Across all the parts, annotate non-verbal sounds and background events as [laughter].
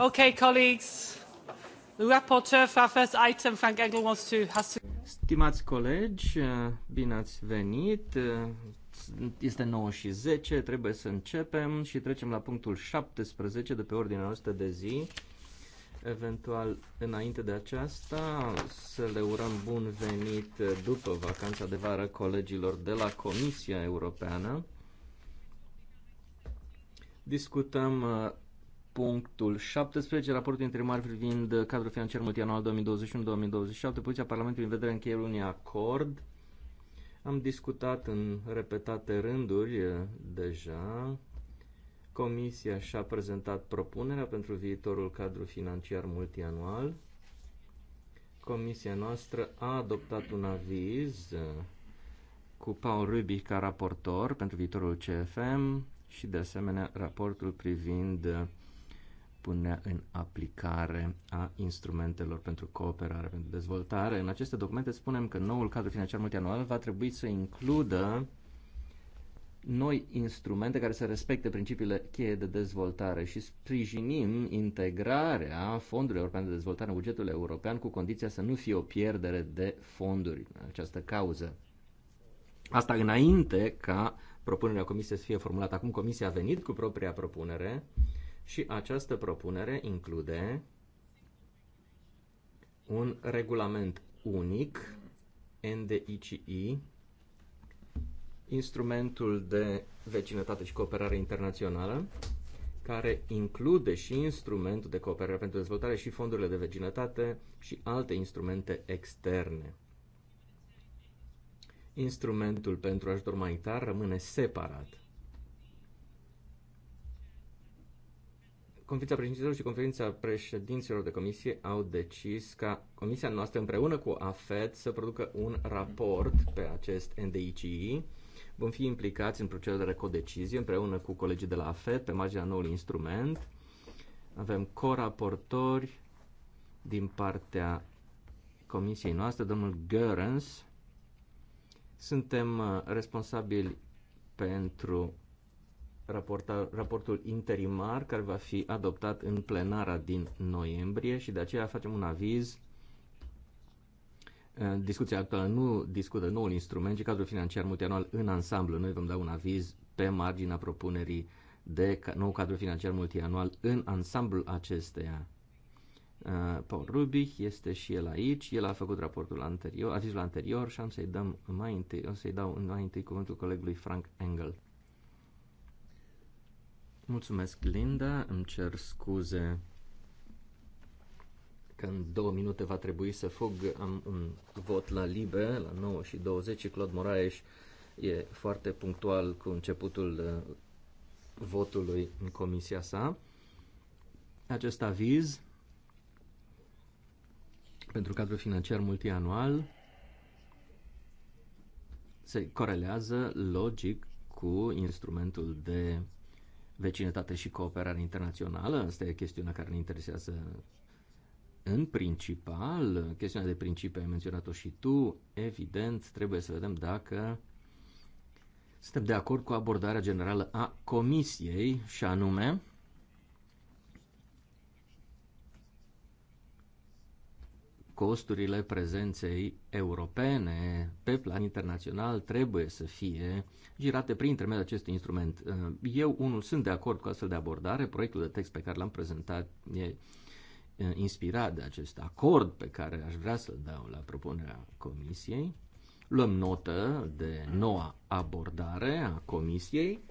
Okay, colleagues. The rapporteur for our first item, Frank Engel, wants to, has to... Stimați colegi, bine ați venit. Este 9 și 10, trebuie să începem și trecem la punctul 17 de pe ordinea noastră de zi. Eventual, înainte de aceasta, să le urăm bun venit după vacanța de vară colegilor de la Comisia Europeană. Discutăm punctul 17, raportul între mari privind uh, cadrul financiar multianual 2021-2027, poziția Parlamentului în vederea încheierii unui acord. Am discutat în repetate rânduri uh, deja. Comisia și-a prezentat propunerea pentru viitorul cadru financiar multianual. Comisia noastră a adoptat un aviz uh, cu Paul Ruby ca raportor pentru viitorul CFM și de asemenea raportul privind punea în aplicare a instrumentelor pentru cooperare, pentru dezvoltare. În aceste documente spunem că noul cadru financiar multianual va trebui să includă noi instrumente care să respecte principiile cheie de dezvoltare și sprijinim integrarea fondurilor europene de dezvoltare în bugetul european cu condiția să nu fie o pierdere de fonduri în această cauză. Asta înainte ca propunerea Comisiei să fie formulată. Acum Comisia a venit cu propria propunere și această propunere include un regulament unic, NDICI, instrumentul de vecinătate și cooperare internațională, care include și instrumentul de cooperare pentru dezvoltare și fondurile de vecinătate și alte instrumente externe. Instrumentul pentru ajutor umanitar rămâne separat. Conferința președinților și conferința președinților de comisie au decis ca comisia noastră împreună cu AFET să producă un raport pe acest NDICI. Vom fi implicați în procesul de codecizie împreună cu colegii de la AFET pe marginea noului instrument. Avem coraportori din partea comisiei noastre, domnul Görens. Suntem uh, responsabili pentru raporta, raportul interimar care va fi adoptat în plenara din noiembrie și de aceea facem un aviz. Uh, discuția actuală nu discută noul instrument, ci cadrul financiar multianual în ansamblu. Noi vom da un aviz pe marginea propunerii de nou cadru financiar multianual în ansamblul acesteia. Uh, Paul Rubich este și el aici, el a făcut raportul anterior, avizul anterior și am să-i dăm mai întâi, o să-i dau mai întâi cuvântul colegului Frank Engel. Mulțumesc, Linda. Îmi cer scuze că în două minute va trebui să fug. Am un vot la Libe, la 9 și 20. Claude Moraes e foarte punctual cu începutul uh, votului în comisia sa. Acest aviz pentru cadrul financiar multianual se corelează logic cu instrumentul de vecinătate și cooperare internațională. Asta e chestiunea care ne interesează în principal. Chestiunea de principiu ai menționat-o și tu. Evident, trebuie să vedem dacă suntem de acord cu abordarea generală a Comisiei și anume costurile prezenței europene pe plan internațional trebuie să fie girate prin intermediul acestui instrument. Eh, eu, unul, sunt de acord cu astfel de abordare. Proiectul de text pe care l-am prezentat e eh, inspirat de acest acord pe care aș vrea să-l dau la propunerea Comisiei. Luăm notă de noua abordare a Comisiei.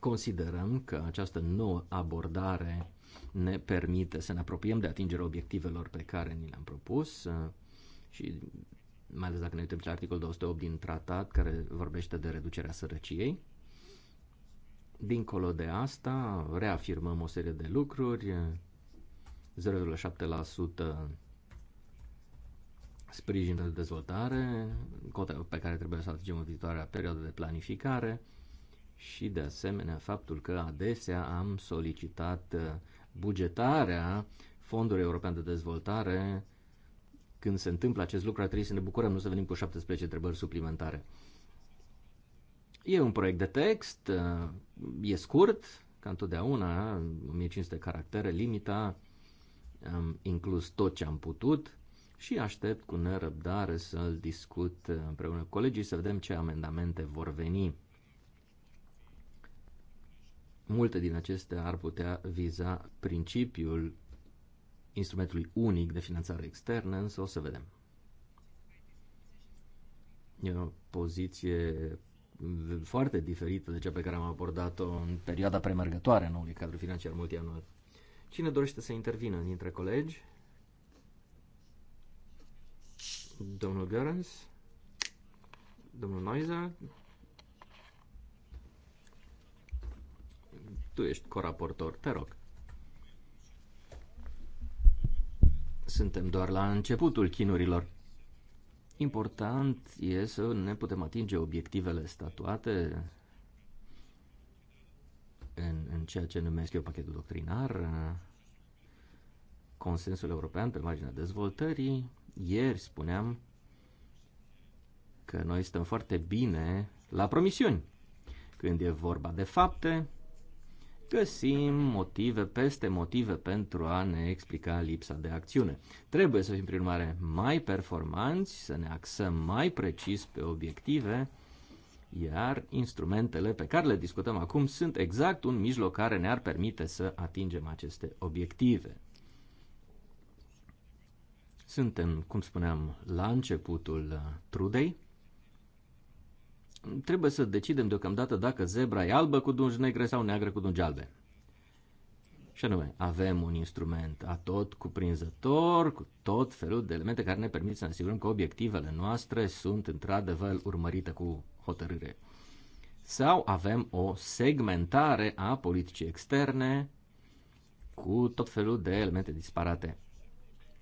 Considerăm că această nouă abordare ne permite să ne apropiem de atingerea obiectivelor pe care ni le-am propus uh, și mai ales dacă ne uităm la articolul 208 din tratat care vorbește de reducerea sărăciei. Dincolo de asta, reafirmăm o serie de lucruri, 0,7% sprijin pentru de dezvoltare, cota pe care trebuie să atingem în viitoarea perioadă de planificare și de asemenea faptul că adesea am solicitat uh, bugetarea Fondului European de Dezvoltare, când se întâmplă acest lucru, ar trebui să ne bucurăm, nu să venim cu 17 întrebări suplimentare. E un proiect de text, e scurt, ca întotdeauna, 1500 caractere, limita, am inclus tot ce am putut și aștept cu nerăbdare să-l discut împreună cu colegii, să vedem ce amendamente vor veni. Multe din acestea ar putea viza principiul instrumentului unic de finanțare externă, însă o să vedem. E o poziție foarte diferită de cea pe care am abordat-o în perioada premergătoare a noului cadru financiar multianual. Cine dorește să intervină dintre colegi? Domnul Görens? Domnul Noiza? Tu ești coraportor, te rog. Suntem doar la începutul chinurilor. Important e să ne putem atinge obiectivele statuate în, în ceea ce numesc eu pachetul doctrinar, consensul european pe marginea dezvoltării. Ieri spuneam că noi stăm foarte bine la promisiuni. Când e vorba de fapte, găsim motive peste motive pentru a ne explica lipsa de acțiune. Trebuie să fim, prin urmare, mai performanți, să ne axăm mai precis pe obiective, iar instrumentele pe care le discutăm acum sunt exact un mijloc care ne-ar permite să atingem aceste obiective. Suntem, cum spuneam, la începutul trudei trebuie să decidem deocamdată dacă zebra e albă cu dungi negre sau neagră cu dungi albe. Și anume, avem un instrument atot cuprinzător, cu tot felul de elemente care ne permit să ne asigurăm că obiectivele noastre sunt într-adevăr urmărite cu hotărâre. Sau avem o segmentare a politicii externe cu tot felul de elemente disparate.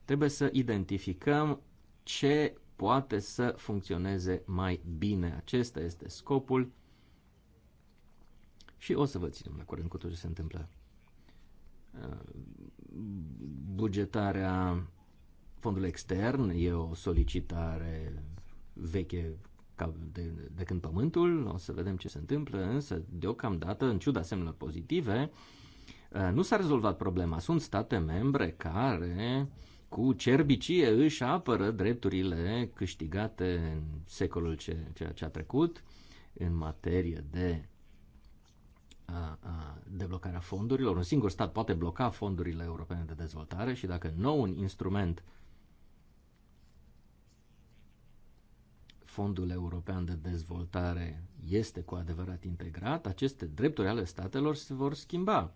Trebuie să identificăm ce poate să funcționeze mai bine. Acesta este scopul și o să vă ținem la curând cu tot ce se întâmplă. Uh, bugetarea fondului extern e o solicitare veche ca de, de când pământul, o să vedem ce se întâmplă, însă deocamdată, în ciuda semnelor pozitive, uh, nu s-a rezolvat problema. Sunt state membre care uh, cu cerbicie își apără drepturile câștigate în secolul ce, ceea ce a trecut în materie de a, a, deblocarea fondurilor. Un singur stat poate bloca fondurile europene de dezvoltare și dacă nou un instrument Fondul European de Dezvoltare este cu adevărat integrat, aceste drepturi ale statelor se vor schimba.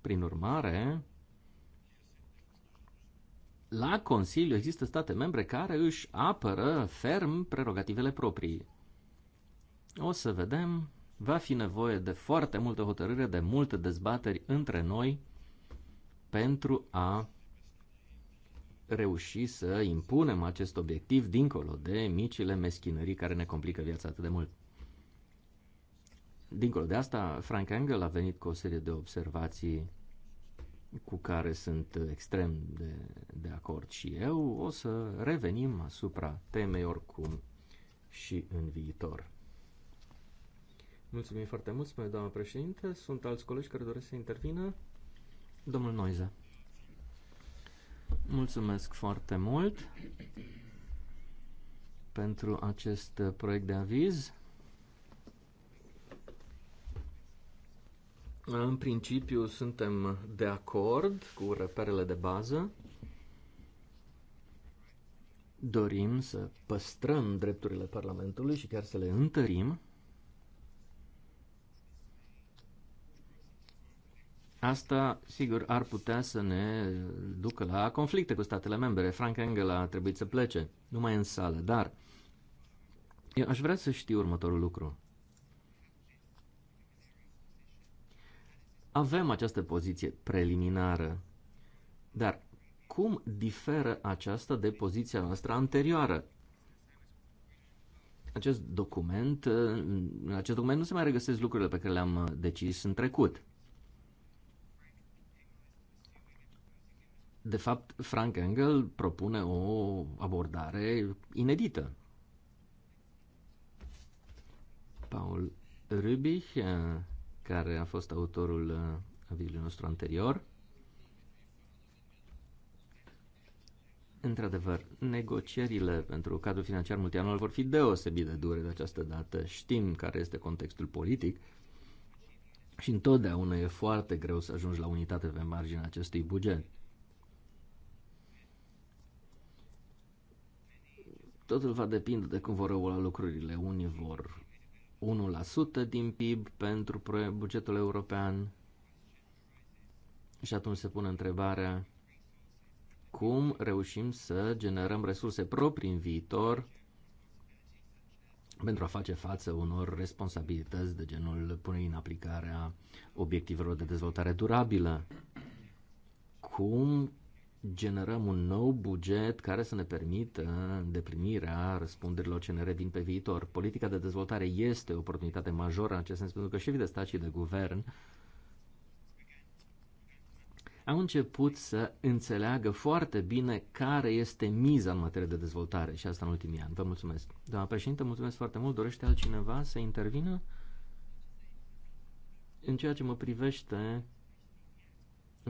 Prin urmare, la Consiliu există state membre care își apără ferm prerogativele proprii. O să vedem, va fi nevoie de foarte multă hotărâre, de multe dezbateri între noi pentru a reuși să impunem acest obiectiv dincolo de micile meschinării care ne complică viața atât de mult. Dincolo de asta, Frank Engel a venit cu o serie de observații cu care sunt extrem de, de acord și eu, o să revenim asupra temei oricum și în viitor. Mulțumim foarte mult, spune doamna președinte. Sunt alți colegi care doresc să intervină. Domnul Noiza. Mulțumesc foarte mult pentru acest proiect de aviz. În principiu suntem de acord cu reperele de bază. Dorim să păstrăm drepturile Parlamentului și chiar să le întărim. Asta, sigur, ar putea să ne ducă la conflicte cu statele membre. Frank Engel a trebuit să plece, numai în sală, dar eu aș vrea să știu următorul lucru. Avem această poziție preliminară, dar cum diferă aceasta de poziția noastră anterioară? Acest document, în acest document nu se mai regăsesc lucrurile pe care le-am decis în trecut. De fapt, Frank Engel propune o abordare inedită. Paul Rübich care a fost autorul avizului uh, nostru anterior. Într-adevăr, negocierile pentru cadrul financiar multianual vor fi deosebit de dure de această dată. Știm care este contextul politic și întotdeauna e foarte greu să ajungi la unitate pe marginea acestui buget. Totul va depinde de cum vor răula lucrurile. Unii vor 1% din PIB pentru bugetul european. Și atunci se pune întrebarea cum reușim să generăm resurse proprii în viitor pentru a face față unor responsabilități de genul punerii în aplicare a obiectivelor de dezvoltare durabilă. Cum generăm un nou buget care să ne permită îndeplinirea răspunderilor ne revin pe viitor. Politica de dezvoltare este o oportunitate majoră în acest sens, pentru că șefii de stat și de guvern au început să înțeleagă foarte bine care este miza în materie de dezvoltare și asta în ultimii ani. Vă mulțumesc. Doamna președinte, mulțumesc foarte mult. Dorește altcineva să intervină? În ceea ce mă privește,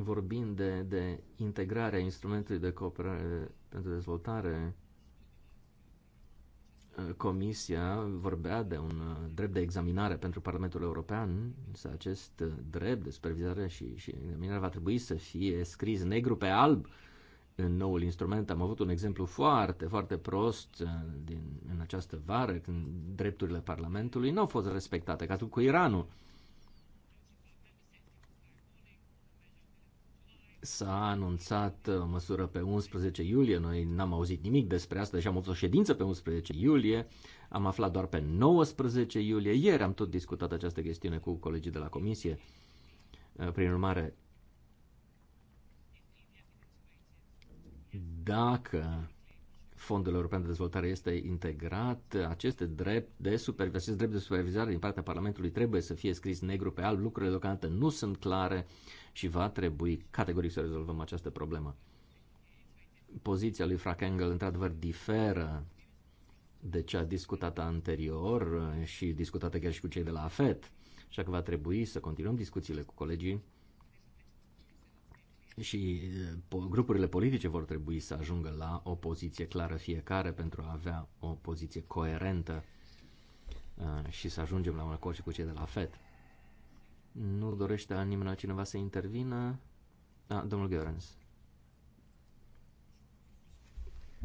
vorbim de, de integrarea instrumentului de cooperare pentru dezvoltare, Comisia vorbea de un uh, drept de examinare pentru Parlamentul European, însă acest uh, drept de supervizare și, și examinare va trebui să fie scris negru pe alb în noul instrument. Am avut un exemplu foarte, foarte prost uh, din, în această vară, când drepturile Parlamentului nu au fost respectate, ca cu Iranul S-a anunțat uh, măsură pe 11 iulie, noi n-am auzit nimic despre asta, deși am avut o ședință pe 11 iulie, am aflat doar pe 19 iulie, ieri am tot discutat această chestiune cu colegii de la comisie, uh, prin urmare, dacă Fondul European de Dezvoltare este integrat, aceste drept de supervizare, acest drept de supervizare din partea Parlamentului trebuie să fie scris negru pe alb, lucrurile deocamdată nu sunt clare, și va trebui categoric să rezolvăm această problemă. Poziția lui Frank Engel, într-adevăr, diferă de cea discutată anterior eh, și discutată chiar și cu cei de la AFET, așa că va trebui să continuăm discuțiile cu colegii și eh, grupurile politice vor trebui să ajungă la o poziție clară fiecare pentru a avea o poziție coerentă eh, și să ajungem la un acord și cu cei de la FED. Nu dorește nimeni altcineva să intervină. A, domnul Gheorens.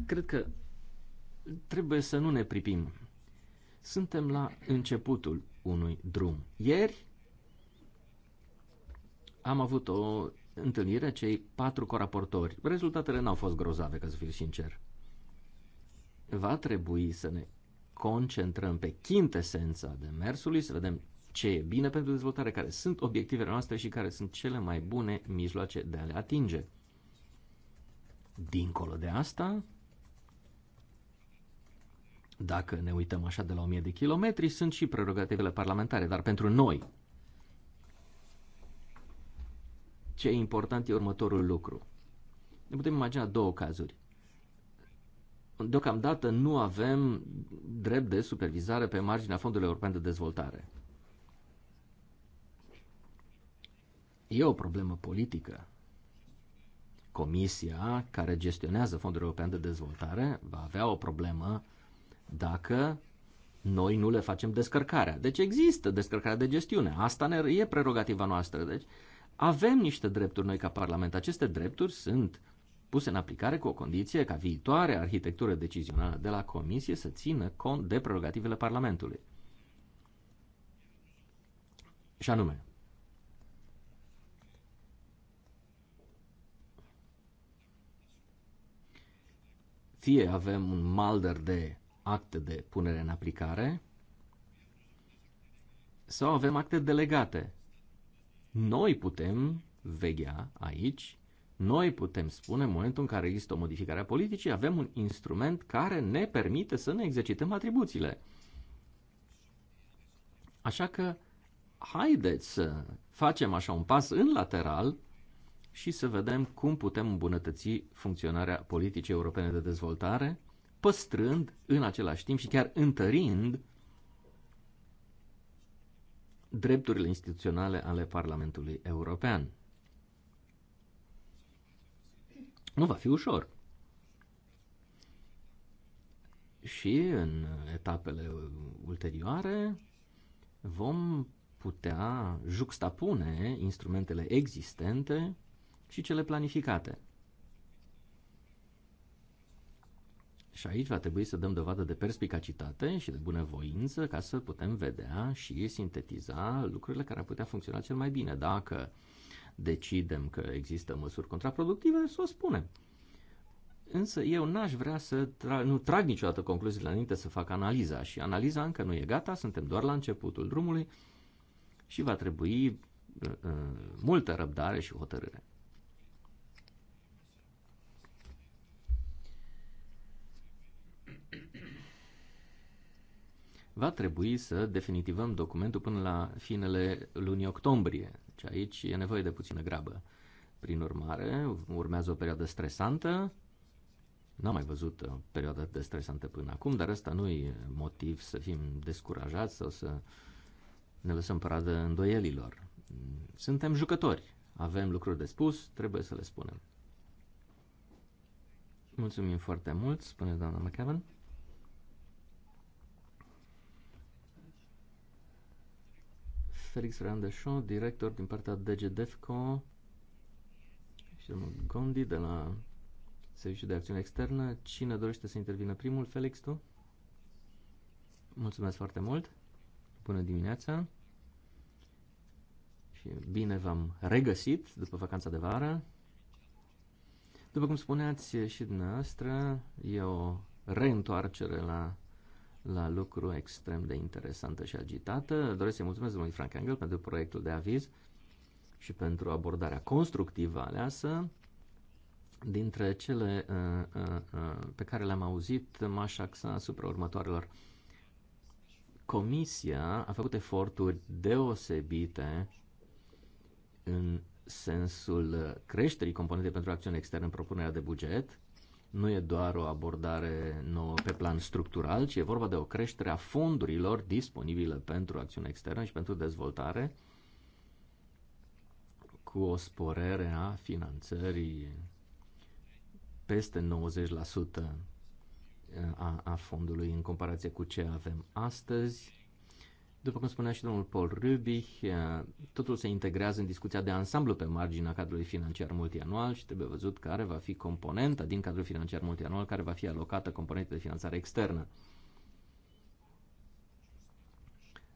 Cred că trebuie să nu ne pripim. Suntem la începutul unui drum. Ieri am avut o întâlnire, cei patru coraportori. Rezultatele n-au fost grozave, ca să fiu sincer. Va trebui să ne concentrăm pe chintesența demersului, să vedem ce e bine pentru dezvoltare, care sunt obiectivele noastre și care sunt cele mai bune mijloace de a le atinge. Dincolo de asta, dacă ne uităm așa de la 1000 de kilometri, sunt și prerogativele parlamentare, dar pentru noi ce e important e următorul lucru. Ne putem imagina două cazuri. Deocamdată nu avem drept de supervizare pe marginea Fondului European de Dezvoltare. E o problemă politică. Comisia care gestionează Fondul European de Dezvoltare va avea o problemă dacă noi nu le facem descărcarea. Deci există descărcarea de gestiune. Asta ne, e prerogativa noastră. Deci avem niște drepturi noi ca Parlament. Aceste drepturi sunt puse în aplicare cu o condiție ca viitoare arhitectură decizională de la Comisie să țină cont de prerogativele Parlamentului. Și anume, hârtie avem un malder de acte de punere în aplicare sau avem acte delegate. Noi putem vegea aici, noi putem spune în momentul în care există o modificare a politicii, avem un instrument care ne permite să ne exercităm atribuțiile. Așa că haideți să facem așa un pas în lateral și să vedem cum putem îmbunătăți funcționarea politicii europene de dezvoltare, păstrând în același timp și chiar întărind drepturile instituționale ale Parlamentului European. Nu va fi ușor. Și în etapele ulterioare vom putea juxtapune instrumentele existente și cele planificate. Și aici va trebui să dăm dovadă de perspicacitate și de bunăvoință ca să putem vedea și sintetiza lucrurile care ar putea funcționa cel mai bine. Dacă decidem că există măsuri contraproductive, să o spunem. Însă eu n-aș vrea să tra- nu trag niciodată concluziile înainte să fac analiza și analiza încă nu e gata, suntem doar la începutul drumului și va trebui uh, uh multă răbdare și hotărâre. va trebui să definitivăm documentul până la finele lunii octombrie. Deci aici e nevoie de puțină grabă. Prin urmare, urmează o perioadă stresantă. N-am mai văzut o uh, perioadă de stresantă până acum, dar asta nu e motiv să fim descurajați sau să ne lăsăm pradă îndoielilor. Suntem jucători, avem lucruri de spus, trebuie să le spunem. Mulțumim foarte mult, spune doamna McCavan. Felix Randeșo, director din partea DGDEFCO și domnul Gondi de la Serviciul de Acțiune Externă. Cine dorește să intervină primul? Felix, tu? Mulțumesc foarte mult! Bună dimineața! Și bine v-am regăsit după vacanța de vară. După cum spuneați și dumneavoastră, e o reîntoarcere la la lucru extrem de interesantă și agitată. Doresc să-i mulțumesc domnului Frank Engel pentru proiectul de aviz și pentru abordarea constructivă aleasă. Dintre cele uh, uh, uh, pe care le-am auzit, m-aș axa asupra următoarelor. Comisia a făcut eforturi deosebite în sensul creșterii componentei pentru acțiune externă în propunerea de buget, nu e doar o abordare nouă pe plan structural, ci e vorba de o creștere a fondurilor disponibile pentru acțiune externă și pentru dezvoltare, cu o sporere a finanțării peste 90% eh, a, a fondului în comparație cu ce avem astăzi. După cum spunea și domnul Paul Ruby, eh, totul se integrează în discuția de ansamblu pe marginea cadrului financiar multianual și trebuie văzut care va fi componenta din cadrul financiar multianual care va fi alocată componentei de finanțare externă.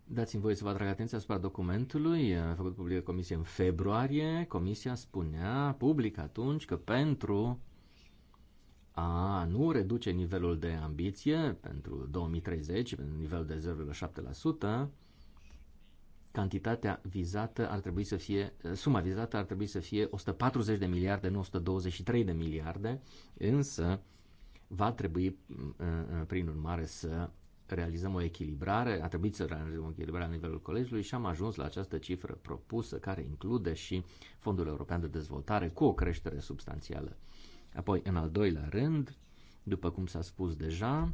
Dați-mi voie să vă atrag atenția asupra documentului a eh, făcut publică comisie în februarie. Comisia spunea public atunci că pentru a nu reduce nivelul de ambiție pentru 2030, pentru nivelul de 0,7%, cantitatea vizată ar trebui să fie, suma vizată ar trebui să fie 140 de miliarde, nu 123 de miliarde, însă va trebui, uh, prin urmare, să realizăm o echilibrare, a trebuit să realizăm o echilibrare la nivelul colegiului și am ajuns la această cifră propusă care include și Fondul European de Dezvoltare cu o creștere substanțială. Apoi, în al doilea rând, după cum s-a spus deja,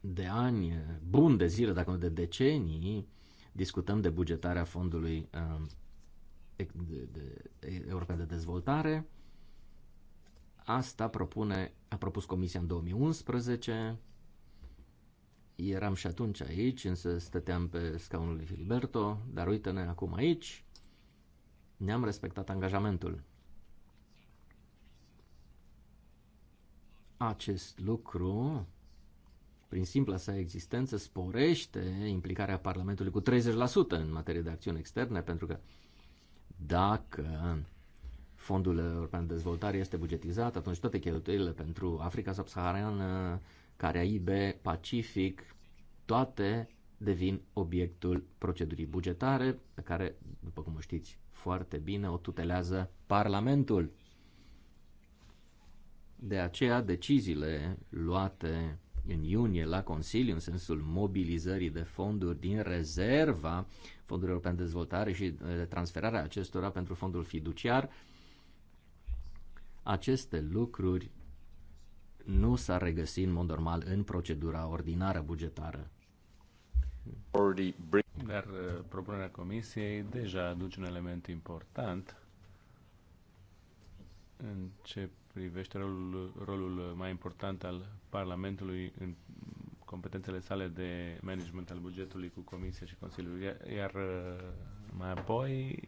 de ani bun de zile, dacă nu de decenii, discutăm de bugetarea fondului um, de, european de dezvoltare. Asta propune, a propus Comisia în 2011. Eram și atunci aici, însă stăteam pe scaunul lui Filiberto, dar uite-ne acum aici ne-am respectat angajamentul. Acest lucru, prin simpla sa existență, sporește implicarea Parlamentului cu 30% în materie de acțiuni externe, pentru că dacă Fondul European de Dezvoltare este bugetizat, atunci toate cheltuielile pentru Africa subsahariană, Caraibe, Pacific, toate devin obiectul procedurii bugetare pe care, după cum știți, foarte bine, o tutelează Parlamentul. De aceea, deciziile luate în iunie la Consiliu, în sensul mobilizării de fonduri din rezerva Fondului European de Dezvoltare și de transferarea acestora pentru fondul fiduciar, aceste lucruri nu s-ar regăsi în mod normal în procedura ordinară bugetară. Dar uh, propunerea Comisiei deja aduce un element important în ce privește rolul, rolul mai important al Parlamentului în competențele sale de management al bugetului cu Comisia și Consiliul. Iar, iar uh, mai apoi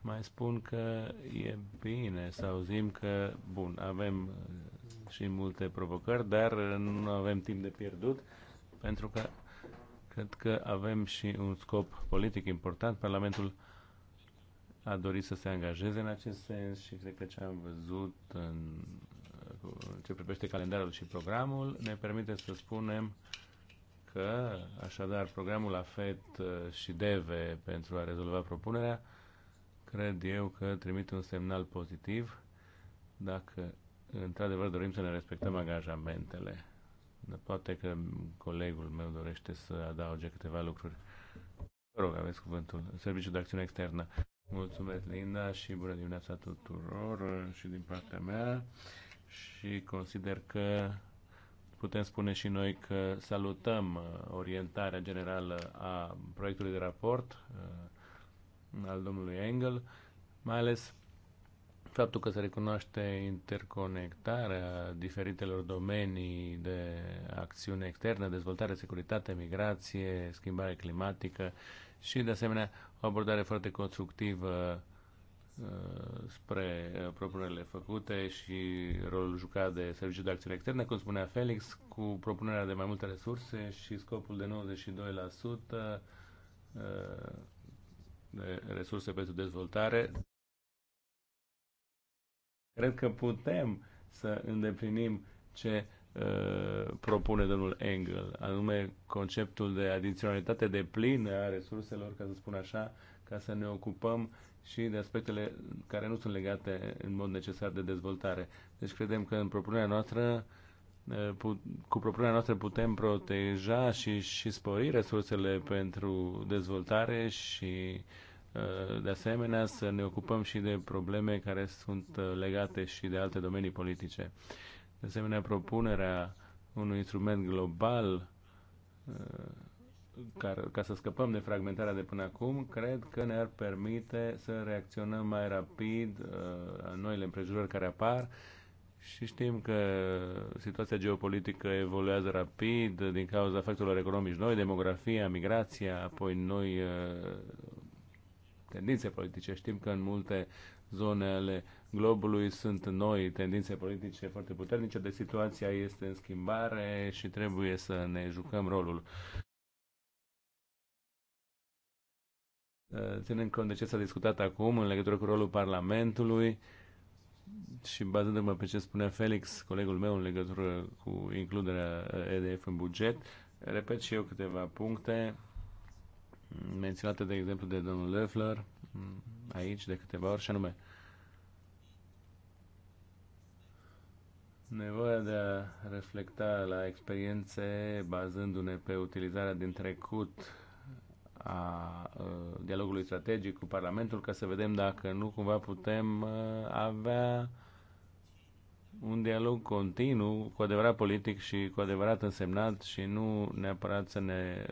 mai spun că e bine să auzim că, bun, avem uh, și multe provocări, dar nu avem timp de pierdut pentru că Cred că avem și un scop politic important. Parlamentul a dorit să se angajeze în acest sens și cred că ce am văzut în ce privește calendarul și programul ne permite să spunem că, așadar, programul AFET uh, și DEVE pentru a rezolva propunerea, cred eu că trimite un semnal pozitiv dacă într-adevăr dorim să ne respectăm angajamentele. Poate că colegul meu dorește să adauge câteva lucruri. Vă rog, aveți cuvântul. Serviciul de acțiune externă. Mulțumesc, Linda, și bună dimineața tuturor uh, și din partea mea. Și consider că putem spune și noi că salutăm uh, orientarea generală a proiectului de raport uh, al domnului Engel, mai ales faptul că se recunoaște interconectarea diferitelor domenii de acțiune externă, dezvoltare, securitate, migrație, schimbare climatică și, de asemenea, o abordare foarte constructivă uh, spre uh, propunerile făcute și rolul jucat de Serviciul de Acțiune Externă, cum spunea Felix, cu propunerea de mai multe resurse și scopul de 92% uh, de resurse pentru dezvoltare. Cred că putem să îndeplinim ce uh, propune domnul Engel, anume conceptul de adiționalitate de plină a resurselor, ca să spun așa, ca să ne ocupăm și de aspectele care nu sunt legate în mod necesar de dezvoltare. Deci credem că în propunerea noastră uh, cu propunerea noastră putem proteja și, și spori resursele pentru dezvoltare și uh, Uh, de asemenea să ne ocupăm și de probleme care sunt uh, legate și de alte domenii politice. De asemenea, propunerea unui instrument global uh, care, ca să scăpăm de fragmentarea de până acum, cred că ne-ar permite să reacționăm mai rapid la noile împrejurări care apar și știm că situația geopolitică evoluează rapid din cauza factorilor economici noi, demografia, migrația, apoi noi tendințe politice. Știm că în multe zone ale globului sunt noi tendințe politice foarte puternice, de situația este în schimbare și trebuie să ne jucăm rolul. Eh, ținând cont de ce s-a discutat acum în legătură cu rolul Parlamentului și bazându-mă pe ce spunea Felix, colegul meu, în legătură cu includerea EDF eh, în buget, repet și eu câteva puncte menționată de exemplu de domnul Leffler aici de câteva ori, și anume nevoia de a reflecta la experiențe bazându-ne pe utilizarea din trecut a dialogului strategic cu Parlamentul ca să vedem dacă nu cumva putem avea un dialog continuu, cu adevărat politic și cu adevărat însemnat și nu neapărat să ne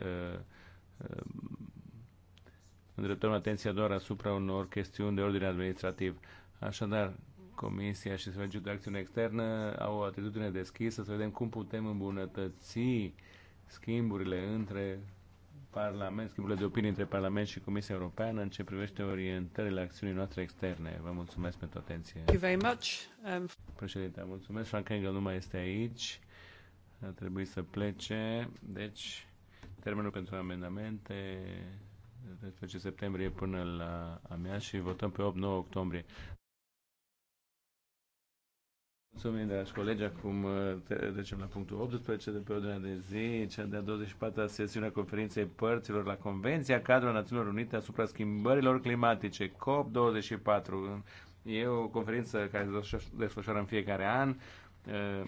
îndreptăm atenția doar asupra unor chestiuni de ordine administrativ. Așadar, Comisia și Serviciul de Acțiune Externă au o atitudine deschisă să vedem cum putem îmbunătăți schimburile între Parlament, schimburile de opinie între Parlament și Comisia Europeană în ce privește orientările acțiunii noastre externe. Vă mulțumesc pentru atenție. Thank you very much. Um... Președinte, mulțumesc. Frank Engel nu mai este aici. A trebuit să plece. Deci, termenul pentru amendamente 13 septembrie până la amia și votăm pe 8-9 octombrie. Mulțumim, dragi colegi. Acum uh, trecem la punctul 18 de pe ordinea de zi, cea de-a 24-a sesiune a conferinței părților la Convenția Cadrul Națiunilor Unite asupra schimbărilor climatice, COP24. E o conferință care se desfășoară în fiecare an uh,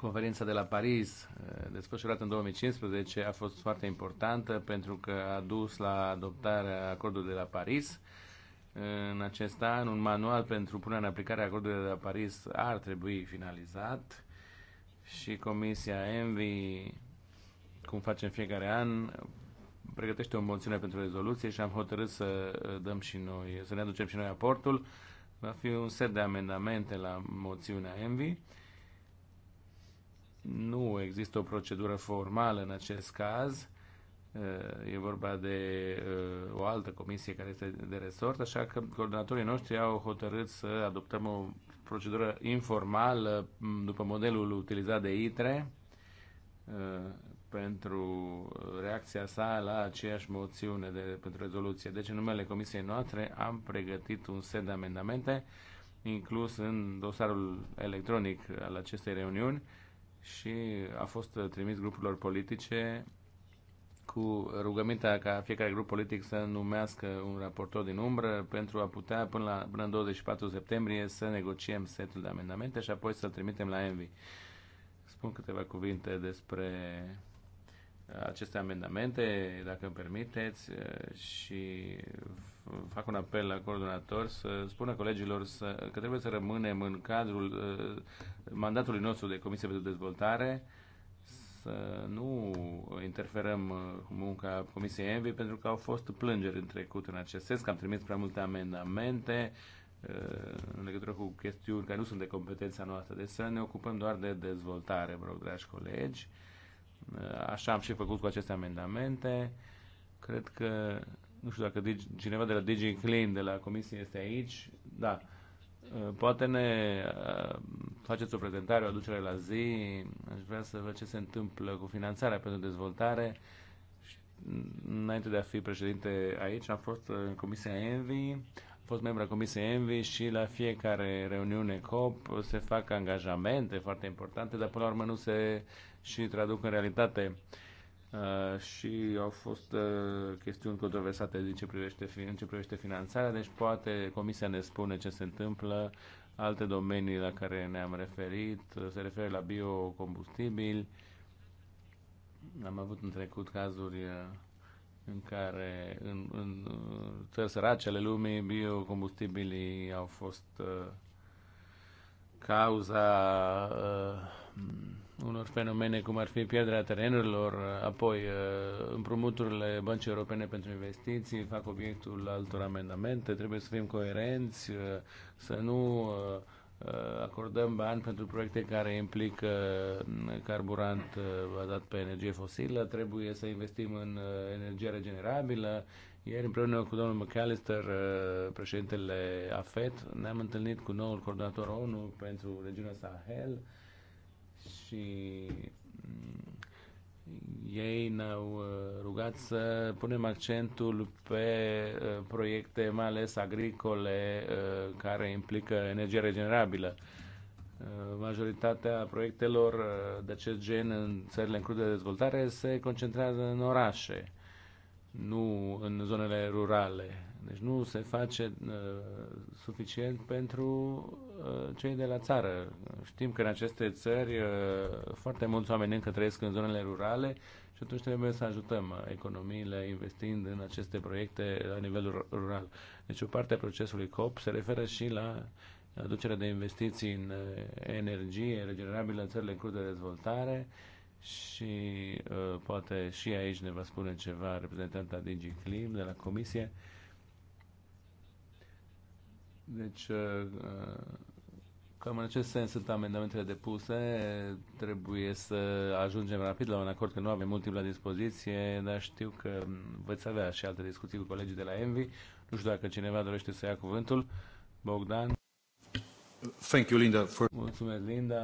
Conferința de la Paris, eh, desfășurată în 2015, a fost foarte importantă pentru că a dus la adoptarea acordului de la Paris. Eh, în acest an, un manual pentru punerea în aplicare a acordului de la Paris ar trebui finalizat și Comisia Envi, cum facem fiecare an, pregătește o moțiune pentru rezoluție și am hotărât să eh, dăm și noi, să ne aducem și noi aportul. Va fi un set de amendamente la moțiunea Envi nu există o procedură formală în acest caz. E vorba de uh, o altă comisie care este de resort, așa că coordonatorii noștri au hotărât să adoptăm o procedură informală mm, după modelul utilizat de ITRE uh, pentru reacția sa la aceeași moțiune de, pentru rezoluție. Deci, în numele comisiei noastre am pregătit un set de amendamente inclus în dosarul electronic al acestei reuniuni și a fost trimis grupurilor politice cu rugămintea ca fiecare grup politic să numească un raportor din umbră pentru a putea până, la, până în 24 septembrie să negociem setul de amendamente și apoi să-l trimitem la Envi. Spun câteva cuvinte despre uh, aceste amendamente, dacă îmi permiteți, uh, și fac un apel la coordonator să spună colegilor să, că trebuie să rămânem în cadrul uh, mandatului nostru de Comisie pentru Dezvoltare, să nu interferăm uh, cu munca Comisiei Envi, pentru că au fost plângeri în trecut în acest sens, că am trimis prea multe amendamente uh, în legătură cu chestiuni care nu sunt de competența noastră. Deci să ne ocupăm doar de dezvoltare, vă rog, dragi colegi. Uh, așa am și făcut cu aceste amendamente. Cred că nu știu dacă cineva de la DJ Clean, de la comisie, este aici. Da. Uh, poate ne uh, faceți o prezentare, o aducere la zi. Aș vrea să văd ce se întâmplă cu finanțarea pentru dezvoltare. Înainte de a fi președinte aici, am fost în Comisia Envi, am fost membru a Comisiei Envi și la fiecare reuniune COP se fac angajamente foarte importante, dar până la urmă nu se și traduc în realitate. Uh, Uh, și au fost uh, chestiuni controversate din ce privește, în ce privește finanțarea, deci poate Comisia ne spune ce se întâmplă, alte domenii la care ne-am referit, uh, se referă la biocombustibili. Am avut în trecut cazuri în care în, în țări sărace ale lumii biocombustibilii au fost uh, cauza uh, unor fenomene cum ar fi pierderea terenurilor, apoi uh, împrumuturile băncii europene pentru investiții fac obiectul altor amendamente, trebuie să fim coerenți, uh, să nu uh, acordăm bani pentru proiecte care implică carburant bazat pe energie fosilă, trebuie să investim în energie regenerabilă. Ieri, împreună cu domnul McAllister, președintele AFET, ne-am întâlnit cu noul coordonator ONU pentru regiunea Sahel, și mm, ei ne-au uh, rugat să punem accentul pe uh, proiecte, mai ales agricole, uh, care implică energie regenerabilă. Majoritatea proiectelor de acest gen în țările în curs de dezvoltare se concentrează în orașe, nu în zonele rurale deci nu se face uh, suficient pentru uh, cei de la țară. Știm că în aceste țări uh, foarte mulți oameni încă trăiesc în zonele rurale și atunci trebuie să ajutăm economiile investind în aceste proiecte la nivel rural. Deci o parte a procesului COP se referă și la aducerea de investiții în uh, energie regenerabilă în țările în curs de dezvoltare și uh, poate și aici ne va spune ceva reprezentanta DigiClim de la Comisie. Uh, deci, uh, uh, cam în acest sens sunt amendamentele depuse. Trebuie să ajungem rapid la un acord, că nu avem mult timp la dispoziție, dar știu că veți avea și alte discuții cu colegii de la Envi. Nu știu dacă cineva dorește să ia cuvântul. Bogdan. Thank you, Linda. For... Mulțumesc, Linda.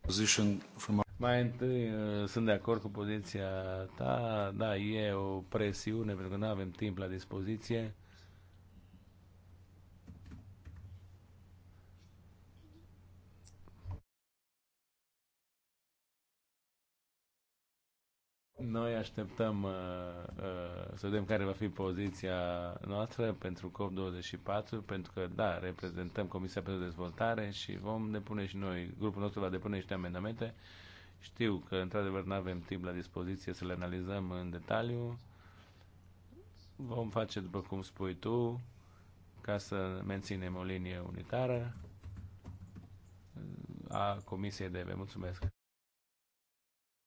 Position from... Mai întâi uh, sunt de acord cu poziția ta. Da, e o presiune pentru că nu avem timp la dispoziție. Noi așteptăm uh, uh, să vedem care va fi poziția noastră pentru COP24, pentru că, da, reprezentăm Comisia pentru Dezvoltare și vom depune și noi, grupul nostru va depune niște amendamente. Știu că, într-adevăr, nu avem timp la dispoziție să le analizăm în detaliu. Vom face, după cum spui tu, ca să menținem o linie unitară a Comisiei Vă Mulțumesc!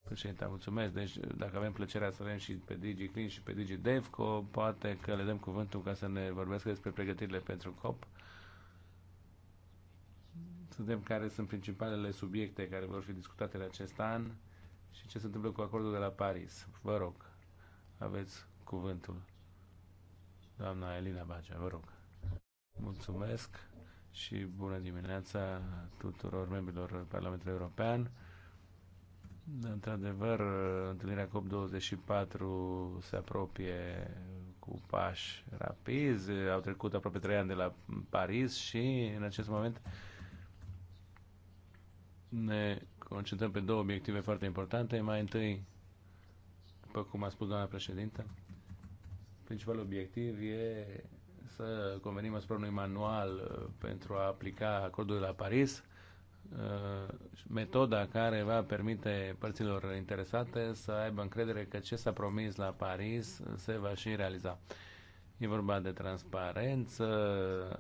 Președinte, mulțumesc. Deci, dacă avem plăcerea să avem și pe Digi Clean și pe Digi Devco, poate că le dăm cuvântul ca să ne vorbească despre pregătirile pentru COP. Să vedem care sunt principalele subiecte care vor fi discutate în acest an și ce se întâmplă cu acordul de la Paris. Vă rog, aveți cuvântul. Doamna Elina Bacea, vă rog. Mulțumesc și bună dimineața tuturor membrilor Parlamentului European. Într-adevăr, întâlnirea COP24 se apropie cu pași rapizi. Au trecut aproape trei ani de la Paris și în acest moment ne concentrăm pe două obiective foarte importante. Mai întâi, după cum a spus doamna președintă, principalul obiectiv e să convenim asupra unui manual uh, pentru a aplica acordul de la Paris Uh, metoda care va permite părților interesate să aibă încredere că ce s-a promis la Paris se va și realiza. E vorba de transparență,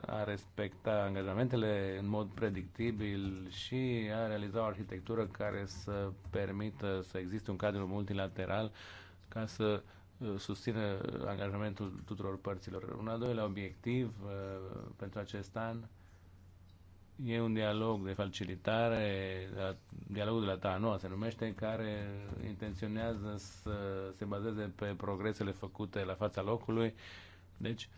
a respecta angajamentele în mod predictibil și a realiza o arhitectură care să permită să existe un cadru multilateral ca să uh, susțină angajamentul tuturor părților. Un al doilea obiectiv uh, pentru acest an e un dialog de facilitare, dialogul de la Tanoa se numește, care intenționează să se bazeze pe progresele făcute la fața locului. Deci,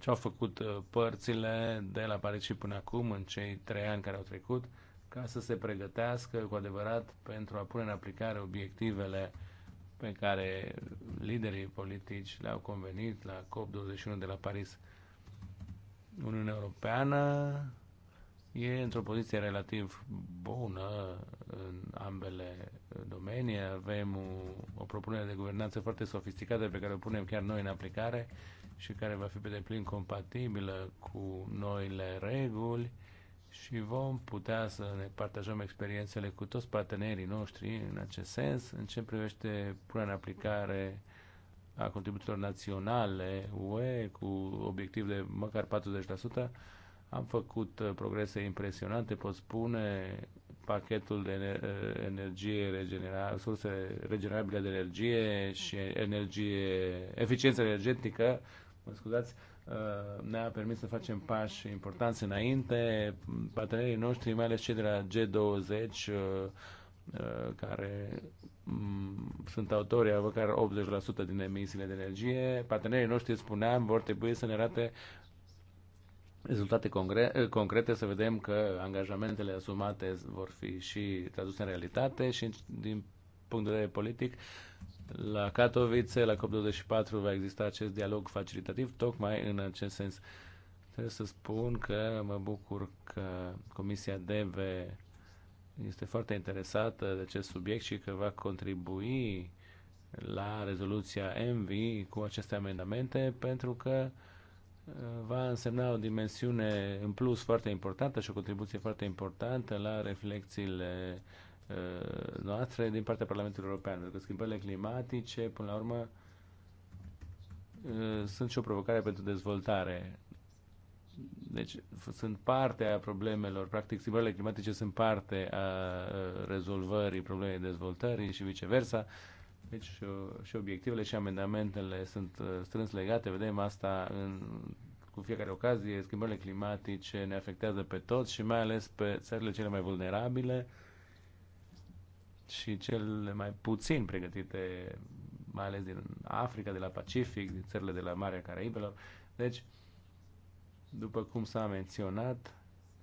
ce au făcut uh, părțile de la Paris și până acum, în cei trei ani care au trecut, ca să se pregătească cu adevărat pentru a pune în aplicare obiectivele pe care liderii politici le-au convenit la COP21 de la Paris. Uniunea Europeană e într-o poziție relativ bună în ambele domenii. Avem o, o propunere de guvernanță foarte sofisticată pe care o punem chiar noi în aplicare și care va fi pe deplin compatibilă cu noile reguli și vom putea să ne partajăm experiențele cu toți partenerii noștri în acest sens, în ce privește punerea în aplicare a contribuțiilor naționale UE cu obiectiv de măcar 40%, am făcut uh, progrese impresionante, pot spune, pachetul de uh, energie regenerabilă, surse regenerabile de energie și energie, eficiență energetică, mă scuzați, uh, ne-a permis să facem pași importanți înainte. Partenerii noștri, mai ales cei de la G20, care mm, sunt autorii a 80% din emisiile de energie. Partenerii noștri, spuneam, vor trebui să ne arate rezultate eh, concrete, să vedem că angajamentele asumate vor fi și traduse în realitate și din punct de vedere politic la Katowice, la COP24 va exista acest dialog facilitativ tocmai în acest sens. Trebuie să spun că mă bucur că Comisia DEVE este foarte interesată de acest subiect și că va contribui la rezoluția MV cu aceste amendamente pentru că uh, va însemna o dimensiune în plus foarte importantă și o contribuție foarte importantă la reflexiile uh, noastre din partea Parlamentului European. Pentru că schimbările climatice, până la urmă, uh, sunt și o provocare pentru dezvoltare. Deci sunt parte a problemelor, practic schimbările climatice sunt parte a uh, rezolvării problemei dezvoltării și viceversa. Deci și obiectivele și amendamentele sunt uh, strâns legate, vedem asta în, cu fiecare ocazie, schimbările climatice ne afectează pe toți și mai ales pe țările cele mai vulnerabile și cele mai puțin pregătite, mai ales din Africa, de la Pacific, din țările de la Marea Caraibelor. Deci, după cum s-a menționat,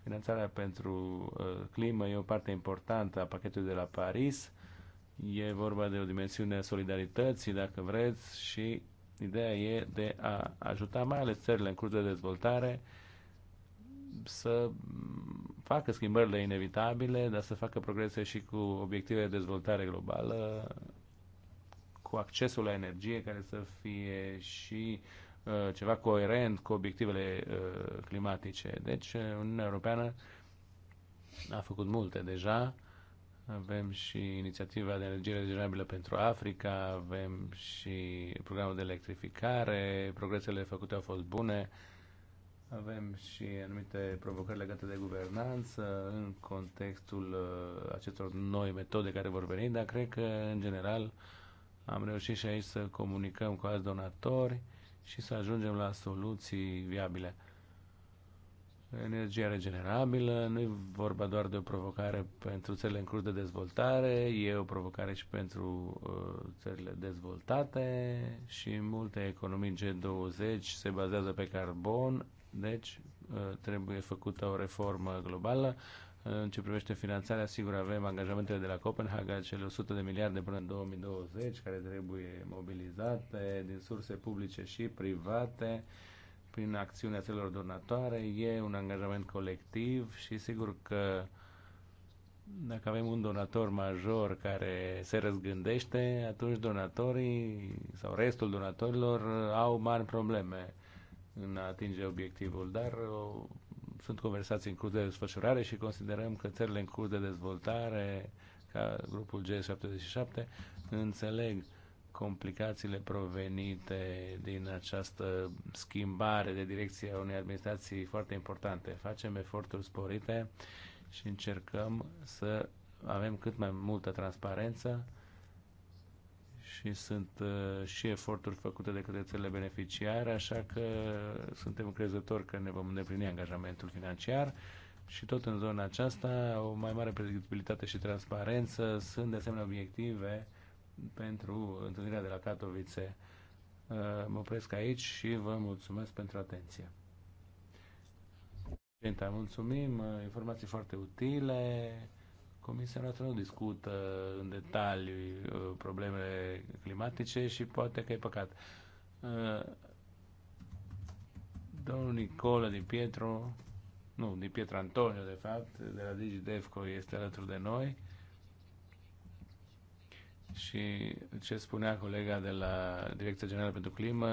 finanțarea pentru uh, climă e o parte importantă a pachetului de la Paris E vorba de o dimensiune a solidarității, dacă vreți, și ideea e de a ajuta mai ales țările în curs de dezvoltare să facă schimbările inevitabile, dar să facă progrese și cu obiective de dezvoltare globală, cu accesul la energie care să fie și uh, ceva coerent cu obiectivele uh, climatice. Deci, uh, Uniunea Europeană a făcut multe deja avem și inițiativa de energie regenerabilă pentru Africa, avem și programul de electrificare, progresele făcute au fost bune, avem și anumite provocări legate de guvernanță în contextul uh, acestor noi metode care vor veni, dar cred că, în general, am reușit și aici să comunicăm cu alți donatori și să ajungem la soluții viabile energia regenerabilă, nu e vorba doar de o provocare pentru țările în curs de dezvoltare, e o provocare și pentru uh, țările dezvoltate și multe economii G20 se bazează pe carbon, deci uh, trebuie făcută o reformă globală. Uh, în ce privește finanțarea, sigur avem angajamentele de la Copenhaga, cele 100 de miliarde până în 2020, care trebuie mobilizate din surse publice și private. Uh, prin acțiunea celor donatoare, e un angajament colectiv și sigur că dacă avem un donator major care se răzgândește, atunci donatorii sau restul donatorilor au mari probleme în a atinge obiectivul, dar o, sunt conversații în curs de desfășurare și considerăm că țările în curs de dezvoltare, ca grupul G77, înțeleg uh, complicațiile provenite din această schimbare de direcție a unei administrații foarte importante. Facem eforturi sporite și încercăm să avem cât mai multă transparență și sunt uh, și eforturi făcute de către țările beneficiare, așa că suntem încrezători că ne vom îndeplini angajamentul financiar și tot în zona aceasta o mai mare predictibilitate și transparență sunt de asemenea obiective pentru întâlnirea de la Katowice. Uh, mă opresc aici și vă mulțumesc pentru atenție. Președinte, mulțumim, uh, informații foarte utile. Comisia noastră nu discută în detaliu uh, problemele climatice și poate că e păcat. Domnul Nicola din Pietro, nu, din Pietro Antonio, de fapt, de la DigiDevco este alături de noi. Și ce spunea colega de la Direcția Generală pentru Climă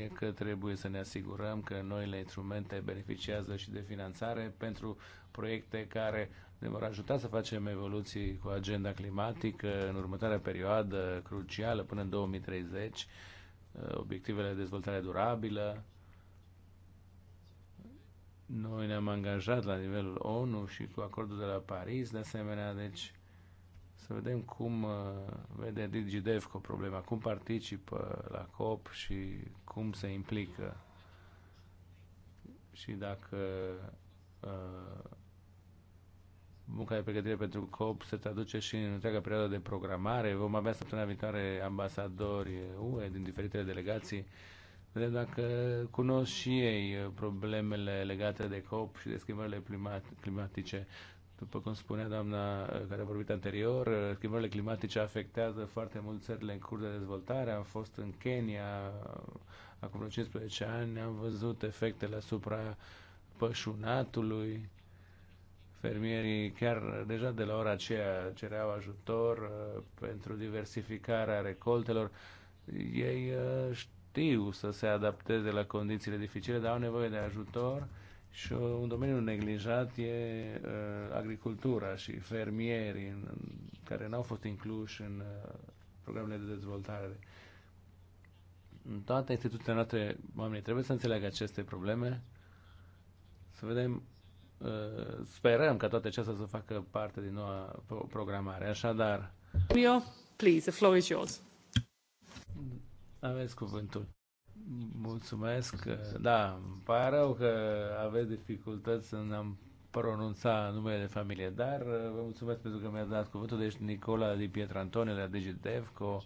e că trebuie să ne asigurăm că noile instrumente beneficiază și de finanțare pentru proiecte care ne vor ajuta să facem evoluții cu agenda climatică în următoarea perioadă crucială până în 2030, obiectivele de dezvoltare durabilă. Noi ne-am angajat la nivelul ONU și cu acordul de la Paris, de asemenea, deci să vedem cum uh, vede cu problema, cum participă la COP și cum se implică și dacă uh, munca de pregătire pentru COP se traduce și în întreaga perioadă de programare. Vom avea săptămâna viitoare ambasadori UE din diferitele delegații. Vedem dacă cunosc și ei problemele legate de COP și de schimbările climatice. După cum spunea doamna uh, care a vorbit anterior, uh, schimbările climatice afectează foarte mult țările în curs de dezvoltare. Am fost în Kenya uh, acum 15 ani, am văzut efectele asupra pășunatului. Fermierii chiar deja de la ora aceea cereau ajutor pentru diversificarea recoltelor. Ei știu să se adapteze la condițiile dificile, dar au nevoie de ajutor și uh, un domeniu neglijat e uh, agricultura și fermierii care n-au fost incluși în uh, programele de dezvoltare. În toate instituțiile noastre, oamenii trebuie să înțeleagă aceste probleme, să vedem, sperăm ca toate acestea să facă parte din noua programare. Așadar... Please, the floor is yours. Aveți cuvântul. Mulțumesc. Da, îmi pare rău că aveți dificultăți în a pronunța numele de familie, dar uh, vă mulțumesc pentru că mi-a dat cuvântul. Deci Nicola Di Pietrantone la DigiDevco,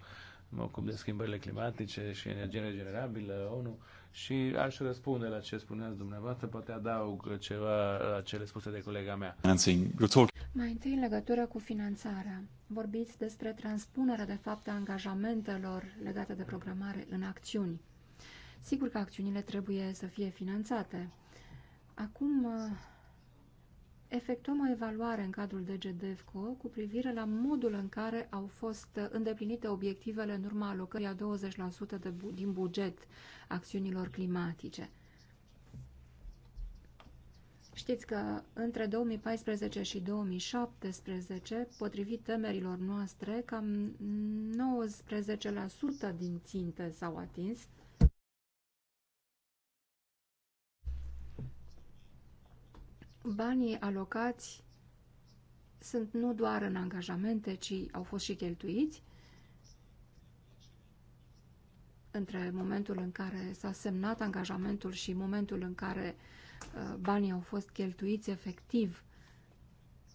mă ocup de schimbările climatice și energie regenerabilă, ONU, și aș răspunde la ce spuneați dumneavoastră, poate adaug ceva la cele spuse de colega mea. Mai întâi în legătură cu finanțarea. Vorbiți despre transpunerea de fapt a angajamentelor legate de programare în acțiuni. Sigur că acțiunile trebuie să fie finanțate. Acum uh, efectuăm o evaluare în cadrul DGDFCO cu privire la modul în care au fost uh, îndeplinite obiectivele în urma alocării a 20% de bu din buget acțiunilor climatice. Știți că între 2014 și 2017, potrivit temerilor noastre, cam 19% din ținte s-au atins, banii alocați sunt nu doar în angajamente, ci au fost și cheltuiți între momentul în care s-a semnat angajamentul și momentul în care uh, banii au fost cheltuiți efectiv.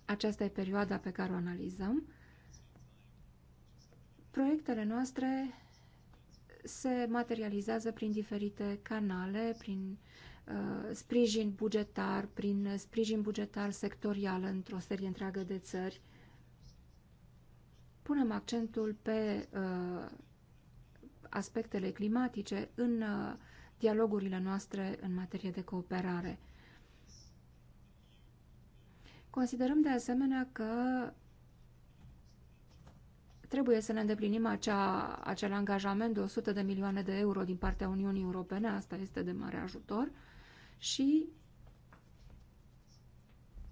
Aceasta e perioada pe care o analizăm. Proiectele noastre se materializează prin diferite canale, prin uh, Uh, sprijin bugetar, prin sprijin bugetar sectorial într-o serie întreagă de țări. Punem accentul pe uh, aspectele climatice în uh, dialogurile noastre în materie de cooperare. Considerăm de asemenea că trebuie să ne îndeplinim acea, acel angajament de 100 de milioane de euro din partea Uniunii Europene, asta este de mare ajutor, și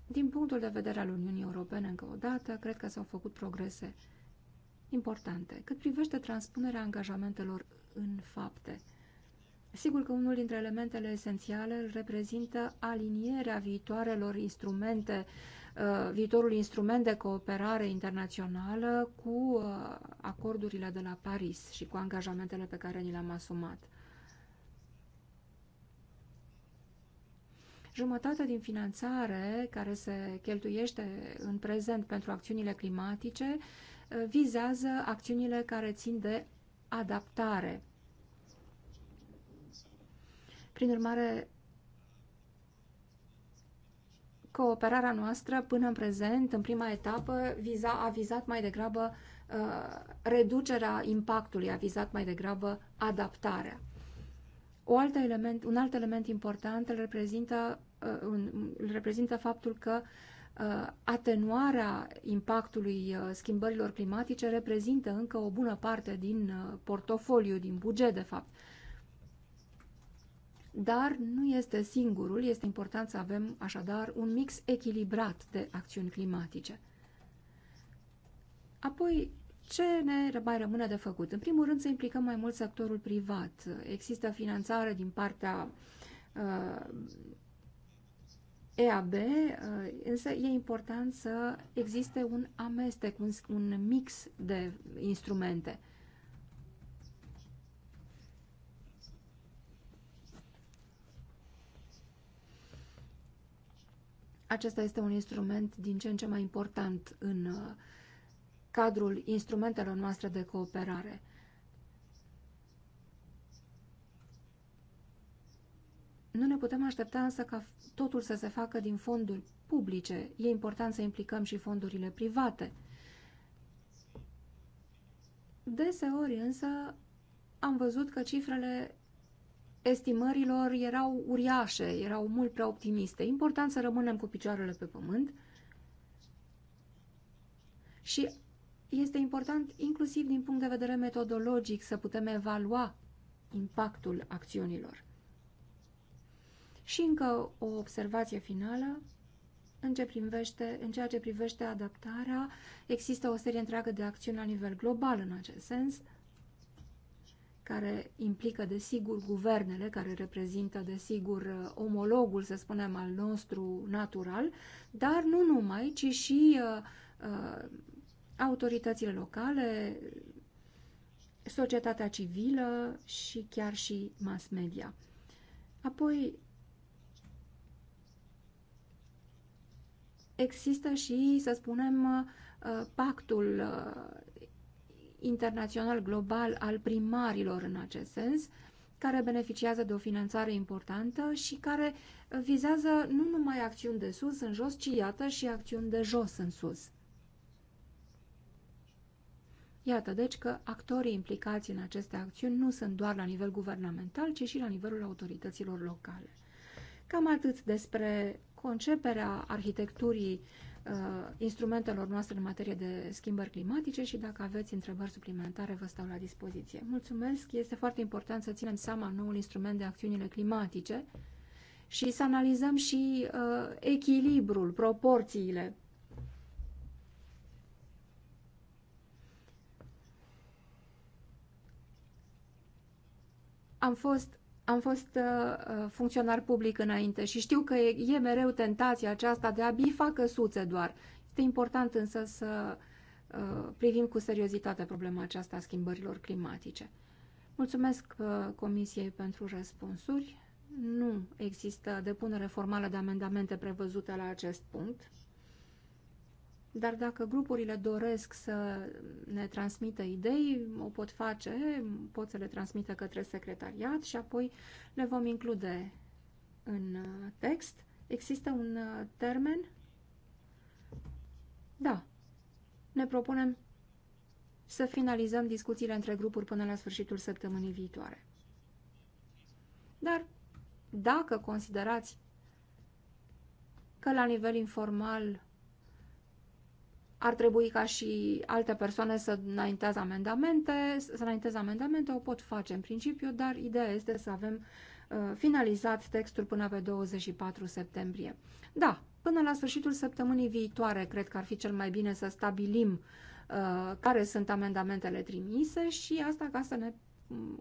din punctul de vedere al Uniunii Europene, încă o dată, cred că s-au făcut progrese importante. Cât privește transpunerea angajamentelor în fapte, sigur că unul dintre elementele esențiale îl reprezintă alinierea viitoarelor instrumente, uh, viitorul instrument de cooperare internațională cu uh, acordurile de la Paris și cu angajamentele pe care ni le-am asumat. Jumătate din finanțare care se cheltuiește în prezent pentru acțiunile climatice eh, vizează acțiunile care țin de adaptare. Prin urmare, cooperarea noastră până în prezent, în prima etapă, viza, a vizat mai degrabă uh, reducerea impactului, a vizat mai degrabă adaptarea. O alt element, un alt element important îl reprezintă Uh, îl reprezintă faptul că uh, atenuarea impactului uh, schimbărilor climatice reprezintă încă o bună parte din portofoliu, din buget, de fapt. Dar nu este singurul, este important să avem așadar un mix echilibrat de acțiuni climatice. Apoi, ce ne mai rămâne de făcut? În primul rând, să implicăm mai mult sectorul privat. Există finanțare din partea uh, EAB, uh, însă e important să existe un amestec, un, un mix de instrumente. Acesta este un instrument din ce în ce mai important în uh, cadrul instrumentelor noastre de cooperare. Nu ne putem aștepta însă ca totul să se facă din fonduri publice. E important să implicăm și fondurile private. Deseori însă am văzut că cifrele estimărilor erau uriașe, erau mult prea optimiste. Important să rămânem cu picioarele pe pământ și este important inclusiv din punct de vedere metodologic să putem evalua impactul acțiunilor. Și încă o observație finală. În, ce privește, în ceea ce privește adaptarea, există o serie întreagă de acțiuni la nivel global în acest sens, care implică, desigur, guvernele, care reprezintă, desigur, omologul, să spunem, al nostru natural, dar nu numai, ci și uh, uh, autoritățile locale, societatea civilă și chiar și mass media. Apoi, există și, să spunem, uh, pactul uh, internațional global al primarilor în acest sens, care beneficiază de o finanțare importantă și care vizează nu numai acțiuni de sus în jos, ci iată și acțiuni de jos în sus. Iată, deci că actorii implicați în aceste acțiuni nu sunt doar la nivel guvernamental, ci și la nivelul autorităților locale. Cam atât despre conceperea arhitecturii uh, instrumentelor noastre în materie de schimbări climatice și dacă aveți întrebări suplimentare, vă stau la dispoziție. Mulțumesc! Este foarte important să ținem seama noul instrument de acțiunile climatice și să analizăm și uh, echilibrul, proporțiile. Am fost am fost uh, uh, funcționar public înainte și știu că e, e mereu tentația aceasta de a bifa căsuțe doar. Este important însă să uh, privim cu seriozitate problema aceasta a schimbărilor climatice. Mulțumesc uh, Comisiei pentru răspunsuri. Nu există depunere formală de amendamente prevăzute la acest punct dar dacă grupurile doresc să ne transmită idei, o pot face, pot să le transmită către secretariat și apoi le vom include în uh, text. Există un uh, termen? Da. Ne propunem să finalizăm discuțiile între grupuri până la sfârșitul săptămânii viitoare. Dar dacă considerați că la nivel informal ar trebui ca și alte persoane să înaintează amendamente, să înaintează amendamente, o pot face în principiu, dar ideea este să avem uh, finalizat textul până pe 24 septembrie. Da, până la sfârșitul săptămânii viitoare cred că ar fi cel mai bine să stabilim uh, care sunt amendamentele trimise și asta ca să ne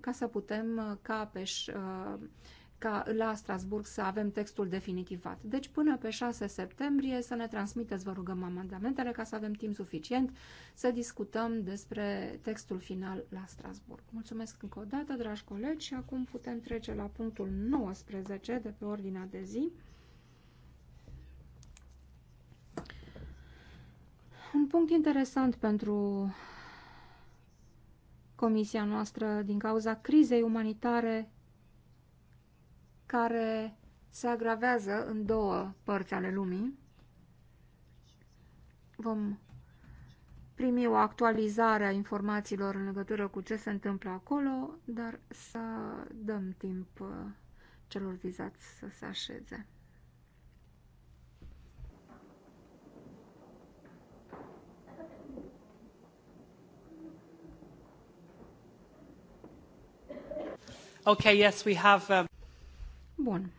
ca să putem uh, ca pe uh, ca la Strasburg să avem textul definitivat. Deci până pe 6 septembrie să ne transmiteți, vă rugăm, amendamentele ca să avem timp suficient să discutăm despre textul final la Strasburg. Mulțumesc încă o dată, dragi colegi, și acum putem trece la punctul 19 de pe ordinea de zi. Un punct interesant pentru comisia noastră din cauza crizei umanitare care se agravează în două părți ale lumii. Vom primi o actualizare a informațiilor în legătură cu ce se întâmplă acolo, dar să dăm timp uh, celor vizați să se așeze. Okay, yes, we have um... Bun.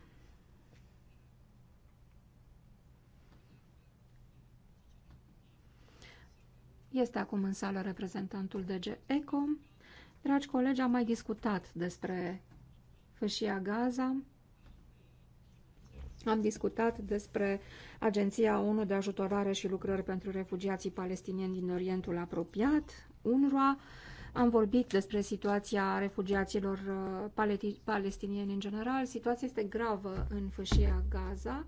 Este acum în sală reprezentantul DG ECO. Dragi colegi, am mai discutat despre fâșia Gaza. Am discutat despre Agenția ONU de Ajutorare și Lucrări pentru Refugiații Palestinieni din Orientul Apropiat, UNRWA, am vorbit despre situația refugiaților uh, palestinieni în general. Situația este gravă în fâșia Gaza.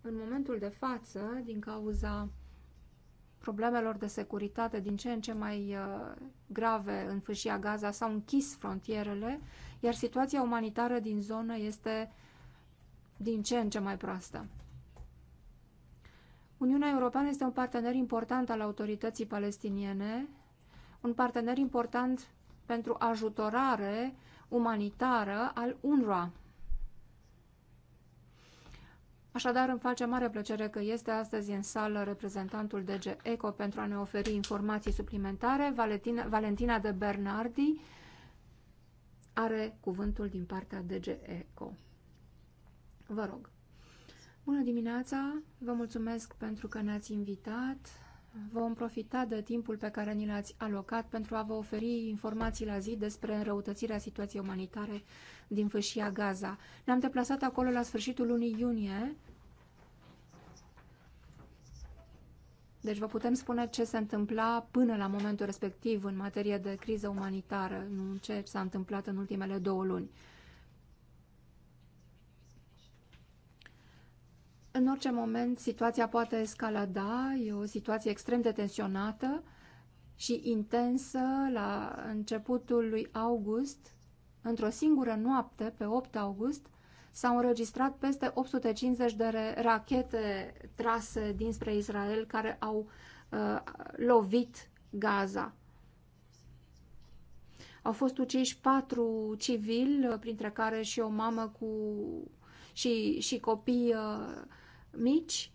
În momentul de față, din cauza problemelor de securitate din ce în ce mai uh, grave în fâșia Gaza, s-au închis frontierele, iar situația umanitară din zonă este din ce în ce mai proastă. Uniunea Europeană este un partener important al autorității palestiniene un partener important pentru ajutorare umanitară al UNRWA. Așadar, îmi face mare plăcere că este astăzi în sală reprezentantul DG ECO pentru a ne oferi informații suplimentare. Valentina, Valentina de Bernardi are cuvântul din partea DG ECO. Vă rog. Bună dimineața, vă mulțumesc pentru că ne-ați invitat Vom profita de timpul pe care ni l-ați alocat pentru a vă oferi informații la zi despre înrăutățirea situației umanitare din fâșia Gaza. Ne-am deplasat acolo la sfârșitul lunii iunie, deci vă putem spune ce se întâmpla până la momentul respectiv în materie de criză umanitară, nu ce s-a întâmplat în ultimele două luni. În orice moment, situația poate escalada, e o situație extrem de tensionată și intensă la începutul lui august. Într-o singură noapte, pe 8 august, s-au înregistrat peste 850 de rachete trase dinspre Israel care au uh, lovit Gaza. Au fost uciși patru civili, printre care și o mamă cu și, și copii uh, mici.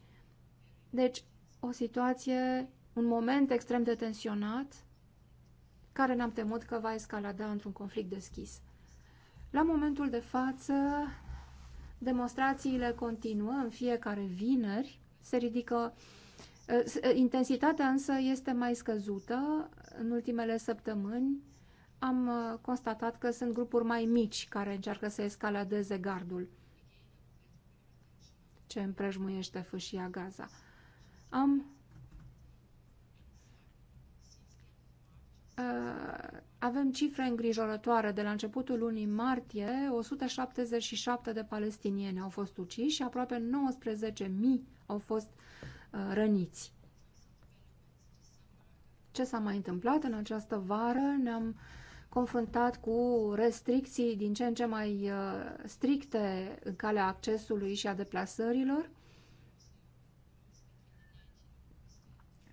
Deci, o situație, un moment extrem de tensionat, care ne-am temut că va escalada într-un conflict deschis. La momentul de față, demonstrațiile continuă în fiecare vineri, se ridică eh, eh, Intensitatea însă este mai scăzută în ultimele săptămâni. Am eh, constatat că sunt grupuri mai mici care încearcă să escaladeze gardul ce împrejmuiește fâșia Gaza. Am uh, avem cifre îngrijorătoare. De la începutul lunii martie, 177 de palestinieni au fost uciși și aproape 19.000 au fost uh, răniți. Ce s-a mai întâmplat în această vară? Ne-am uh, confruntat cu restricții din ce în ce mai uh, stricte în calea accesului și a deplasărilor.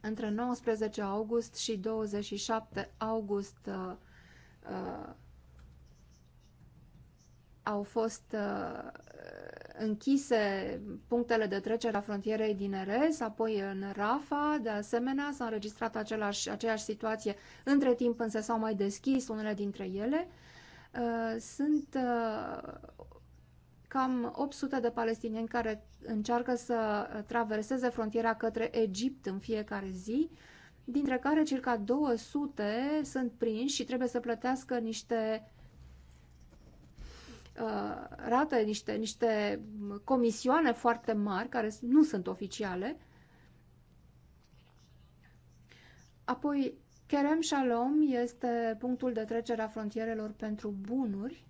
Între 19 august și 27 august uh, uh, au fost uh, închise punctele de trecere a frontierei din Erez, apoi în Rafa, de asemenea s-a înregistrat același, aceeași situație, între timp însă s-au mai deschis unele dintre ele. Uh, sunt uh, cam 800 de palestinieni care încearcă să traverseze frontiera către Egipt în fiecare zi, dintre care circa 200 sunt prinși și trebuie să plătească niște Uh, rate, niște, niște comisioane foarte mari, care nu sunt oficiale. Apoi, Kerem Shalom este punctul de trecere a frontierelor pentru bunuri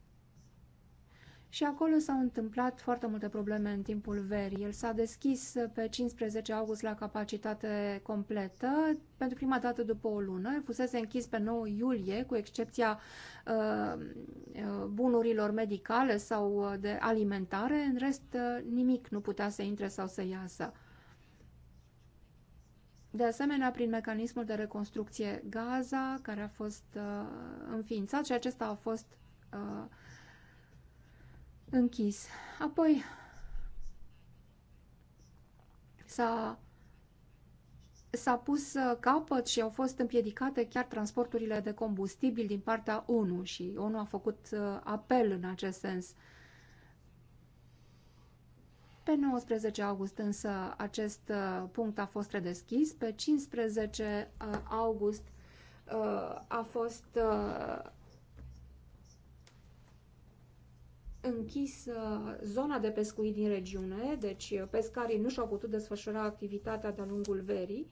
și acolo s-au întâmplat foarte multe probleme în timpul verii. El s-a deschis pe 15 august la capacitate completă, pentru prima dată după o lună. El fusese închis pe 9 iulie, cu excepția uh, uh bunurilor medicale sau uh, de alimentare. În rest, uh, nimic nu putea să intre sau să iasă. De asemenea, prin mecanismul de reconstrucție Gaza, care a fost uh, înființat și acesta a fost uh, închis. Apoi s-a s-a pus uh, capăt și au fost împiedicate chiar transporturile de combustibil din partea ONU și ONU a făcut uh, apel în acest sens. Pe 19 august însă acest uh, punct a fost redeschis, pe 15 august a fost închis uh, zona de pescuit din regiune, deci uh, pescarii nu și-au putut desfășura activitatea de-a lungul verii.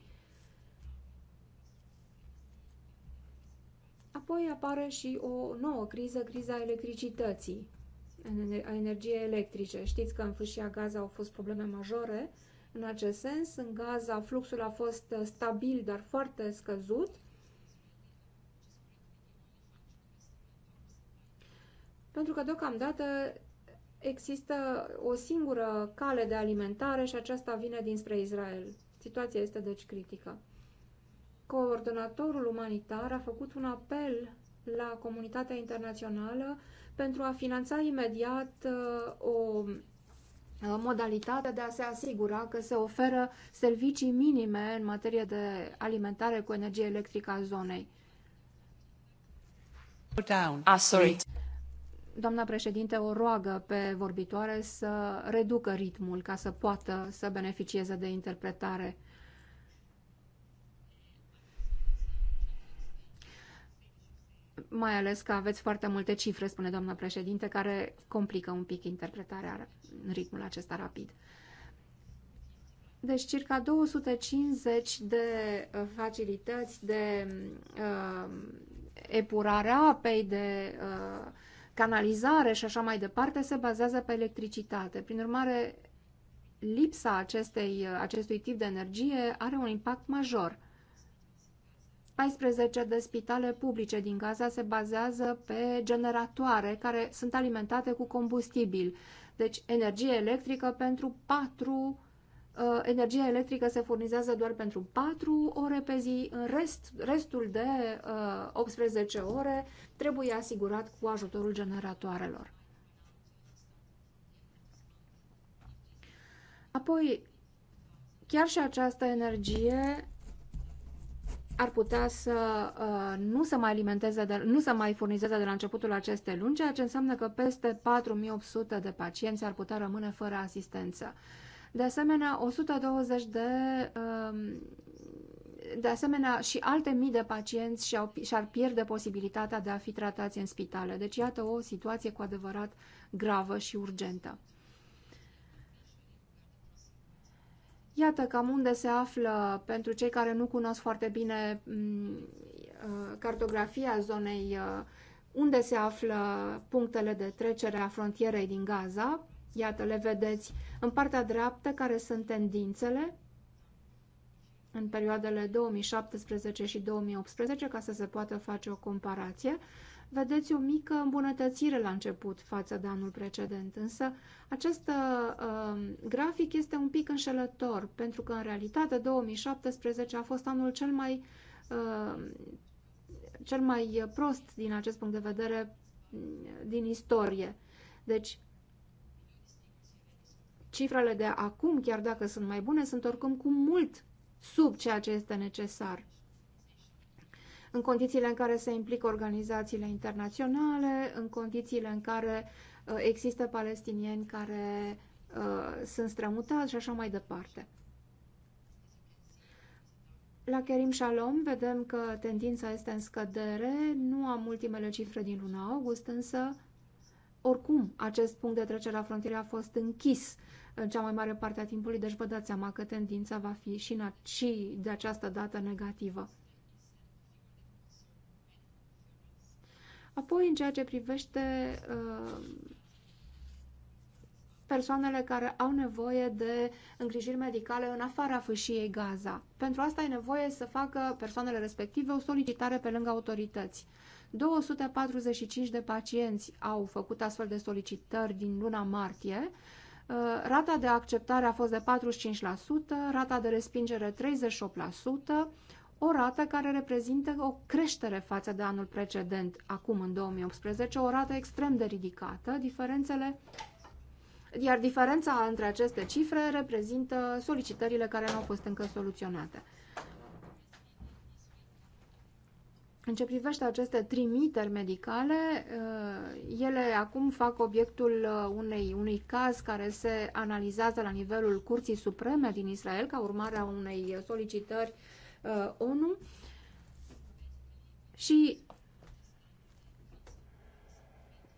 Apoi apare și o nouă criză, criza electricității, a energiei electrice. Știți că în fâșia Gaza au fost probleme majore în acest sens. În Gaza fluxul a fost uh, stabil, dar foarte scăzut pentru că deocamdată există o singură cale de alimentare și aceasta vine dinspre Israel. Situația este deci critică. Coordonatorul umanitar a făcut un apel la comunitatea internațională pentru a finanța imediat uh, o uh, modalitate de a se asigura că se oferă servicii minime în materie de alimentare cu energie electrică a zonei. Down. Ah, sorry doamna președinte o roagă pe vorbitoare să reducă ritmul ca să poată să beneficieze de interpretare. Mai ales că aveți foarte multe cifre, spune doamna președinte, care complică un pic interpretarea în ritmul acesta rapid. Deci circa 250 de uh, facilități de uh, epurare a apei, de uh, canalizare și așa mai departe se bazează pe electricitate. Prin urmare, lipsa acestei, acestui tip de energie are un impact major. 14 de spitale publice din Gaza se bazează pe generatoare care sunt alimentate cu combustibil, deci energie electrică pentru patru Uh, energia electrică se furnizează doar pentru 4 ore pe zi, în rest, restul de 18 uh, ore trebuie asigurat cu ajutorul generatoarelor. Apoi, chiar și această energie ar putea să uh, nu se mai alimenteze, de, nu se mai furnizeze de la începutul acestei luni, ceea ce înseamnă că peste 4800 de pacienți ar putea rămâne fără asistență. Uh, de asemenea, 120 de... Um, de asemenea, și alte mii de pacienți și-ar pierde posibilitatea de a fi tratați în spitale. Deci, iată o situație cu adevărat gravă și urgentă. Iată cam unde se află, pentru cei care nu cunosc foarte bine mm, uh, cartografia zonei, uh, unde se află punctele de trecere a frontierei din Gaza. Iată, le vedeți în partea dreaptă care sunt tendințele în perioadele 2017 și 2018, ca să se poată face o comparație, vedeți o mică îmbunătățire la început față de anul precedent, însă acest uh, grafic este un pic înșelător, pentru că în realitate 2017 a fost anul cel mai, uh, cel mai prost din acest punct de vedere mm, din istorie. Deci Cifrele de acum, chiar dacă sunt mai bune, sunt oricum cu mult sub ceea ce este necesar. În condițiile în care se implică organizațiile internaționale, în condițiile în care uh, există palestinieni care uh, sunt strămutați și așa mai departe. La Kerim Shalom vedem că tendința este în scădere, nu am ultimele cifre din luna august, însă oricum acest punct de trecere a frontierei a fost închis în cea mai mare parte a timpului, deci vă dați seama că tendința va fi și, în și de această dată negativă. Apoi, în ceea ce privește uh, persoanele care au nevoie de îngrijiri medicale în afara fâșiei Gaza. Pentru asta e nevoie să facă persoanele respective o solicitare pe lângă autorități. 245 de pacienți au făcut astfel de solicitări din luna martie Uh, rata de acceptare a fost de 45%, rata de respingere 38%, o rată care reprezintă o creștere față de anul precedent, acum în 2018, o rată extrem de ridicată, diferențele iar diferența între aceste cifre reprezintă solicitările care nu au fost încă soluționate. În ce privește aceste trimiteri medicale, eh, ele acum fac obiectul eh, unei, unui caz care se analizează la nivelul Curții Supreme din Israel ca urmare a unei solicitări eh, ONU și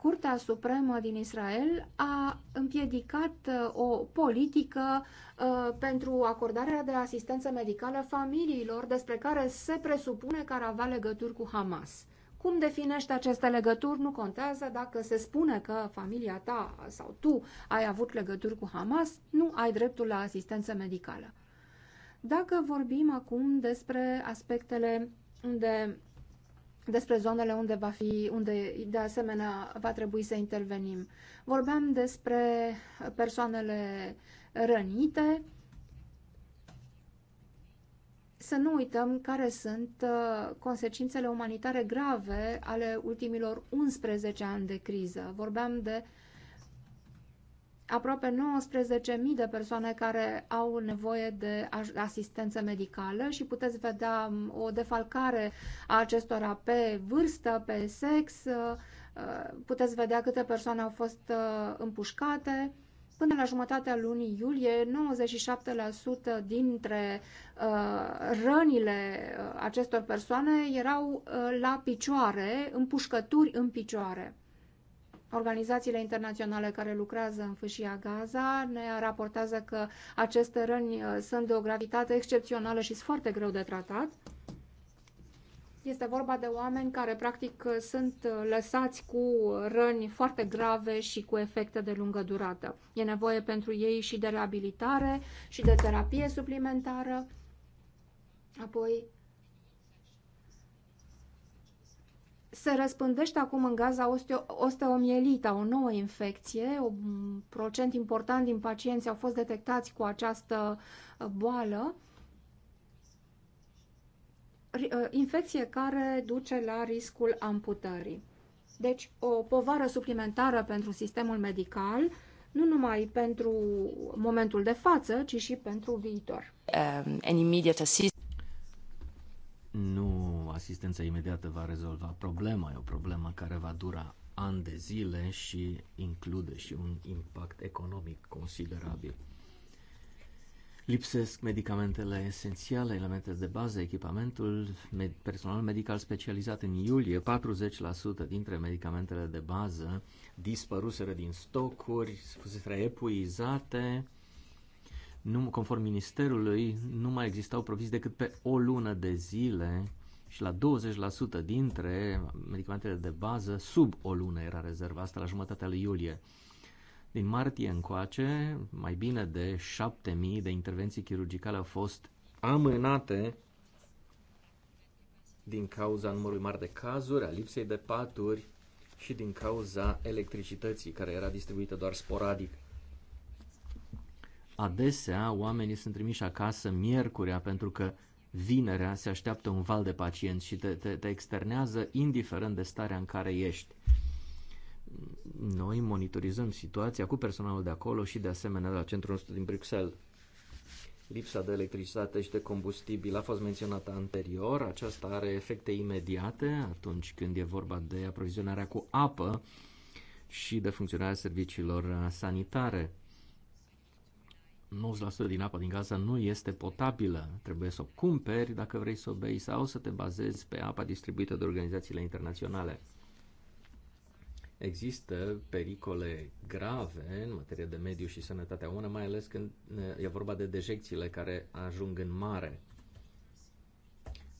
Curtea Supremă din Israel a împiedicat uh, o politică uh, pentru acordarea de asistență medicală familiilor despre care se presupune că ar avea legături cu Hamas. Cum definești aceste legături nu contează dacă se spune că familia ta sau tu ai avut legături cu Hamas, nu ai dreptul la asistență medicală. Dacă vorbim acum despre aspectele unde despre zonele unde va fi, unde de asemenea va trebui să intervenim. Vorbeam despre persoanele rănite. Să nu uităm care sunt uh, consecințele umanitare grave ale ultimilor 11 ani de criză. Vorbeam de uh, aproape 19.000 de persoane care au nevoie de asistență medicală și puteți vedea um, o defalcare a acestora pe vârstă, pe sex, uh, uh, puteți vedea câte persoane au fost uh, împușcate. Până la jumătatea lunii iulie, 97% dintre uh, rănile acestor persoane erau uh, la picioare, împușcături în picioare. Organizațiile internaționale care lucrează în fâșia Gaza ne raportează că aceste răni uh, sunt de o gravitate excepțională și sunt foarte greu de tratat. Este vorba de oameni care practic uh, sunt uh, lăsați cu răni foarte grave și cu efecte de lungă durată. E nevoie pentru ei și de reabilitare și de terapie suplimentară. Apoi se răspândește acum în Gaza osteo, osteomielita, o nouă infecție. Un procent important din pacienți au fost detectați cu această uh, boală. Uh, infecție care duce la riscul amputării. Deci, o povară suplimentară pentru sistemul medical, nu numai pentru momentul de față, ci și pentru viitor. Um, an immediate assist- nu asistența imediată va rezolva problema. E o problemă care va dura ani de zile și include și un impact economic considerabil. Lipsesc medicamentele esențiale, elementele de bază, echipamentul, med- personal medical specializat în iulie, 40% dintre medicamentele de bază dispăruseră din stocuri, fuseseră epuizate, nu, conform ministerului, nu mai existau provizi decât pe o lună de zile și la 20% dintre medicamentele de bază sub o lună era rezerva asta la jumătatea lui iulie. Din martie încoace, mai bine de 7.000 de intervenții chirurgicale au fost amânate din cauza numărului mare de cazuri, a lipsei de paturi și din cauza electricității care era distribuită doar sporadic. Adesea, oamenii sunt trimiși acasă miercurea pentru că vinerea se așteaptă un val de pacienți și te, te, te externează indiferent de starea în care ești. Noi monitorizăm situația cu personalul de acolo și de asemenea la centrul nostru din Bruxelles. Lipsa de electricitate și de combustibil a fost menționată anterior. Aceasta are efecte imediate atunci când e vorba de aprovizionarea cu apă și de funcționarea serviciilor sanitare. 90% din apa din Gaza nu este potabilă. Trebuie să o cumperi dacă vrei să o bei sau să te bazezi pe apa distribuită de organizațiile internaționale. Există pericole grave în materie de mediu și sănătatea umană, mai ales când e vorba de dejecțiile care ajung în mare.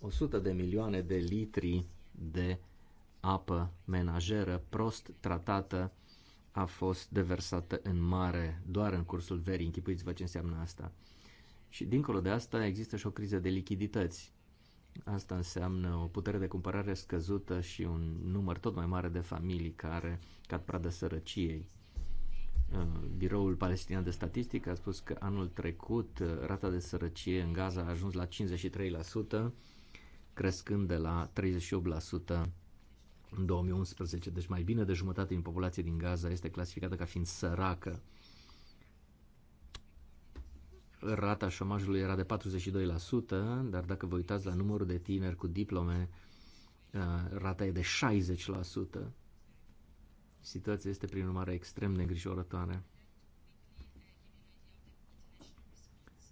100 de milioane de litri de apă menajeră prost tratată a fost deversată în mare doar în cursul verii. Închipuiți-vă ce înseamnă asta. Și dincolo de asta există și o criză de lichidități. Asta înseamnă o putere de cumpărare scăzută și un număr tot mai mare de familii care cad pradă sărăciei. Uh, Biroul Palestinian de Statistică a spus că anul trecut uh, rata de sărăcie în Gaza a ajuns la 53%, crescând de la 38% în 2011, deci mai bine de jumătate din populație din Gaza este clasificată ca fiind săracă. Rata șomajului era de 42%, dar dacă vă uitați la numărul de tineri cu diplome, uh, rata e de 60%. Situația este, prin urmare, extrem de îngrijorătoare.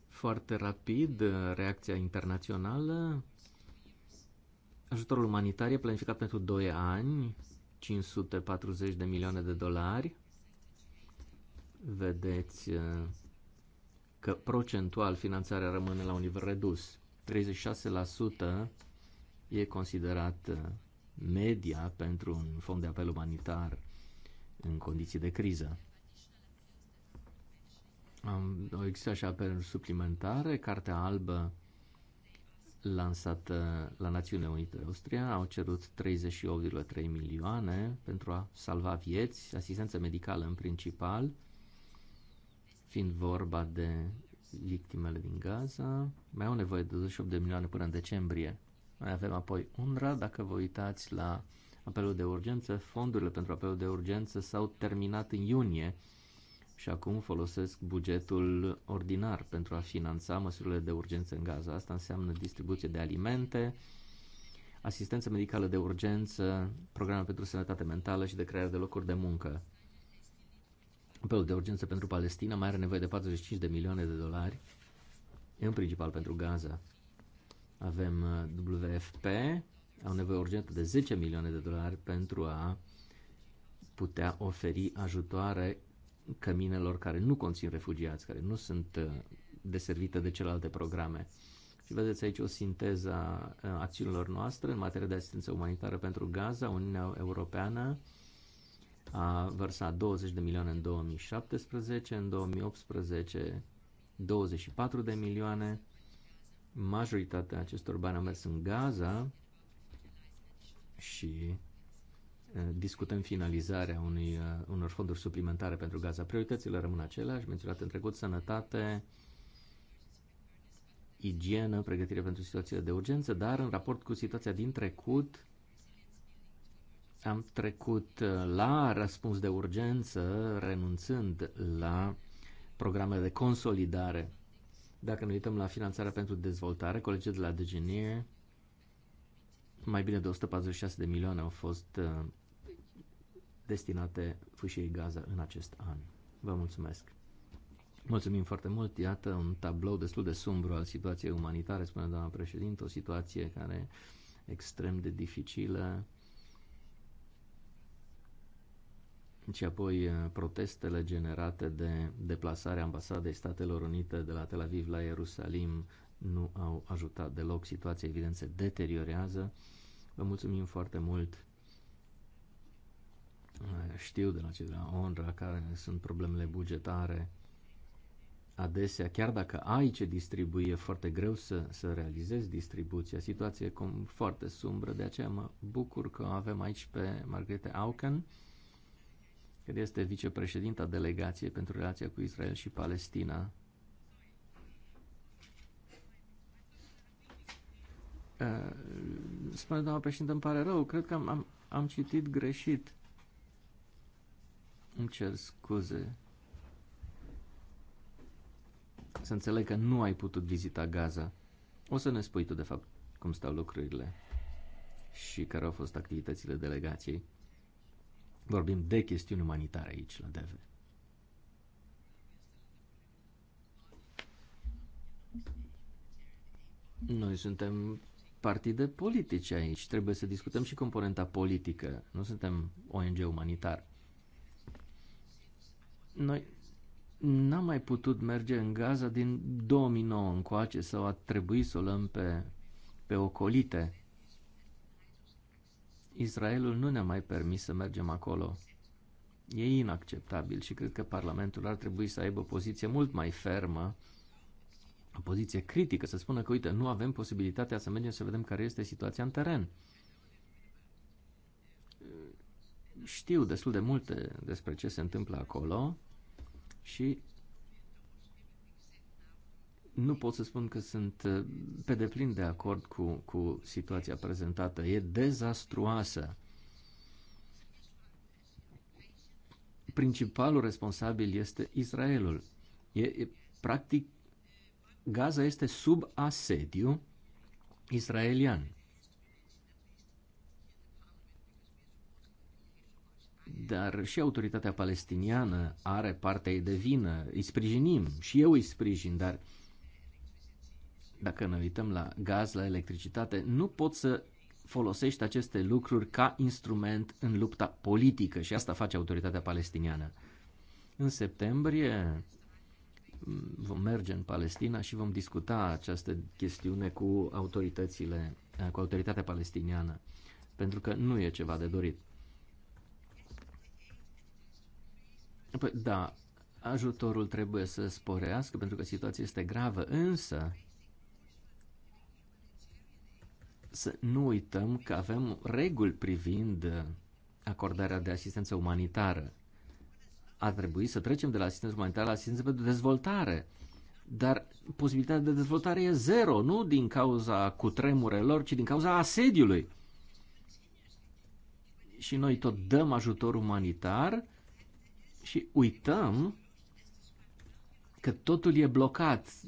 Foarte rapid, uh, reacția internațională, Ajutorul umanitar e planificat pentru 2 ani, 540 de milioane de dolari. Vedeți uh, că procentual finanțarea rămâne la un nivel redus. 36% e considerat uh, media pentru un fond de apel umanitar în condiții de criză. Există și apeluri suplimentare, Cartea Albă lansată la Națiunile Unite de Austria. Au cerut 38,3 milioane pentru a salva vieți, asistență medicală în principal, fiind vorba de victimele din Gaza. Mai au nevoie de 28 de milioane până în decembrie. Mai avem apoi UNRWA, dacă vă uitați la apelul de urgență, fondurile pentru apelul de urgență s-au terminat în iunie și acum folosesc bugetul ordinar pentru a finanța măsurile de urgență în Gaza. Asta înseamnă distribuție de alimente, asistență medicală de urgență, programe pentru sănătate mentală și de creare de locuri de muncă. Apelul de urgență pentru Palestina mai are nevoie de 45 de milioane de dolari, în principal pentru Gaza. Avem uh, WFP, au nevoie urgentă de 10 milioane de dolari pentru a putea oferi ajutoare căminelor care nu conțin refugiați, care nu sunt uh, deservite de celelalte programe. Și vedeți aici o sinteză a acțiunilor noastre în materie de asistență umanitară pentru Gaza. Uniunea Europeană a vărsat 20 de milioane în 2017, în 2018 24 de milioane. Majoritatea acestor bani a mers în Gaza și Eh, discutăm finalizarea unui, eh, unor fonduri suplimentare pentru Gaza. Prioritățile rămân aceleași, menționate în trecut, sănătate, igienă, pregătire pentru situațiile de urgență, dar în raport cu situația din trecut, am trecut eh, la răspuns de urgență, renunțând la programele de consolidare. Dacă ne uităm la finanțarea pentru dezvoltare, colegii de la Degenier, mai bine de 146 de milioane au fost destinate fâșiei Gaza în acest an. Vă mulțumesc! Mulțumim foarte mult. Iată un tablou destul de sumbru al situației umanitare, spune doamna președinte, o situație care extrem de dificilă. Și apoi eh, protestele generate de deplasarea ambasadei Statelor Unite de la Tel Aviv la Ierusalim nu au ajutat deloc. Situația, evident, se deteriorează. Vă mulțumim foarte mult Eh, știu de la cei de la ONRA care sunt problemele bugetare. Adesea, chiar dacă ai ce distribuie, foarte greu să, să realizezi distribuția. Situație cum foarte sumbră, de aceea mă bucur că avem aici pe Margrethe Auken, care este vicepreședinta delegației pentru relația cu Israel și Palestina eh, spune doamna președinte, îmi pare rău, cred că am, am, am citit greșit. Îmi cer scuze. Să înțeleg că nu ai putut vizita Gaza. O să ne spui tu, de fapt, cum stau lucrurile și care au fost activitățile delegației. Vorbim de chestiuni umanitare aici, la DV. Noi suntem partide politice aici. Trebuie să discutăm și componenta politică. Nu suntem ONG umanitar. Noi n-am mai putut merge în Gaza din 2009 încoace sau a trebuit să o luăm pe, pe ocolite. Israelul nu ne-a mai permis să mergem acolo. E inacceptabil și cred că Parlamentul ar trebui să aibă o poziție mult mai fermă, o poziție critică, să spună că, uite, nu avem posibilitatea să mergem să vedem care este situația în teren. știu destul de multe despre ce se întâmplă acolo și nu pot să spun că sunt uh, pe deplin de acord cu, cu situația prezentată. E dezastruoasă. Principalul responsabil este Israelul. E, e practic Gaza este sub asediu israelian. dar și autoritatea palestiniană are partea ei de vină. Îi sprijinim și eu îi sprijin, dar dacă ne uităm la gaz, la electricitate, nu pot să folosești aceste lucruri ca instrument în lupta politică și asta face autoritatea palestiniană. În septembrie vom merge în Palestina și vom discuta această chestiune cu autoritățile, cu autoritatea palestiniană, pentru că nu e ceva de dorit. Păi, da, ajutorul trebuie să sporească pentru că situația este gravă, însă să nu uităm că avem reguli privind acordarea de asistență umanitară. Ar trebui să trecem de la asistență umanitară la asistență pentru dezvoltare. Dar posibilitatea de dezvoltare e zero, nu din cauza cutremurelor, ci din cauza asediului. Și noi tot dăm ajutor umanitar, și uităm că totul e blocat,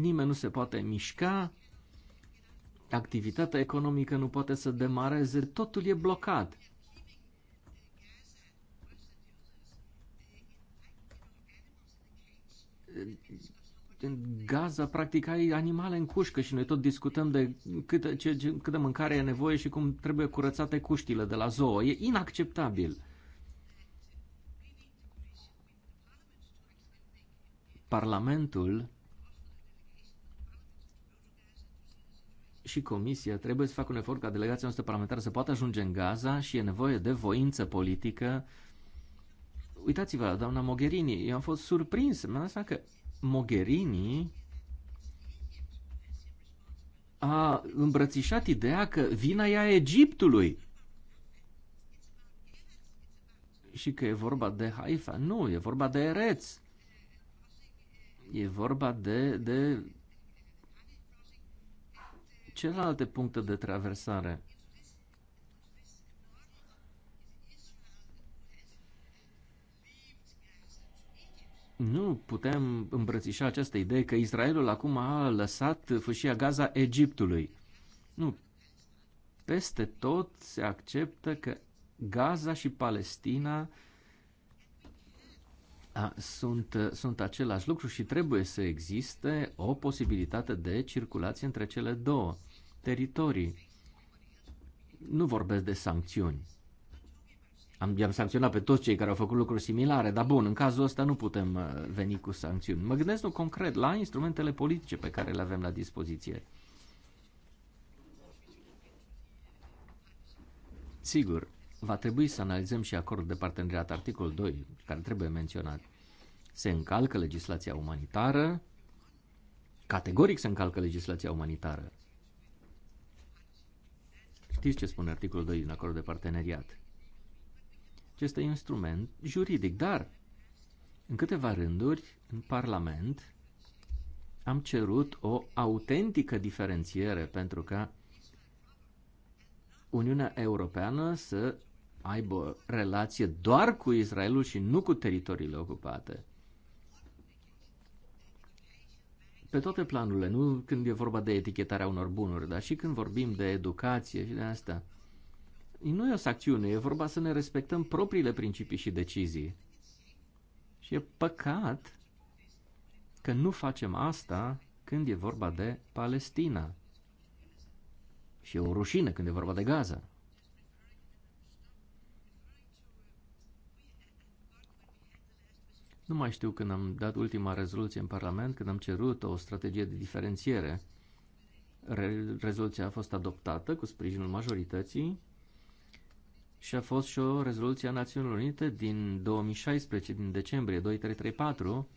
nimeni nu se poate mișca, activitatea economică nu poate să demareze, totul e blocat. În Gaza, practic, ai animale în cușcă și noi tot discutăm de câtă, ce, ce, câtă mâncare e nevoie și cum trebuie curățate cuștile de la zoo. E inacceptabil. Parlamentul și Comisia trebuie să facă un efort ca delegația noastră parlamentară să poată ajunge în Gaza și e nevoie de voință politică. Uitați-vă la doamna Mogherini. Eu am fost surprins. Mi-am dat seama că Mogherini a îmbrățișat ideea că vina e a Egiptului și că e vorba de Haifa. Nu, e vorba de Ereți. E vorba de, de celelalte puncte de traversare. Nu putem îmbrățișa această idee că Israelul acum a lăsat fâșia Gaza Egiptului. Nu. Peste tot se acceptă că Gaza și Palestina sunt, uh, sunt același lucru și trebuie să existe o posibilitate de circulație între cele două teritorii. Nu vorbesc de sancțiuni. Am, i-am sancționat pe toți cei care au făcut lucruri similare, dar bun, în cazul ăsta nu putem uh, veni cu sancțiuni. Mă gândesc nu concret la instrumentele politice pe care le avem la dispoziție. Sigur, va trebui să analizăm și acordul de parteneriat, articolul 2, care trebuie menționat. Se încalcă legislația umanitară, categoric se încalcă legislația umanitară. Știți ce spune articolul 2 din acordul de parteneriat? Acesta e instrument juridic, dar în câteva rânduri, în Parlament, am cerut o autentică diferențiere pentru ca Uniunea Europeană să aibă o relație doar cu Israelul și nu cu teritoriile ocupate. Pe toate planurile, nu când e vorba de etichetarea unor bunuri, dar și când vorbim de educație și de asta. Nu e o sancțiune, e vorba să ne respectăm propriile principii și decizii. Și e păcat că nu facem asta când e vorba de Palestina. Și e o rușine când e vorba de Gaza. Nu mai știu când am dat ultima rezoluție în Parlament, când am cerut o strategie de diferențiere. Re- rezoluția a fost adoptată cu sprijinul majorității și a fost și o rezoluție a Națiunilor Unite din 2016, din decembrie 2334,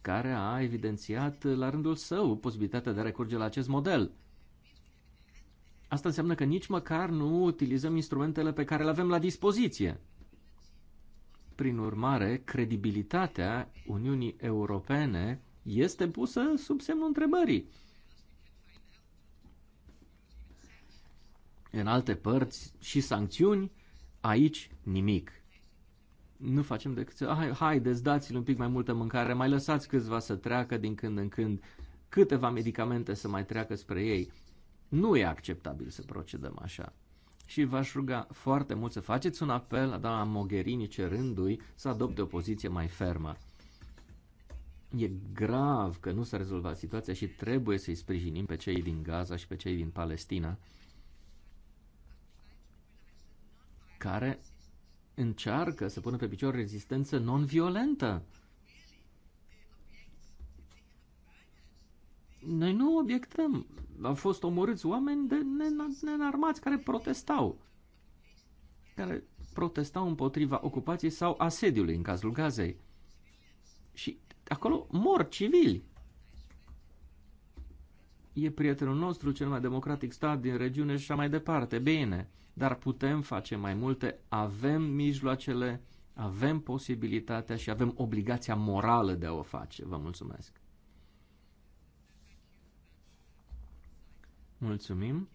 care a evidențiat la rândul său posibilitatea de a recurge la acest model. Asta înseamnă că nici măcar nu utilizăm instrumentele pe care le avem la dispoziție. Prin urmare, credibilitatea Uniunii Europene este pusă sub semnul întrebării. În alte părți și sancțiuni, aici nimic. Nu facem decât să... Hai, haideți, dați-l un pic mai multă mâncare, mai lăsați câțiva să treacă din când în când, câteva medicamente să mai treacă spre ei. Nu e acceptabil să procedăm așa și v-aș ruga foarte mult să faceți un apel la doamna Mogherini cerându-i să adopte o poziție mai fermă. E grav că nu s-a rezolvat situația și trebuie să-i sprijinim pe cei din Gaza și pe cei din Palestina care încearcă să pună pe picior rezistență non-violentă. Noi nu obiectăm. Au fost omorâți oameni de nenarmați care protestau. Care protestau împotriva ocupației sau asediului în cazul Gazei. Și acolo mor civili. E prietenul nostru, cel mai democratic stat din regiune și așa mai departe. Bine, dar putem face mai multe, avem mijloacele, avem posibilitatea și avem obligația morală de a o face. Vă mulțumesc! Mulțumim.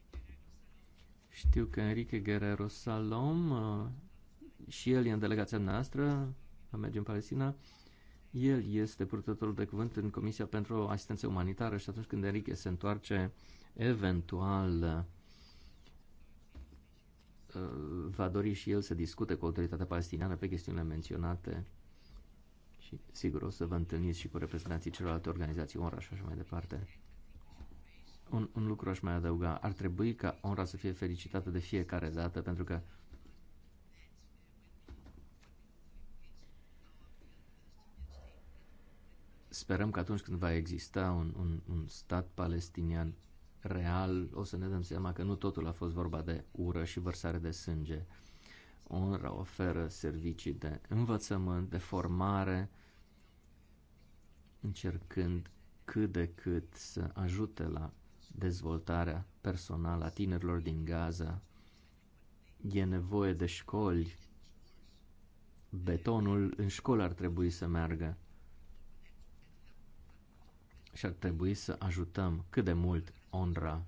Știu că Enrique Guerrero Salom uh, și el e în delegația noastră, a merge în Palestina. El este purtătorul de cuvânt în Comisia pentru Asistență Umanitară și atunci când Enrique se întoarce, eventual uh, va dori și el să discute cu autoritatea palestiniană pe chestiunile menționate și sigur o să vă întâlniți și cu reprezentanții celorlalte organizații ONRA și așa mai departe un, un lucru aș mai adăuga. Ar trebui ca onra să fie fericitată de fiecare dată, pentru că sperăm că atunci când va exista un, un, un stat palestinian real, o să ne dăm seama că nu totul a fost vorba de ură și vărsare de sânge. Onra oferă servicii de învățământ, de formare, încercând cât de cât să ajute la dezvoltarea personală a tinerilor din Gaza. E nevoie de școli. Betonul în școală ar trebui să meargă. Și ar trebui să ajutăm cât de mult ONRA.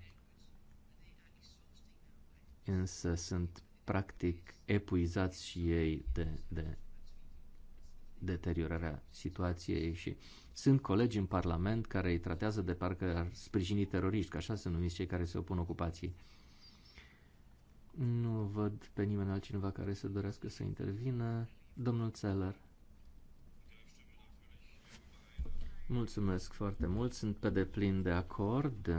Însă sunt practic epuizați și ei de, de deteriorarea situației și sunt colegi în Parlament care îi tratează de parcă ar sprijini teroriști, că așa se numiți cei care se opun ocupației. Nu văd pe nimeni altcineva care să dorească să intervină. Domnul Țeller. Mulțumesc foarte mult, sunt pe deplin de acord.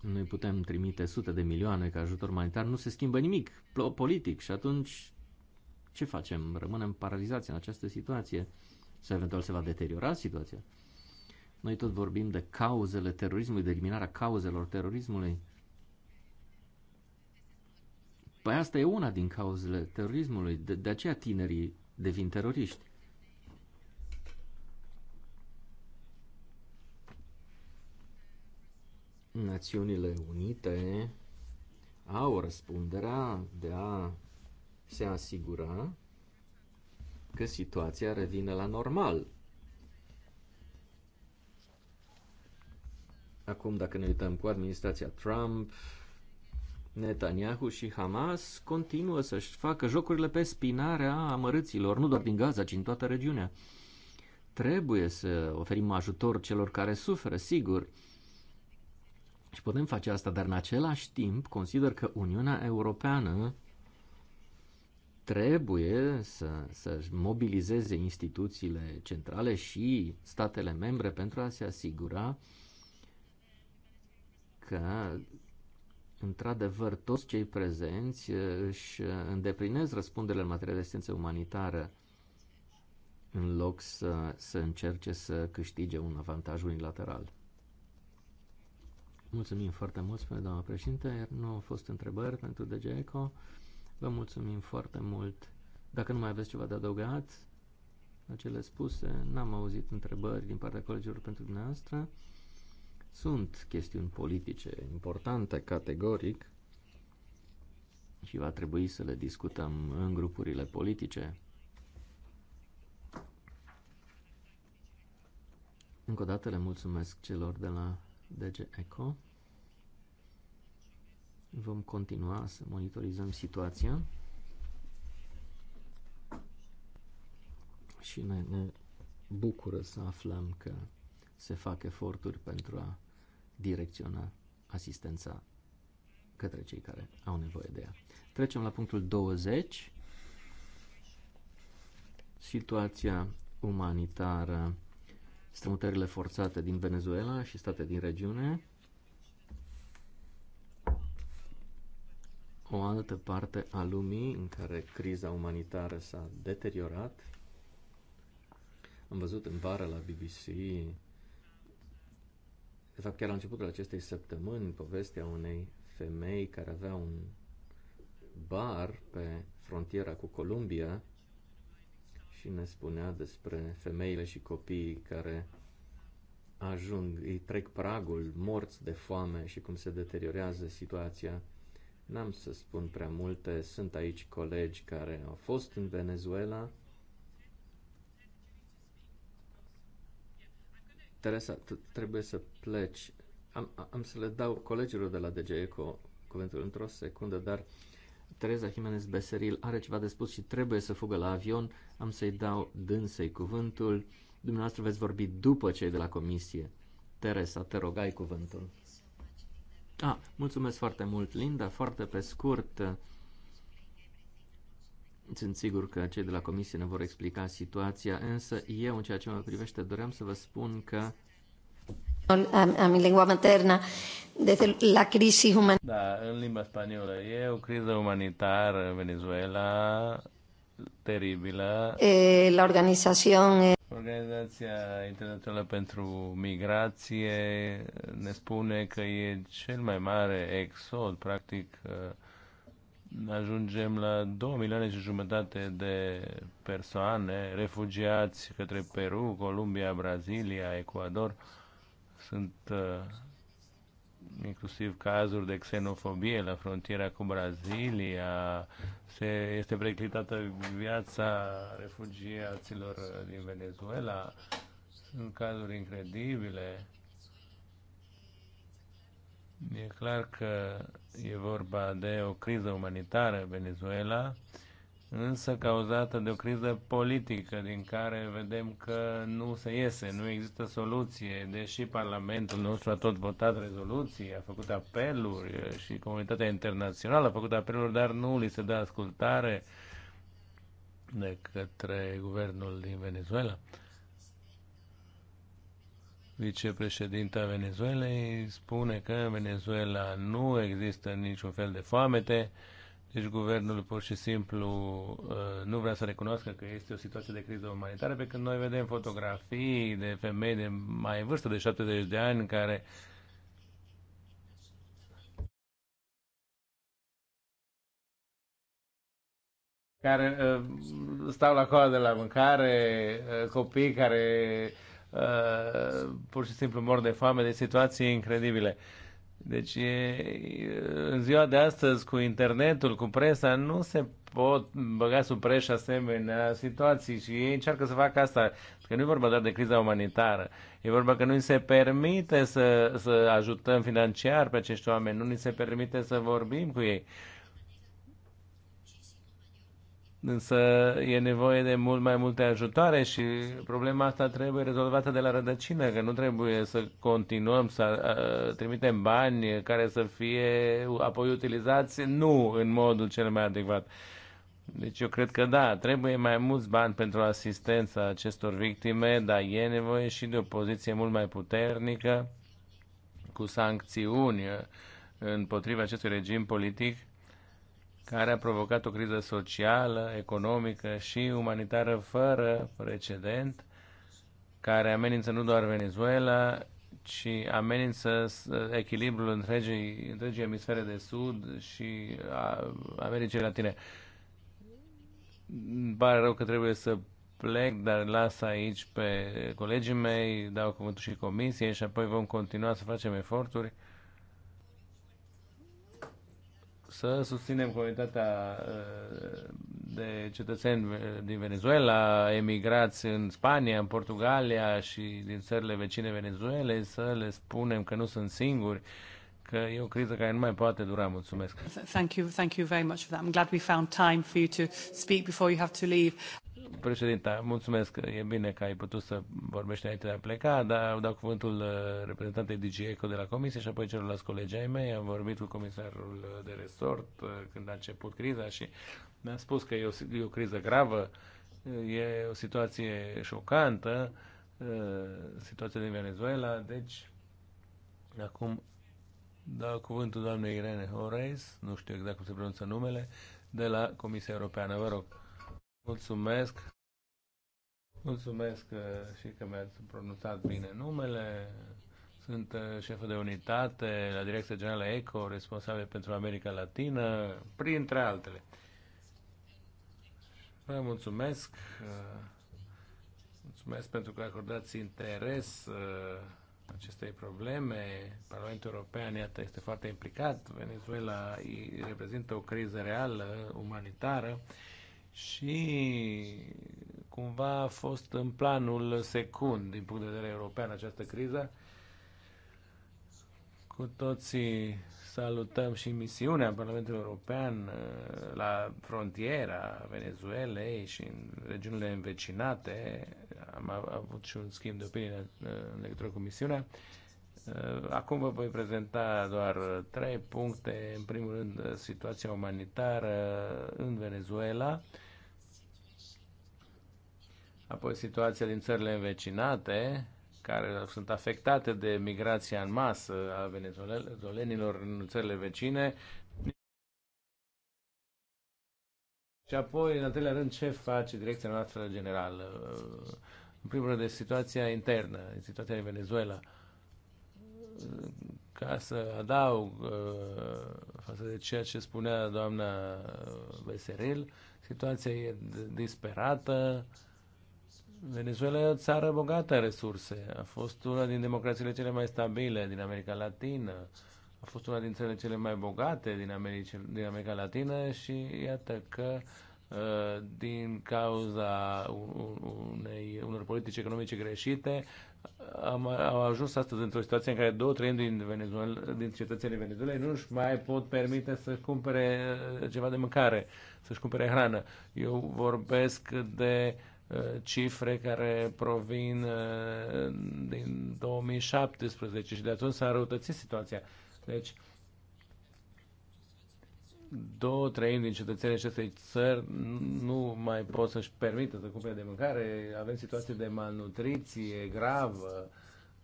Noi putem trimite sute de milioane ca ajutor umanitar, nu se schimbă nimic politic și atunci ce facem? Rămânem paralizați în această situație? Sau eventual se va deteriora situația? Noi tot vorbim de cauzele terorismului, de eliminarea cauzelor terorismului. Păi asta e una din cauzele terorismului, de, de aceea tinerii devin teroriști. Națiunile Unite au răspunderea de a se asigura că situația revine la normal. Acum, dacă ne uităm cu administrația Trump, Netanyahu și Hamas continuă să-și facă jocurile pe spinarea amărâților, nu doar din Gaza, ci în toată regiunea. Trebuie să oferim ajutor celor care suferă, sigur. Și putem face asta, dar în același timp consider că Uniunea Europeană trebuie să, să mobilizeze instituțiile centrale și statele membre pentru a se asigura că, într-adevăr, toți cei prezenți își îndeplinesc răspunderile în materie de asistență umanitară în loc să, să încerce să câștige un avantaj unilateral. Mulțumim foarte mult, spune doamna președinte, nu au fost întrebări pentru DGECO. Vă mulțumim foarte mult. Dacă nu mai aveți ceva de adăugat la cele spuse, n-am auzit întrebări din partea colegilor pentru dumneavoastră. Sunt chestiuni politice importante, categoric, și va trebui să le discutăm în grupurile politice. Încă o dată le mulțumesc celor de la DG ECO. Vom continua să monitorizăm situația și ne, ne bucură să aflăm că se fac eforturi pentru a direcționa asistența către cei care au nevoie de ea. Trecem la punctul 20. Situația umanitară, strămutările forțate din Venezuela și state din regiune. o altă parte a lumii în care criza umanitară s-a deteriorat. Am văzut în vară la BBC, de fapt chiar la începutul acestei săptămâni, povestea unei femei care avea un bar pe frontiera cu Columbia și ne spunea despre femeile și copiii care ajung, îi trec pragul morți de foame și cum se deteriorează situația N-am să spun prea multe, sunt aici colegi care au fost în Venezuela. Teresa, trebuie să pleci. Am, am să le dau colegilor de la DGECO cuvântul într-o secundă, dar Teresa Jimenez Beseril are ceva de spus și trebuie să fugă la avion. Am să-i dau dânsei cuvântul. Dumneavoastră veți vorbi după cei de la comisie. Teresa, te rog, ai cuvântul. A, mulțumesc foarte mult, Linda. Foarte pe scurt, sunt sigur că cei de la comisie ne vor explica situația, însă eu, în ceea ce mă privește, doream să vă spun că a, a mi lingua materna, desde la crisis humanitaria. Da, în limba spaniolă. E o criză umanitară în Venezuela, teribilă. Eh, la organización... Eh, Organizația Internațională pentru Migrație ne spune că e cel mai mare exod, practic uh, ajungem la 2 milioane și jumătate de persoane refugiați către Peru, Columbia, Brazilia, Ecuador. Sunt uh, inclusiv cazuri de xenofobie la frontiera cu Brazilia, se, este preclitată viața refugiaților din Venezuela, sunt cazuri incredibile. E clar că e vorba de o criză umanitară în Venezuela, însă cauzată de o criză politică din care vedem că nu se iese, nu există soluție, deși Parlamentul nostru a tot votat rezoluții, a făcut apeluri și comunitatea internațională a făcut apeluri, dar nu li se dă ascultare de către guvernul din Venezuela. Vicepreședinta Venezuelei spune că în Venezuela nu există niciun fel de foamete, deci guvernul pur și simplu uh, nu vrea să recunoască că este o situație de criză umanitară, pe când noi vedem fotografii de femei de mai vârstă de 70 de ani care care uh, stau la coadă la mâncare, uh, copii care pur și simplu mor de foame, de situații incredibile. Deci e, în ziua de astăzi cu internetul, cu presa, nu se pot băga sub preș asemenea situații și ei încearcă să facă asta. Că nu e vorba doar de criza umanitară. E vorba că nu ni se permite să, să ajutăm financiar pe acești oameni, nu ni se permite să vorbim cu ei. Însă e nevoie de mult mai multe ajutoare și problema asta trebuie rezolvată de la rădăcină, că nu trebuie să continuăm să uh, trimitem bani care să fie apoi utilizați nu în modul cel mai adecvat. Deci eu cred că da, trebuie mai mulți bani pentru asistența acestor victime, dar e nevoie și de o poziție mult mai puternică, cu sancțiuni uh, împotriva acestui regim politic care a provocat o criză socială, economică și umanitară fără precedent, care amenință nu doar Venezuela, ci amenință echilibrul întregii, întregii emisfere de sud și a Americii Latine. Îmi pare rău că trebuie să plec, dar las aici pe colegii mei, dau cuvântul și comisiei și apoi vom continua să facem eforturi să susținem comunitatea uh, de cetățeni uh, din Venezuela, emigrați în Spania, în Portugalia și din țările vecine Venezuele, să le spunem că nu sunt singuri, că e o criză care nu mai poate dura. Mulțumesc. Thank you, thank you very much for that. I'm glad we found time for you to speak before you have to leave. Președinta, mulțumesc. E bine că ai putut să vorbești înainte de a pleca, dar dat cuvântul uh, reprezentantei DGECO de la Comisie și apoi celorlalți colegi ai mei. Am vorbit cu comisarul de resort uh, când a început criza și mi-a spus că e o, e o criză gravă, uh, e o situație șocantă, situația din Venezuela, deci acum dau cuvântul doamnei Irene Horeis, nu știu exact cum se pronunță numele, de la Comisia Europeană. Vă rog. Mulțumesc. Mulțumesc uh, și că mi-ați pronunțat bine numele. Sunt uh, șefă de unitate la Direcția Generală ECO, responsabil pentru America Latină, printre altele. Vă mulțumesc. Uh, mulțumesc pentru că acordați interes acestei probleme. Parlamentul European, iată, este foarte implicat. Venezuela reprezintă o criză reală, umanitară și cumva a fost în planul secund din punct de vedere european această criză. Cu toții salutăm și misiunea Parlamentului European uh, la frontiera Venezuelei și în regiunile învecinate. Am avut și un schimb de opinie uh, în legătură cu misiunea. Eh, acum vă voi prezenta doar trei puncte. În primul rând, eh, situația umanitară în Venezuela, apoi situația din țările învecinate, care sunt afectate de migrația în masă a venezuelenilor în țările vecine. Și apoi, în al treilea rând, ce face direcția noastră generală? Eh, în primul rând, de situația internă, situația din Venezuela ca să adaug uh, față de ceea ce spunea doamna Veseril, situația e disperată. Venezuela e o țară bogată în resurse. A fost una din democrațiile cele mai stabile din America Latină. A fost una din țările cele mai bogate din, America, din America Latină și iată că uh, din cauza unei, unor politici economice greșite, am, am ajuns astăzi într-o situație în care două treimi din, Venezuela, din cetățenii Venezuelei nu își mai pot permite să cumpere uh, ceva de mâncare, să-și cumpere hrană. Eu vorbesc de uh, cifre care provin uh, din 2017 și de atunci s-a răutățit situația. Deci, două treimi din cetățenii acestei țări nu mai pot să-și permită să cumpere de mâncare, avem situații de malnutriție gravă,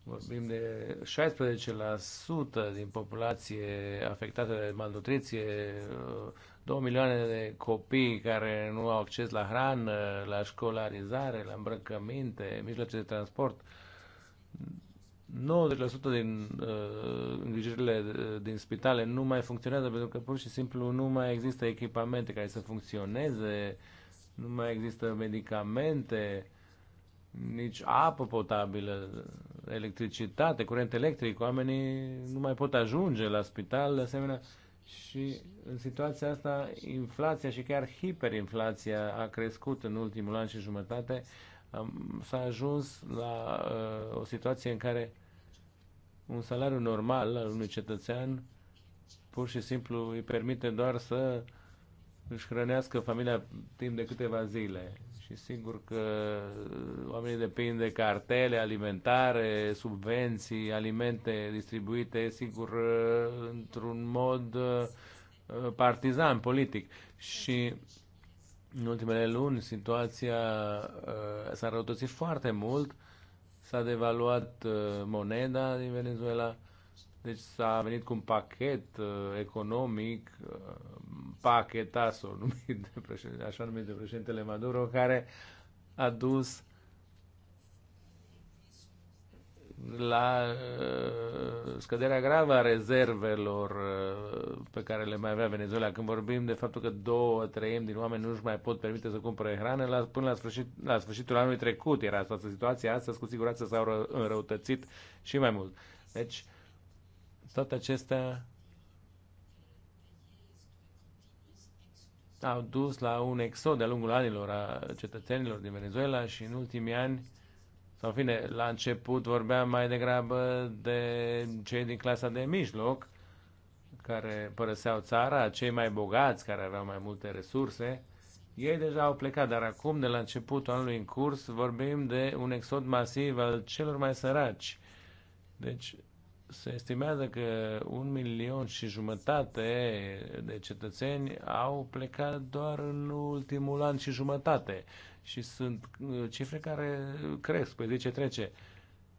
vorbim de 16% din populație afectată de malnutriție, 2 milioane de copii care nu au acces la hrană, la școlarizare, la îmbrăcăminte, mijloace de transport. 90% din uh, îngrijirile uh, din spitale nu mai funcționează pentru că pur și simplu nu mai există echipamente care să funcționeze, nu mai există medicamente, nici apă potabilă, electricitate, curent electric, oamenii nu mai pot ajunge la spital, de asemenea, și în situația asta inflația și chiar hiperinflația a crescut în ultimul an și jumătate, s-a ajuns la uh, o situație în care un salariu normal al unui cetățean pur și simplu îi permite doar să își hrănească familia timp de câteva zile. Și sigur că oamenii depind de cartele alimentare, subvenții, alimente distribuite, sigur, uh, într-un mod uh, uh, partizan politic. Și în ultimele luni situația uh, s-a răutățit foarte mult, s-a devaluat uh, moneda din Venezuela, deci s-a venit cu un pachet uh, economic, uh, pachetasul numit de președinte, așa numit de președintele Maduro, care a dus la uh, scăderea gravă a rezervelor uh, pe care le mai avea Venezuela. Când vorbim de faptul că două treimi din oameni nu își mai pot permite să cumpere hrană, la, până la, sfârșit, la sfârșitul anului trecut era această situație, astăzi cu siguranță s-au înrăutățit și mai mult. Deci, toate acestea au dus la un exod de-a lungul anilor a cetățenilor din Venezuela și în ultimii ani sau, în fine, la început vorbeam mai degrabă de cei din clasa de mijloc, care părăseau țara, cei mai bogați, care aveau mai multe resurse, ei deja au plecat, dar acum, de la începutul anului în curs, vorbim de un exod masiv al celor mai săraci. Deci, se estimează că un milion și jumătate de cetățeni au plecat doar în ultimul an și jumătate și sunt uh, cifre care cresc pe zi ce trece.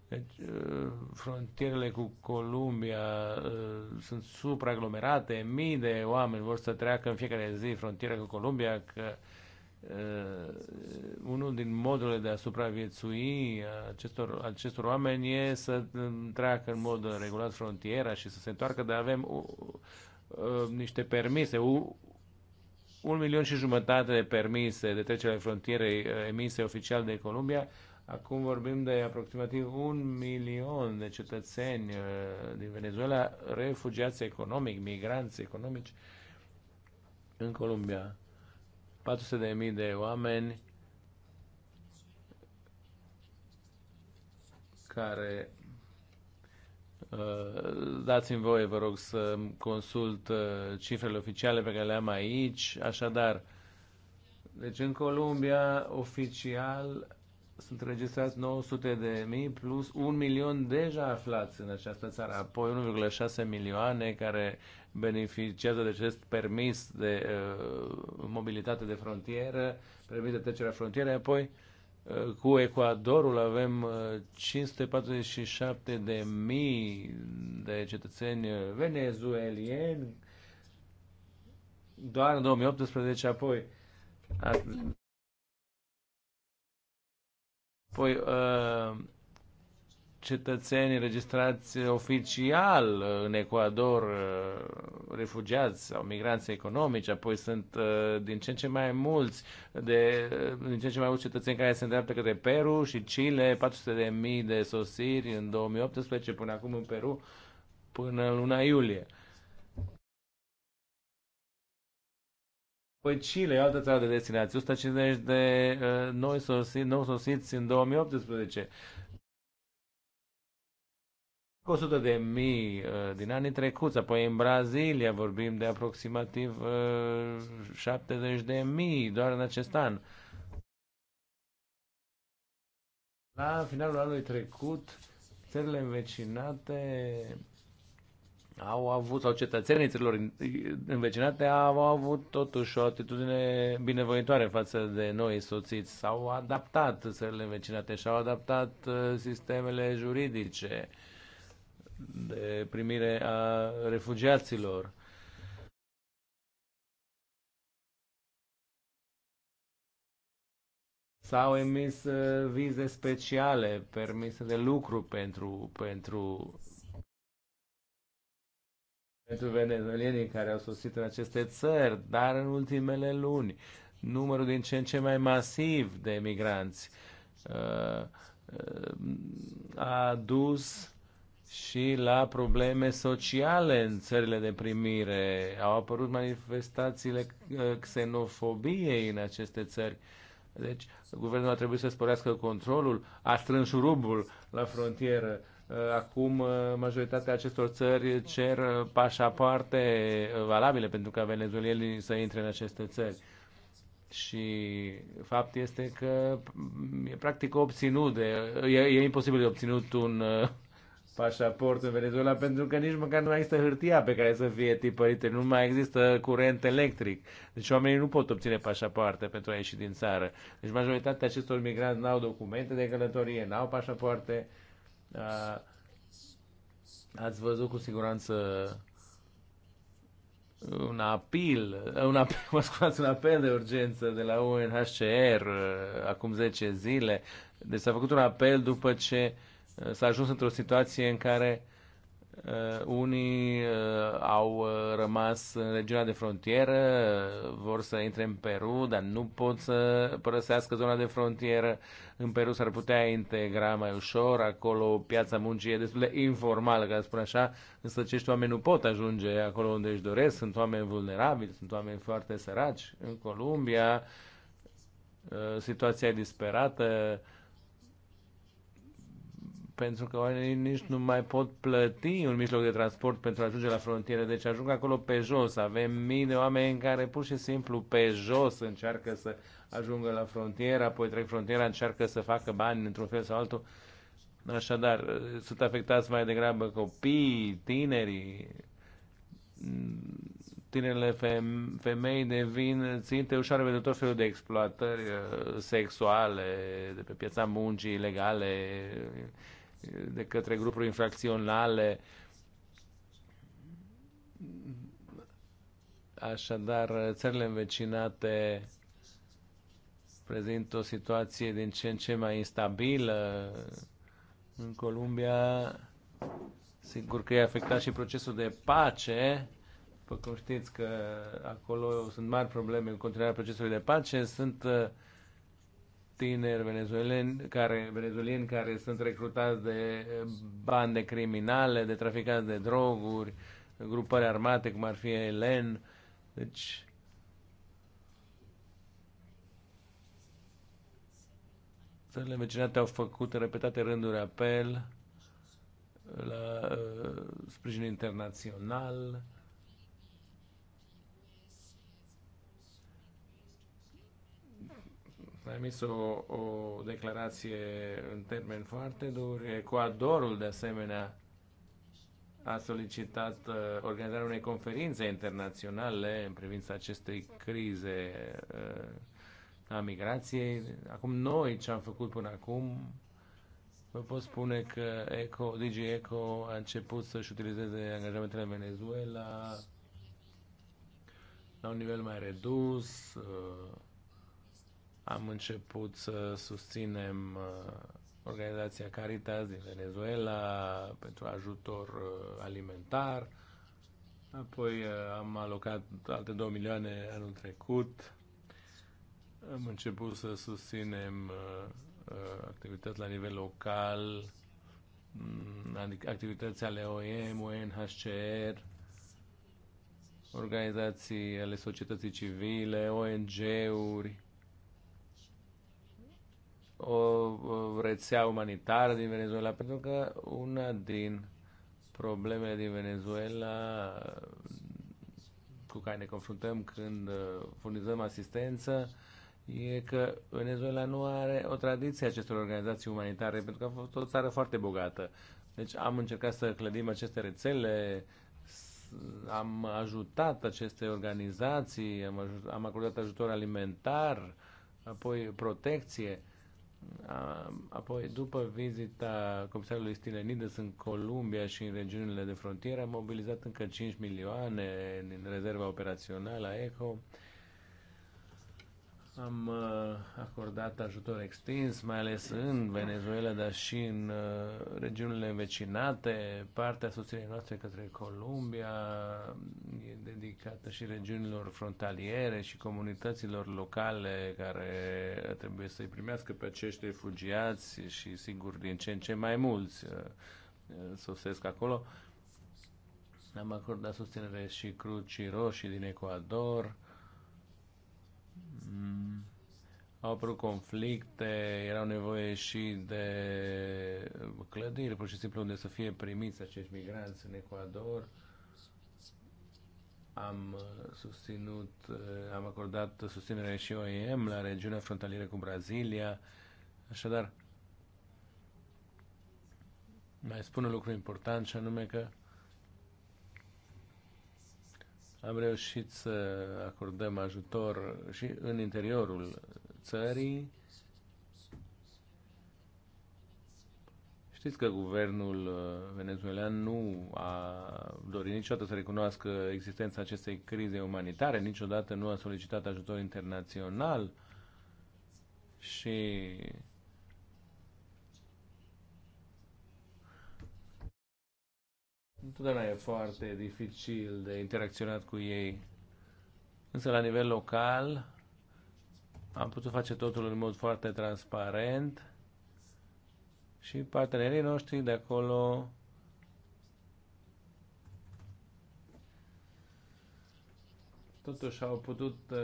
Deci, uh, frontierele cu Columbia uh, sunt supraaglomerate, mii de oameni vor să treacă în fiecare zi frontiera cu Columbia, că uh, unul din modurile de a supraviețui acestor, acestor oameni e să treacă în mod regulat frontiera și să se întoarcă, dar avem uh, uh, niște permise, uh, un milion și jumătate de permise de trecere ale frontierei uh, emise oficial de Columbia. Acum vorbim de aproximativ un milion de cetățeni uh, din Venezuela, refugiați economic, migranți economici în Columbia. 400.000 de oameni care uh, dați-mi voie, vă rog, să consult uh, cifrele oficiale pe care le am aici. Așadar, deci în Columbia, oficial, sunt înregistrați 900 de mii plus un milion deja aflați în această țară, apoi 1,6 milioane care beneficiază de acest permis de uh, mobilitate de frontieră, permis de trecerea frontierei, apoi uh, cu Ecuadorul avem uh, 547 de mii de cetățeni uh, venezuelieni doar în 2018, apoi uh, cetățenii registrați oficial ă, în Ecuador, ă, refugiați sau migranți economici, apoi sunt din ce în ce mai mulți, de, din ce în ce mai mulți cetățeni care se îndreaptă către Peru și Chile, 400.000 de sosiri în 2018 până acum în Peru, până în luna iulie. Păi Chile, e altă țară de destinație, 150 de uh, noi sosiți, nou sosiți în 2018. 100 de mii uh, din anii trecuți, apoi în Brazilia vorbim de aproximativ uh, 70 de mii doar în acest an. La finalul anului trecut, țările învecinate au avut, sau cetățenii țărilor învecinate au avut totuși o atitudine binevoitoare față de noi soțiți, s-au adaptat țările învecinate și-au adaptat uh, sistemele juridice de primire a refugiaților. S-au emis uh, vize speciale, permise de lucru pentru, pentru pentru venezuelienii care au sosit în aceste țări, dar în ultimele luni numărul din ce în ce mai masiv de uh, uh, a dus și la probleme sociale în țările de primire. Au apărut manifestațiile uh, xenofobiei în aceste țări. Deci, guvernul a trebuit să sporească controlul, a strâns șurubul la frontieră Uh, acum uh, majoritatea acestor țări cer pașapoarte uh, valabile pentru ca venezuelienii să intre în aceste țări. Și fapt este că mm, e practic obținut, de, e, e imposibil de obținut un pașaport în Venezuela pentru că nici măcar nu mai există hârtia pe care să fie tipărită, nu mai există curent electric. Deci oamenii nu pot obține pașapoarte pentru a ieși din țară. Deci majoritatea acestor migranți n-au documente de călătorie, n-au pașapoarte Uh, ați văzut cu siguranță un apel, un apel, [laughs] mă scuzați, un apel de urgență de la UNHCR uh, acum 10 zile. Deci s-a făcut un apel după ce uh, s-a ajuns într-o situație în care Uh, unii uh, au uh, rămas în regiunea de frontieră, uh, vor să intre în Peru, dar nu pot să părăsească zona de frontieră. În Peru s-ar putea integra mai ușor, acolo piața muncii e destul de informală, ca să spun așa, însă acești oameni nu pot ajunge acolo unde își doresc, sunt oameni vulnerabili, sunt oameni foarte săraci. În Columbia uh, situația e disperată, uh, pentru că oamenii nici nu mai pot plăti un mijloc de transport pentru a ajunge la frontieră. Deci ajung acolo pe jos. Avem mii de oameni care pur și simplu pe jos încearcă să ajungă la frontieră, apoi trec frontiera, încearcă să facă bani într-un fel sau altul. Așadar, sunt afectați mai degrabă copii, tinerii, tinerile femei devin ținte ușoare pentru tot felul de exploatări uh, sexuale de pe piața muncii ilegale, de către grupuri infracționale. Așadar, țările învecinate prezintă o situație din ce în ce mai instabilă. În Columbia, sigur că e afectat și procesul de pace. După cum știți că acolo sunt mari probleme în continuarea procesului de pace, sunt uh, tineri venezueleni care, venezuelieni care sunt recrutați de eh, bande criminale, de traficanți de droguri, grupări armate cum ar fi Elen. Deci țările vecinate au făcut repetate rânduri apel la uh, sprijin internațional, a emis o, o declarație în termeni foarte duri. Ecuadorul, de asemenea, a solicitat uh, organizarea unei conferințe internaționale în privința acestei crize uh, a migrației. Acum noi ce am făcut până acum, vă pot spune că Eco, DG Eco a început să-și utilizeze angajamentele în Venezuela la un nivel mai redus, uh, am început să susținem uh, organizația Caritas din Venezuela pentru ajutor uh, alimentar. Apoi uh, am alocat alte 2 milioane anul trecut. Am început să susținem activități la nivel local, mm, activități ale OEM, UNHCR, organizații ale societății civile, ONG-uri, o rețea umanitară din Venezuela, pentru că una din problemele din Venezuela cu care ne confruntăm când uh, furnizăm asistență e că Venezuela nu are o tradiție acestor organizații umanitare, pentru că a fost o țară foarte bogată. Deci am încercat să clădim aceste rețele, am ajutat aceste organizații, am, ajut, am acordat ajutor alimentar, apoi protecție. Apoi, după vizita comisarului Stilenides în Columbia și în regiunile de frontieră, am mobilizat încă 5 milioane din rezerva operațională a ECHO am uh, acordat ajutor extins, mai ales în Venezuela, dar și în uh, regiunile învecinate. Partea susținerii noastre către Columbia e dedicată și regiunilor frontaliere și comunităților locale care trebuie să-i primească pe acești refugiați și, sigur, din ce în ce mai mulți uh, sosesc acolo. Am acordat susținere și Crucii Roșii din Ecuador, Mm. au apărut conflicte, erau nevoie și de clădiri, pur și simplu unde să fie primiți acești migranți în Ecuador. Am susținut, am acordat susținere și OEM la regiunea frontalieră cu Brazilia. Așadar, mai spun un lucru important și anume că am reușit să acordăm ajutor și în interiorul țării. Știți că guvernul uh, venezuelan nu a dorit niciodată să recunoască existența acestei crize umanitare, niciodată nu a solicitat ajutor internațional și Întotdeauna e foarte dificil de interacționat cu ei. Însă la nivel local am putut face totul în mod foarte transparent și partenerii noștri de acolo totuși au putut uh,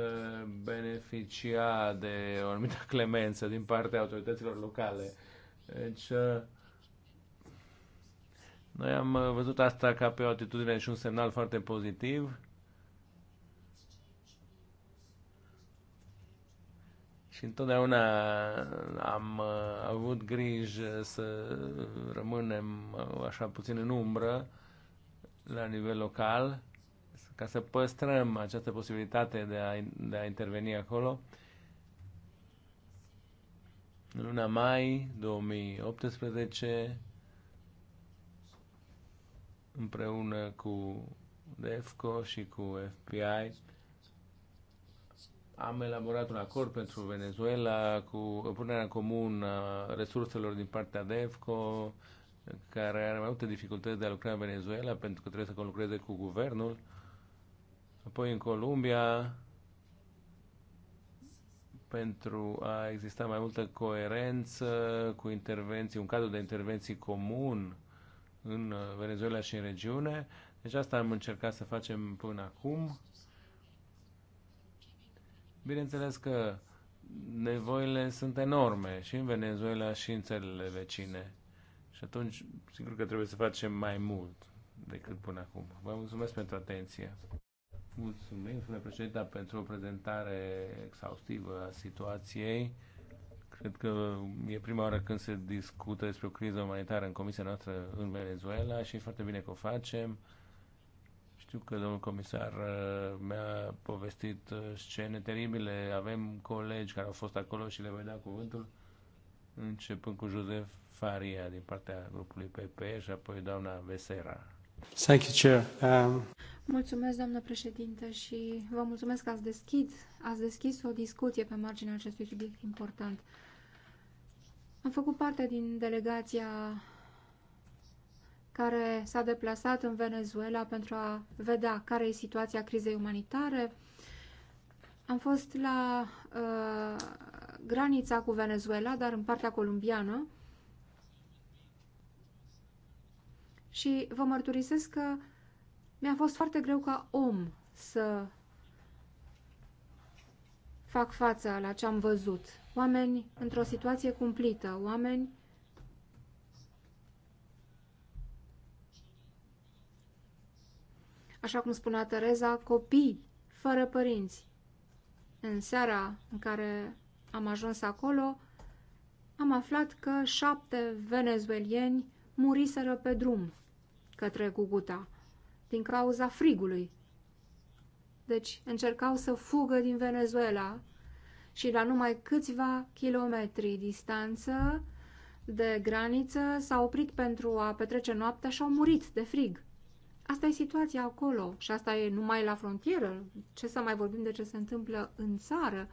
beneficia de o anumită [laughs] clemență din partea autorităților locale. Deci uh, noi am uh, văzut asta ca pe o atitudine și un semnal foarte pozitiv. Și întotdeauna am uh, avut grijă să rămânem uh, așa puțin în umbră la nivel local ca să păstrăm această posibilitate de a, de a interveni acolo. În luna mai 2018 împreună cu DEFCO și cu FBI am elaborat un acord pentru Venezuela cu punerea în comun a resurselor din partea DEFCO, care are mai multe dificultăți de a lucra în Venezuela pentru că trebuie să conlucreze cu guvernul. Apoi în Columbia, pentru a exista mai multă coerență cu intervenții, un cadru de intervenții comun în Venezuela și în regiune. Deci asta am încercat să facem până acum. Bineînțeles că nevoile sunt enorme și în Venezuela și în țările vecine. Și atunci, sigur că trebuie să facem mai mult decât până acum. Vă mulțumesc pentru atenție. Mulțumim, domnule președinte, pentru o prezentare exhaustivă a situației. Cred că e prima oară când se discută despre o criză umanitară în comisia noastră în Venezuela și e foarte bine că o facem. Știu că domnul comisar uh, mi-a povestit uh, scene teribile. Avem colegi care au fost acolo și le voi da cuvântul, începând cu Josef Faria din partea grupului PP și apoi doamna Vesera. Thank you, Chair. Um... Mulțumesc, doamnă președinte, și vă mulțumesc că ați deschis, ați deschis o discuție pe marginea acestui subiect important. Am făcut parte din delegația care s-a deplasat în Venezuela pentru a vedea care e situația crizei umanitare. Am fost la uh, granița cu Venezuela, dar în partea columbiană. Și vă mărturisesc că mi-a fost foarte greu ca om să fac față la ce am văzut. Oameni într-o situație cumplită, oameni așa cum spunea Tereza, copii fără părinți. În seara în care am ajuns acolo, am aflat că șapte venezuelieni muriseră pe drum către Cucuta din cauza frigului. Deci încercau să fugă din Venezuela și la numai câțiva kilometri distanță de graniță s-au oprit pentru a petrece noaptea și au murit de frig. Asta e situația acolo și asta e numai la frontieră. Ce să mai vorbim de ce se întâmplă în țară?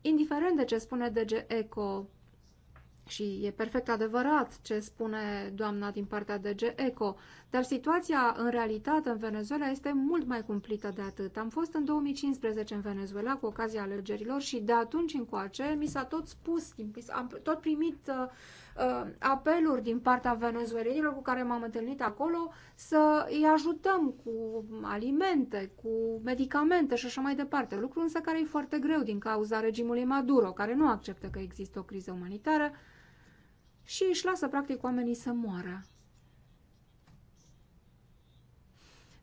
Indiferent de ce spune DG Eco și e perfect adevărat ce spune doamna din partea DG ECO, dar situația în realitate în Venezuela este mult mai cumplită de atât. Am fost în 2015 în Venezuela cu ocazia alegerilor și de atunci încoace mi s-a tot spus, am tot primit uh, uh, apeluri din partea venezuelenilor cu care m-am întâlnit acolo să îi ajutăm cu alimente, cu medicamente și așa mai departe. Lucru însă care e foarte greu din cauza regimului Maduro, care nu acceptă că există o criză umanitară, și își lasă practic oamenii să moară.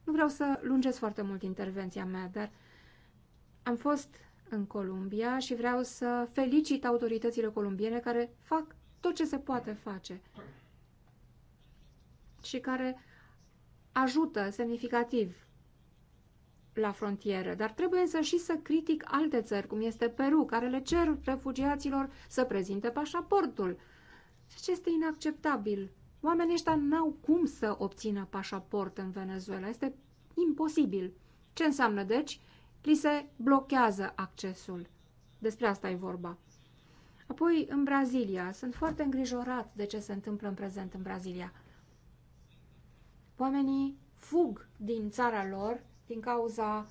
Nu vreau să lungesc foarte mult intervenția mea, dar am fost în Columbia și vreau să felicit autoritățile columbiene care fac tot ce se poate face și care ajută semnificativ la frontieră, dar trebuie însă și să critic alte țări, cum este Peru, care le cer refugiaților să prezinte pașaportul, și ce este inacceptabil. Oamenii ăștia n-au cum să obțină pașaport în Venezuela. Este imposibil. Ce înseamnă, deci? Li se blochează accesul. Despre asta e vorba. Apoi, în Brazilia. Sunt foarte îngrijorat de ce se întâmplă în prezent în Brazilia. Oamenii fug din țara lor din cauza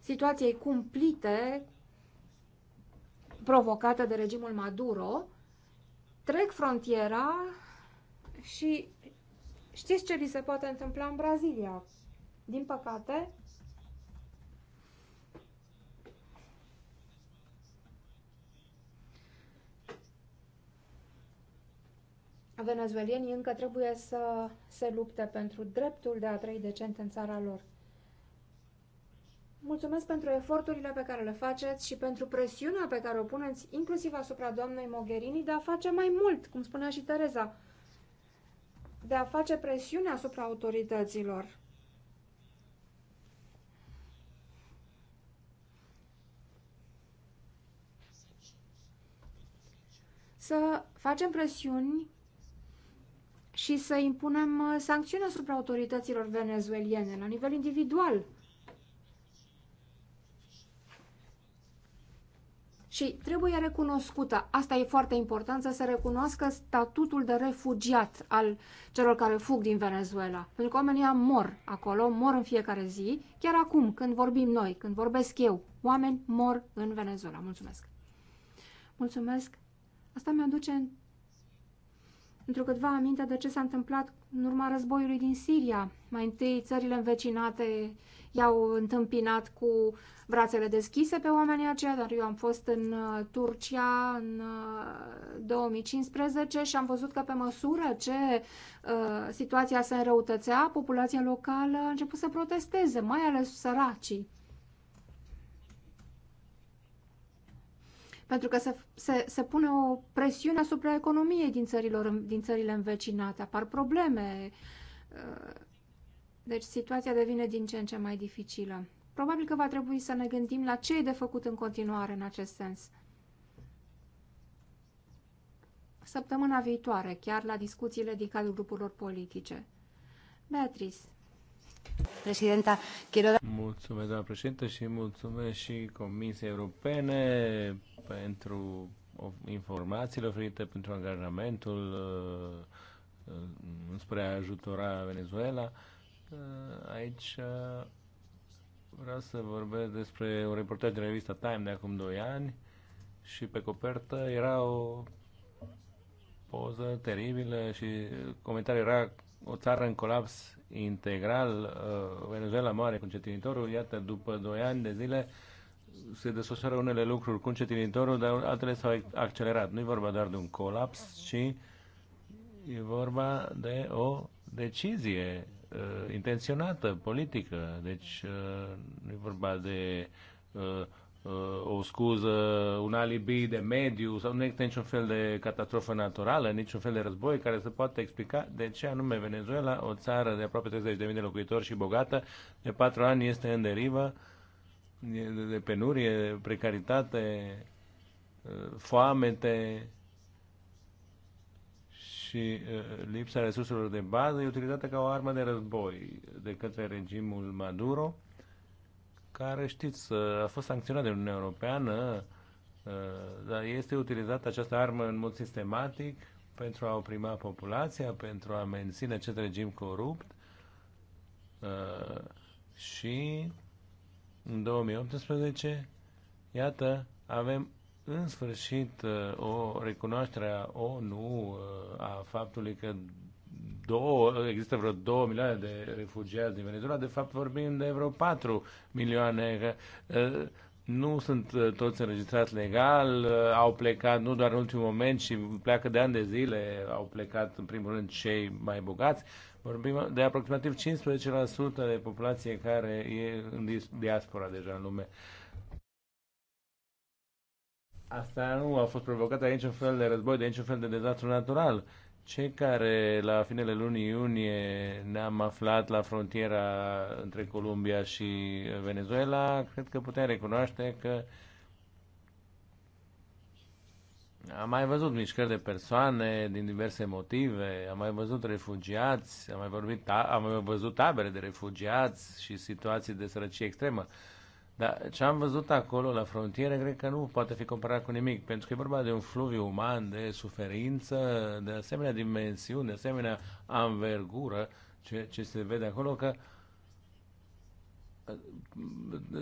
situației cumplite provocată de regimul Maduro, trec frontiera și știți ce li se poate întâmpla în Brazilia? Din păcate, venezuelienii încă trebuie să se lupte pentru dreptul de a trăi decent în țara lor. Mulțumesc pentru eforturile pe care le faceți și pentru presiunea pe care o puneți inclusiv asupra doamnei Mogherini de a face mai mult, cum spunea și Tereza, de a face presiune asupra autorităților. Să facem presiuni și să impunem sancțiuni asupra autorităților venezueliene la nivel individual. și trebuie recunoscută. Asta e foarte important, să se recunoască statutul de refugiat al celor care fug din Venezuela. Pentru că oamenii mor acolo, mor în fiecare zi, chiar acum, când vorbim noi, când vorbesc eu, oameni mor în Venezuela. Mulțumesc! Mulțumesc! Asta mi-aduce câtva aminte de ce s-a întâmplat în urma războiului din Siria. Mai întâi țările învecinate i-au întâmpinat cu brațele deschise pe oamenii aceia, dar eu am fost în uh, Turcia în 2015 uh, și am văzut că pe măsură ce uh, situația se înrăutățea, populația locală a început să protesteze, mai ales săracii. pentru că se, se, se pune o presiune asupra economiei din, țărilor, din țările învecinate, apar probleme. Uh, deci situația devine din ce în ce mai dificilă. Probabil că va trebui să ne gândim la ce e de făcut în continuare în acest sens. Săptămâna viitoare, chiar la discuțiile din cadrul grupurilor politice. Beatrice. Președinta, quiero... Mulțumesc, doamna președintă, și mulțumesc și Comisiei Europene pentru informațiile oferite pentru angajamentul uh, uh, spre a ajutora Venezuela. Uh, aici uh, vreau să vorbesc despre un reportaj din revista Time de acum 2 ani și pe copertă era o poză teribilă și comentariul era o țară în colaps integral, uh, Venezuela moare cu cetinitorul, iată, după 2 ani de zile se desfășoară unele lucruri cu cetinitorul, dar altele s-au accelerat. Nu e vorba doar de un colaps, ci e vorba de o decizie uh, intenționată, politică. Deci uh, nu e vorba de uh, uh, o scuză, un alibi de mediu sau nu există niciun fel de catastrofă naturală, niciun fel de război care să poată explica de ce anume Venezuela, o țară de aproape 30.000 de locuitori și bogată, de patru ani este în derivă, de penurie, precaritate, uh, foamete, și lipsa resurselor de bază e utilizată ca o armă de război de către regimul Maduro, care, știți, a fost sancționat de Uniunea Europeană, dar este utilizată această armă în mod sistematic pentru a oprima populația, pentru a menține acest regim corupt și în 2018, iată, avem în sfârșit uh, o recunoaștere a ONU uh, a faptului că două, există vreo 2 milioane de refugiați din Venezuela, de fapt vorbim de vreo 4 milioane uh, nu sunt toți înregistrați legal, au plecat nu doar în ultimul moment, ci pleacă de ani de zile, au plecat în primul rând cei mai bogați. Vorbim de aproximativ 15% de populație care e în diaspora deja în lume. Uh, Asta nu a fost provocată de niciun fel de război, de niciun fel de dezastru natural. Cei care la finele lunii iunie ne-am aflat la frontiera între Columbia și Venezuela, cred că putem recunoaște că am mai văzut mișcări de persoane din diverse motive, am mai văzut refugiați, am mai, vorbit, am mai văzut tabere de refugiați și situații de sărăcie extremă. Dar ce am văzut acolo, la frontieră, cred că nu poate fi comparat cu nimic, pentru că e vorba de un fluviu uman, de suferință, de asemenea dimensiuni, de asemenea anvergură, ce, ce se vede acolo, că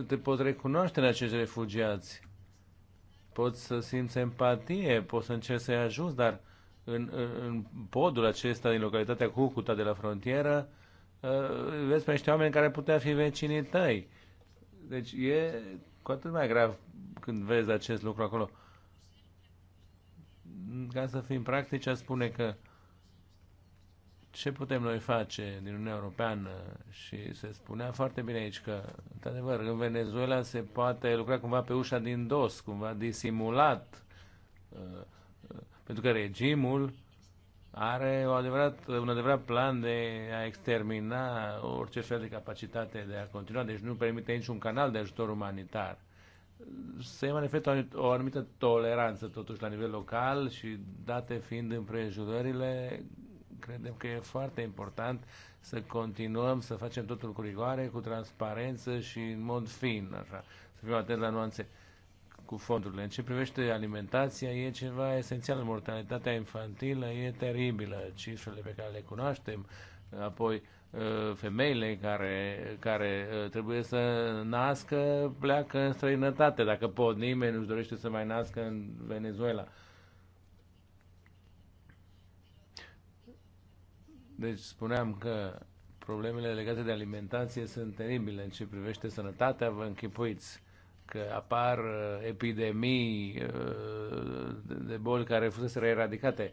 te poți recunoaște în acești refugiați. Poți să simți empatie, poți să încerci să-i ajuți, dar în, în podul acesta din localitatea Cucuta de la frontieră, uh, vezi pe niște oameni care putea fi vecinii tăi deci e cu atât mai grav când vezi acest lucru acolo. Ca să fim practici, a spune că ce putem noi face din Uniunea Europeană și se spunea foarte bine aici că, într-adevăr, în Venezuela se poate lucra cumva pe ușa din dos, cumva disimulat, uh, uh, pentru că regimul are o adevărat, un adevărat plan de a extermina orice fel de capacitate de a continua, deci nu permite niciun canal de ajutor umanitar. Se manifestă o anumită toleranță totuși la nivel local și date fiind împrejurările, credem că e foarte important să continuăm să facem totul cu rigoare, cu transparență și în mod fin, așa, să fim atenți la nuanțe cu fondurile. În ce privește alimentația, e ceva esențial. Mortalitatea infantilă e teribilă. Cifrele pe care le cunoaștem, apoi uh, femeile care, care uh, trebuie să nască pleacă în străinătate. Dacă pot, nimeni nu-și dorește să mai nască în Venezuela. Deci spuneam că problemele legate de alimentație sunt teribile în ce privește sănătatea, vă închipuiți că apar uh, epidemii uh, de boli care fusese eradicate.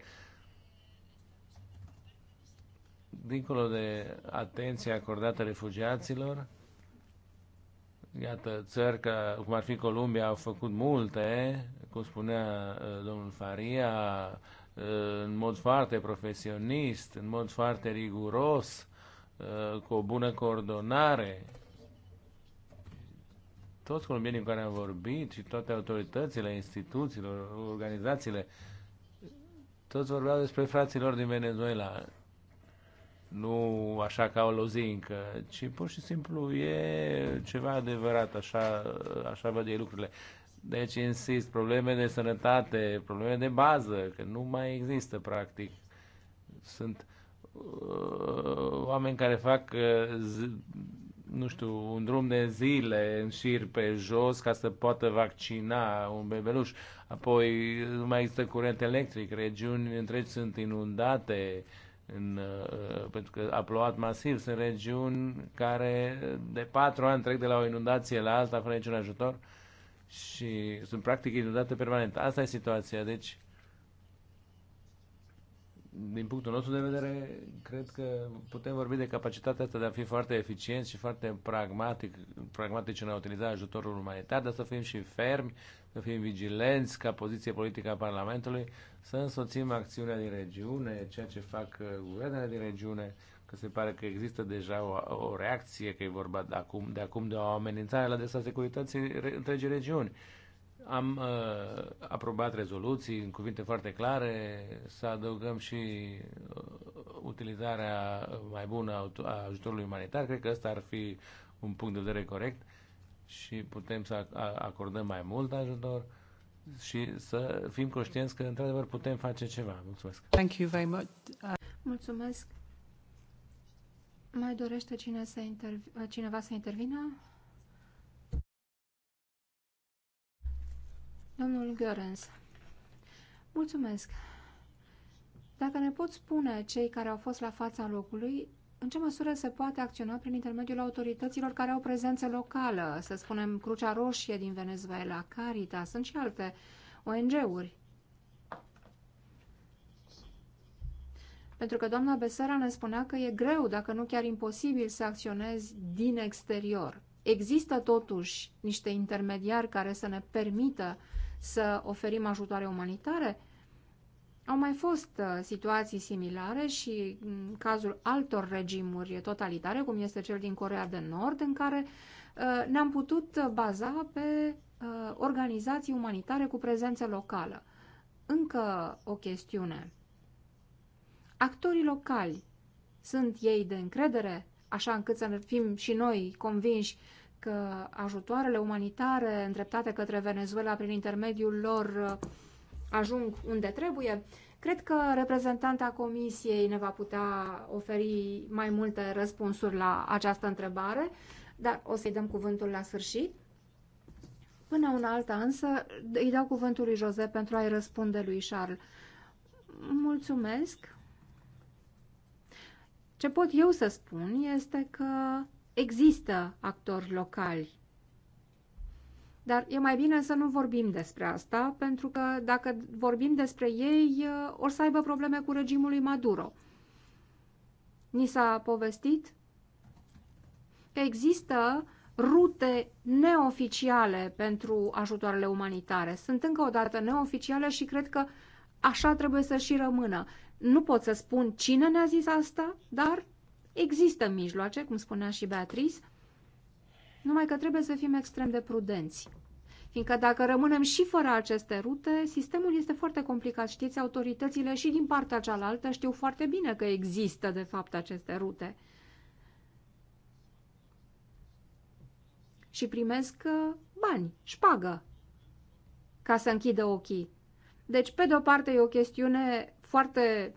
Dincolo de atenția acordată refugiaților, iată, țări ca, cum ar fi Columbia au făcut multe, cum spunea uh, domnul Faria, în mod foarte profesionist, în mod foarte riguros, cu o bună coordonare toți colombienii cu care am vorbit și toate autoritățile, instituțiile, organizațiile, toți vorbeau despre fraților din Venezuela. Nu așa ca o lozincă, ci pur și simplu e ceva adevărat, așa, așa văd ei lucrurile. Deci, insist, probleme de sănătate, probleme de bază, că nu mai există, practic. Sunt uh, oameni care fac uh, nu știu, un drum de zile în șir pe jos ca să poată vaccina un bebeluș. Apoi nu mai există curent electric, regiuni întregi sunt inundate în, uh, pentru că a plouat masiv. Sunt regiuni care de patru ani trec de la o inundație la alta fără niciun ajutor și sunt practic inundate permanent. Asta e situația. Deci din punctul nostru de vedere, cred că putem vorbi de capacitatea asta de a fi foarte eficienți și foarte pragmatic, pragmatici în a utiliza ajutorul umanitar, dar să fim și fermi, să fim vigilenți ca poziție politică a Parlamentului, să însoțim acțiunea din regiune, ceea ce fac uh, guvernele din regiune, că se pare că există deja o, o reacție, că e vorba de acum de, acum de o amenințare la desa securității întregii regiuni. Am uh, aprobat rezoluții în cuvinte foarte clare, să adăugăm și uh, utilizarea mai bună a ajutorului umanitar. Cred că ăsta ar fi un punct de vedere corect și putem să acordăm mai mult ajutor și să fim conștienți că, într-adevăr, putem face ceva. Mulțumesc! Thank you very much. Mulțumesc! Mai dorește cine să intervi- cineva să intervină? Domnul Görens. Mulțumesc. Dacă ne pot spune cei care au fost la fața locului, în ce măsură se poate acționa prin intermediul autorităților care au prezență locală, să spunem Crucea Roșie din Venezuela, Caritas, sunt și alte ONG-uri? Pentru că doamna Besera ne spunea că e greu, dacă nu chiar imposibil, să acționezi din exterior. Există totuși niște intermediari care să ne permită uh, să oferim ajutoare umanitare? Au mai fost uh, situații similare și în cazul altor regimuri totalitare, cum este cel din Corea de Nord, în care uh, ne-am putut baza pe uh, organizații umanitare cu prezență locală. Încă o chestiune. Actorii locali sunt ei de încredere, așa încât să ne fim și noi convinși că ajutoarele umanitare îndreptate către Venezuela prin intermediul lor uh, ajung unde trebuie, cred că reprezentanta Comisiei ne va putea oferi mai multe răspunsuri la această întrebare, dar o să-i dăm cuvântul la sfârșit. Până una alta însă îi dau cuvântul lui Jose pentru a-i răspunde lui Charles. Mulțumesc! Ce pot eu să spun este că există actori locali. Dar e mai bine să nu vorbim despre asta, pentru că dacă vorbim despre ei, uh, o să aibă probleme cu regimul lui Maduro. Ni s-a povestit că există rute neoficiale pentru ajutoarele umanitare. Sunt încă o dată neoficiale și cred că așa trebuie să și rămână. Nu pot să spun cine ne-a zis asta, dar Există mijloace, cum spunea și Beatrice, numai că trebuie să fim extrem de prudenți. Fiindcă dacă rămânem și fără aceste rute, sistemul este foarte complicat. Știți, autoritățile și din partea cealaltă știu foarte bine că există, de fapt, aceste rute. Și primesc uh, bani, șpagă, ca să închidă ochii. Deci, pe de o parte, e o chestiune foarte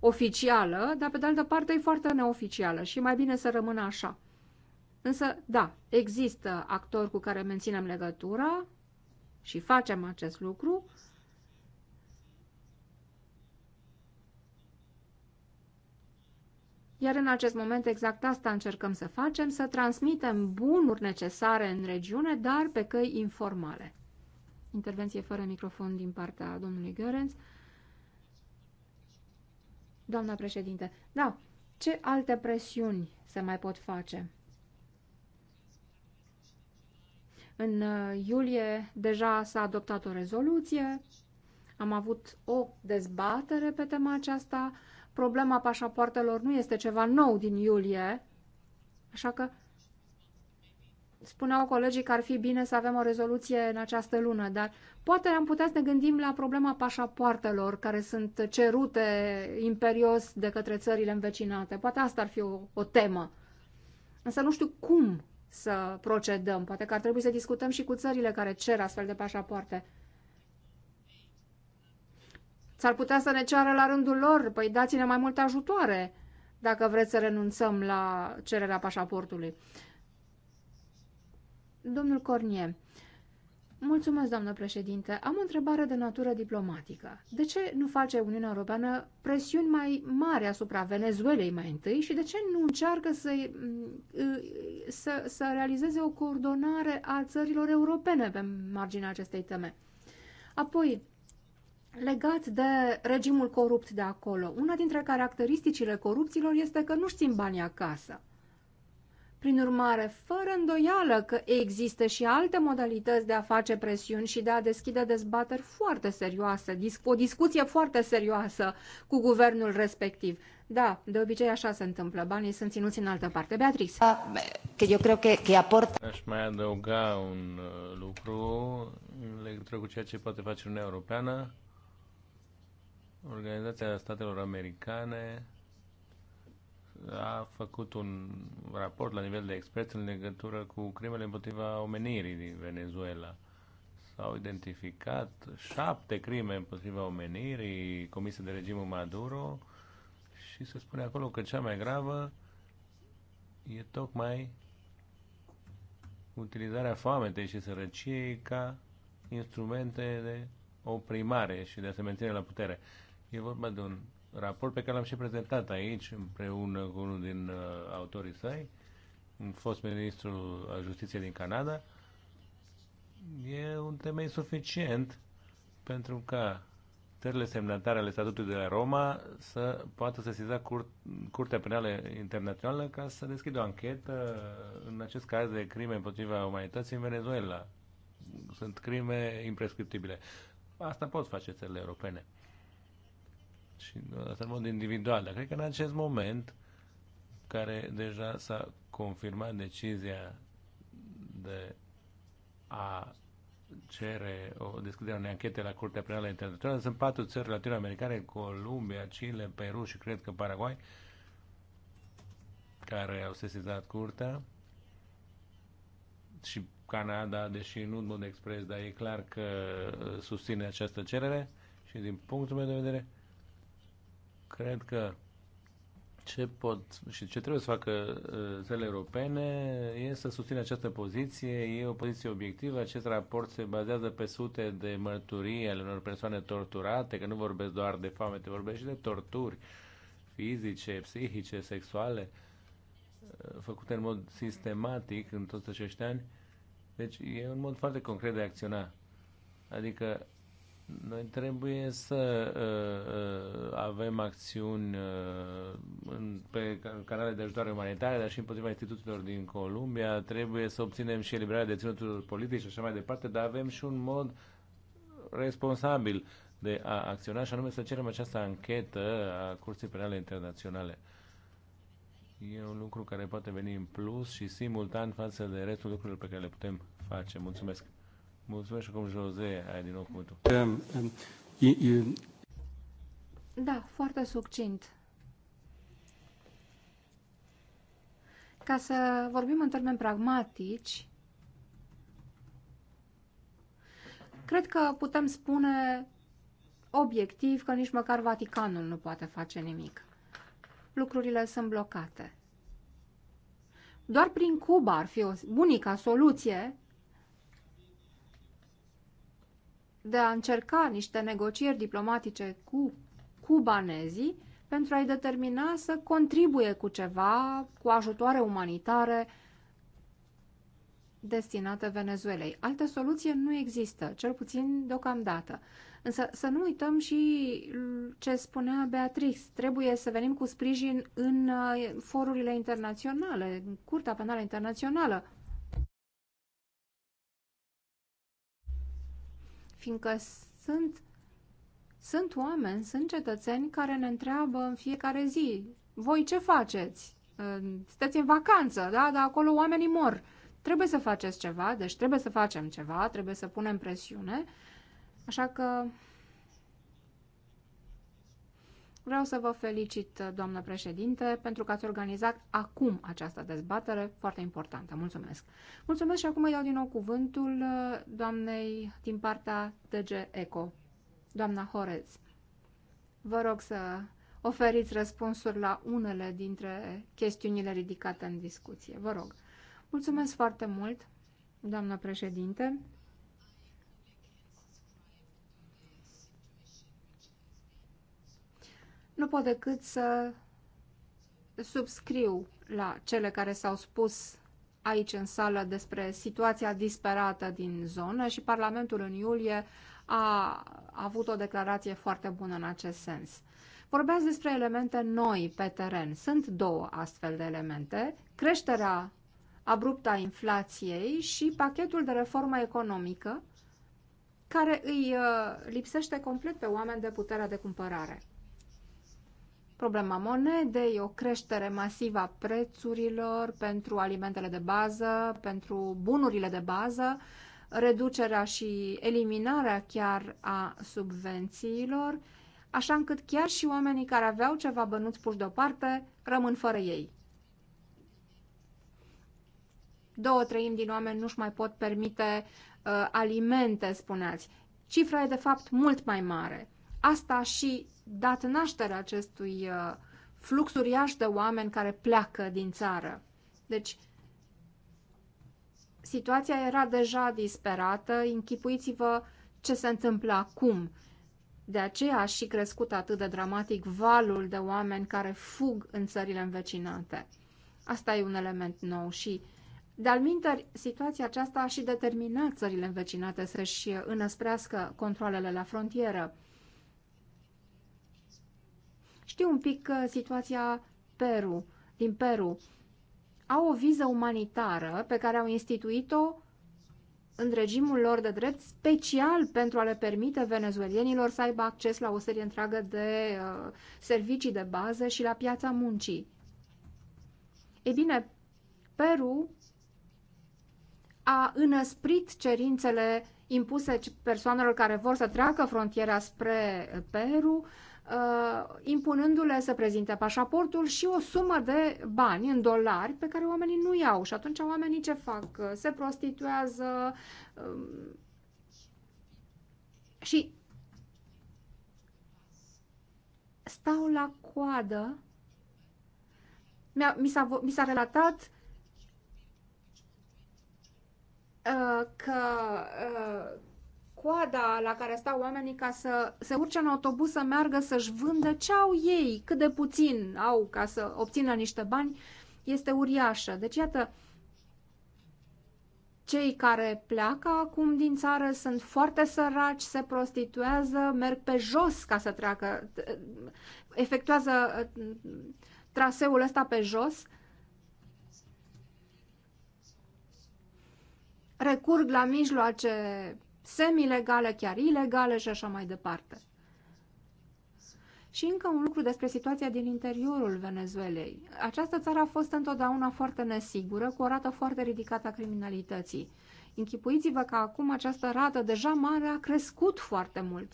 oficială, dar pe de altă parte e foarte neoficială și mai bine să rămână așa. Însă, da, există actori cu care menținem legătura și facem acest lucru, Iar în acest moment exact asta încercăm să facem, să transmitem bunuri necesare în regiune, dar pe căi informale. Intervenție fără microfon din partea domnului Gărenț. Doamna președinte, da, ce alte presiuni se mai pot face? În uh, iulie deja s-a adoptat o rezoluție, am avut o dezbatere pe tema aceasta. Problema pașapoartelor nu este ceva nou din iulie, așa că spuneau colegii că ar fi bine să avem o rezoluție în această lună, dar poate am putea să ne gândim la problema pașapoartelor care sunt cerute imperios de către țările învecinate. Poate asta ar fi o, o temă. Însă nu știu cum să procedăm. Poate că ar trebui să discutăm și cu țările care cer astfel de pașapoarte. S-ar putea să ne ceară la rândul lor, păi dați-ne mai multe ajutoare dacă vreți să renunțăm la cererea pașaportului. Domnul Cornie, mulțumesc, doamnă președinte. Am o întrebare de natură diplomatică. De ce nu face Uniunea Europeană presiuni mai mari asupra Venezuelei mai întâi și de ce nu încearcă să, mm, să, să realizeze o coordonare a țărilor europene pe marginea acestei teme? Apoi, legat de regimul corupt de acolo, una dintre caracteristicile corupților este că nu-și țin banii acasă. Prin urmare, fără îndoială că există și alte modalități de a face presiuni și de a deschide dezbateri foarte serioase, o discuție foarte serioasă cu guvernul respectiv. Da, de obicei așa se întâmplă. Banii sunt ținuți în altă parte. Beatrice. Ah, că eu cred că, că aportă... Aș mai adăuga un uh, lucru în legătură cu ceea ce poate face Uniunea Europeană, Organizația Statelor Americane, a făcut un raport la nivel de expert în legătură cu crimele împotriva omenirii din Venezuela. S-au identificat șapte crime împotriva omenirii comise de regimul Maduro și se spune acolo că cea mai gravă e tocmai utilizarea foametei și sărăciei ca instrumente de oprimare și de a se menține la putere. E vorba de un raport pe care l-am și prezentat aici împreună cu unul din uh, autorii săi, un fost ministru al justiției din Canada, e un temei suficient pentru ca țările semnatare ale statutului de la Roma să poată să sesiza cur- Curtea Penală Internațională ca să deschidă o anchetă în acest caz de crime împotriva umanității în Venezuela. Sunt crime imprescriptibile. Asta pot face țările europene și uh, asta în mod individual. Dar cred că în acest moment, care deja s-a confirmat decizia de a cere o deschidere a unei anchete la Curtea Penală Internațională. Sunt patru țări latinoamericane, Columbia, Chile, Peru și cred că Paraguay, care au sesizat curtea și Canada, deși nu în mod expres, dar e clar că uh, susține această cerere și din punctul meu de vedere Cred că ce pot și ce trebuie să facă uh, țările europene e să susțină această poziție. E o poziție obiectivă. Acest raport se bazează pe sute de mărturii ale unor persoane torturate, că nu vorbesc doar de te vorbesc și de torturi fizice, psihice, sexuale, uh, făcute în mod sistematic în toți acești ani. Deci e un mod foarte concret de a acționa. Adică noi trebuie să uh, uh, avem acțiuni uh, în, pe canale de ajutoare umanitare, dar și împotriva instituțiilor din Columbia. Trebuie să obținem și eliberarea deținuților politici și așa mai departe, dar avem și un mod responsabil de a acționa, și anume să cerem această anchetă a Curții Penale Internaționale. E un lucru care poate veni în plus și simultan față de restul lucrurilor pe care le putem face. Mulțumesc! Mulțumesc și cum Jose, ai din nou cuvântul. Um, um, you, you... Da, foarte succint. Ca să vorbim în termeni pragmatici, cred că putem spune obiectiv că nici măcar Vaticanul nu poate face nimic. Lucrurile sunt blocate. Doar prin Cuba ar fi o bunica soluție de a încerca niște negocieri diplomatice cu cubanezii pentru a-i determina să contribuie cu ceva, cu ajutoare umanitare destinate Venezuelei. Altă soluție nu există, cel puțin deocamdată. Însă să nu uităm și ce spunea Beatrix. Trebuie să venim cu sprijin în uh, forurile internaționale, în Curtea Penală Internațională. fiindcă sunt, sunt oameni, sunt cetățeni care ne întreabă în fiecare zi, voi ce faceți? Ă, sunteți în vacanță, da? Dar acolo oamenii mor. Trebuie să faceți ceva, deci trebuie să facem ceva, trebuie să punem presiune. Așa că Vreau să vă felicit, doamnă președinte, pentru că ați organizat acum această dezbatere foarte importantă. Mulțumesc! Mulțumesc și acum îi dau din nou cuvântul uh, doamnei din partea DG ECO, doamna Horez. Vă rog să oferiți răspunsuri la unele dintre chestiunile ridicate în discuție. Vă rog. Mulțumesc foarte mult, doamnă președinte. nu pot decât să subscriu la cele care s-au spus aici în sală despre situația disperată din zonă și Parlamentul în iulie a avut o declarație foarte bună în acest sens. Vorbeați despre elemente noi pe teren. Sunt două astfel de elemente. Creșterea abruptă a inflației și pachetul de reformă economică care îi uh, lipsește complet pe oameni de puterea de cumpărare problema monedei, o creștere masivă a prețurilor pentru alimentele de bază, pentru bunurile de bază, reducerea și eliminarea chiar a subvențiilor, așa încât chiar și oamenii care aveau ceva bănuți puși deoparte rămân fără ei. Două treimi din oameni nu-și mai pot permite uh, alimente, spuneați. Cifra e de fapt mult mai mare. Asta și dat naștere acestui uh, flux uriaș de oameni care pleacă din țară. Deci, situația era deja disperată, închipuiți-vă ce se întâmplă acum. De aceea a și crescut atât de dramatic valul de oameni care fug în țările învecinate. Asta e un element nou și, de-al situația aceasta a și determinat țările învecinate să-și înăsprească controlele la frontieră. Știu un pic uh, situația Peru, din Peru. Au o viză umanitară pe care au instituit-o în regimul lor de drept special pentru a le permite venezuelienilor să aibă acces la o serie întreagă de uh, servicii de bază și la piața muncii. Ei bine, Peru a înăsprit cerințele impuse persoanelor care vor să treacă frontiera spre Peru, Uh, impunându-le să prezinte pașaportul și o sumă de bani în dolari pe care oamenii nu iau. Și atunci oamenii ce fac? Se prostituează um, și stau la coadă. Mi s-a relatat uh, că uh, coada la care stau oamenii ca să se urce în autobuz, să meargă, să-și vândă ce au ei, cât de puțin au ca să obțină niște bani, este uriașă. Deci, iată, cei care pleacă acum din țară sunt foarte săraci, se prostituează, merg pe jos ca să treacă, efectuează uh, traseul ăsta pe jos, recurg la mijloace semilegală, chiar ilegală și așa mai departe. Și încă un lucru despre situația din interiorul Venezuelei. Această țară a fost întotdeauna foarte nesigură, cu o rată foarte ridicată a criminalității. Închipuiți-vă că acum această rată deja mare a crescut foarte mult.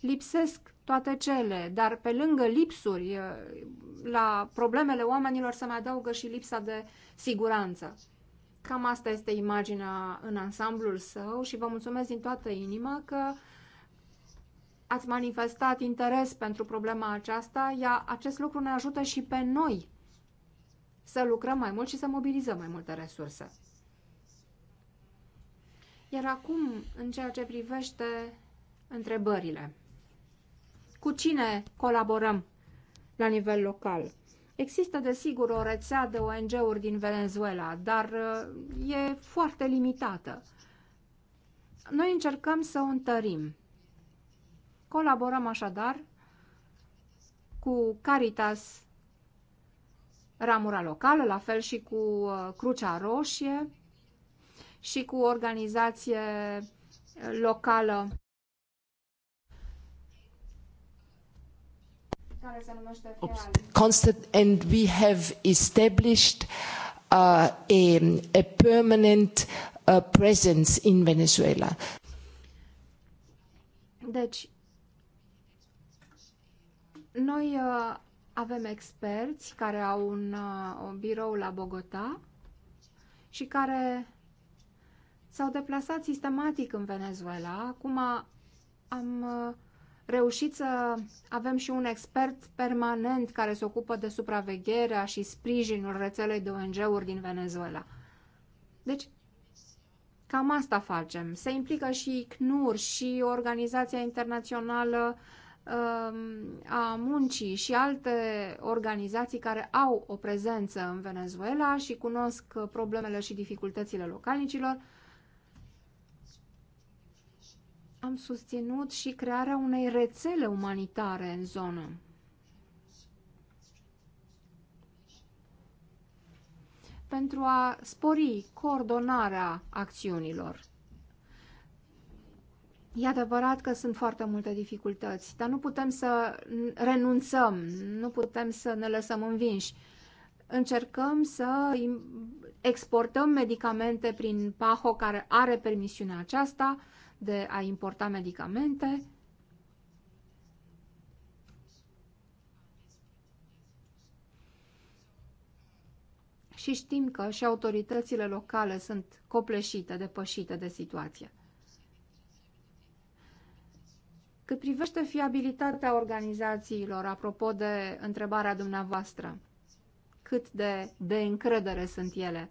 Lipsesc toate cele, dar pe lângă lipsuri, eh, la problemele oamenilor se mai adaugă și lipsa de siguranță. Cam asta este imaginea în ansamblul său și vă mulțumesc din toată inima că ați manifestat interes pentru problema aceasta, iar acest lucru ne ajută și pe noi să lucrăm mai mult și să mobilizăm mai multe resurse. Iar acum, în ceea ce privește întrebările, cu cine colaborăm la nivel local? Există, desigur, o rețea de ONG-uri din Venezuela, dar uh, e foarte limitată. Noi încercăm să o întărim. Colaborăm așadar cu Caritas ramura locală, la fel și cu uh, Crucea Roșie și cu organizație uh, locală care se numește constant and we have established uh, a, a permanent uh, presence in Venezuela. Deci, noi uh, avem experți care au un, uh, un birou la Bogota și care s-au deplasat sistematic în Venezuela. Acum am uh, reușit să avem și un expert permanent care se ocupă de supravegherea și sprijinul rețelei de ONG-uri din Venezuela. Deci, cam asta facem. Se implică și CNUR și Organizația Internațională um, a muncii și alte organizații care au o prezență în Venezuela și cunosc problemele și dificultățile localnicilor am susținut și crearea unei rețele umanitare în zonă. pentru a spori coordonarea acțiunilor. E adevărat că sunt foarte multe dificultăți, dar nu putem să renunțăm, nu putem să ne lăsăm învinși. Încercăm să exportăm medicamente prin PAHO, care are permisiunea aceasta, de a importa medicamente. Și știm că și autoritățile locale sunt copleșite, depășite de situație. Cât privește fiabilitatea organizațiilor, apropo de întrebarea dumneavoastră, cât de, de încredere sunt ele?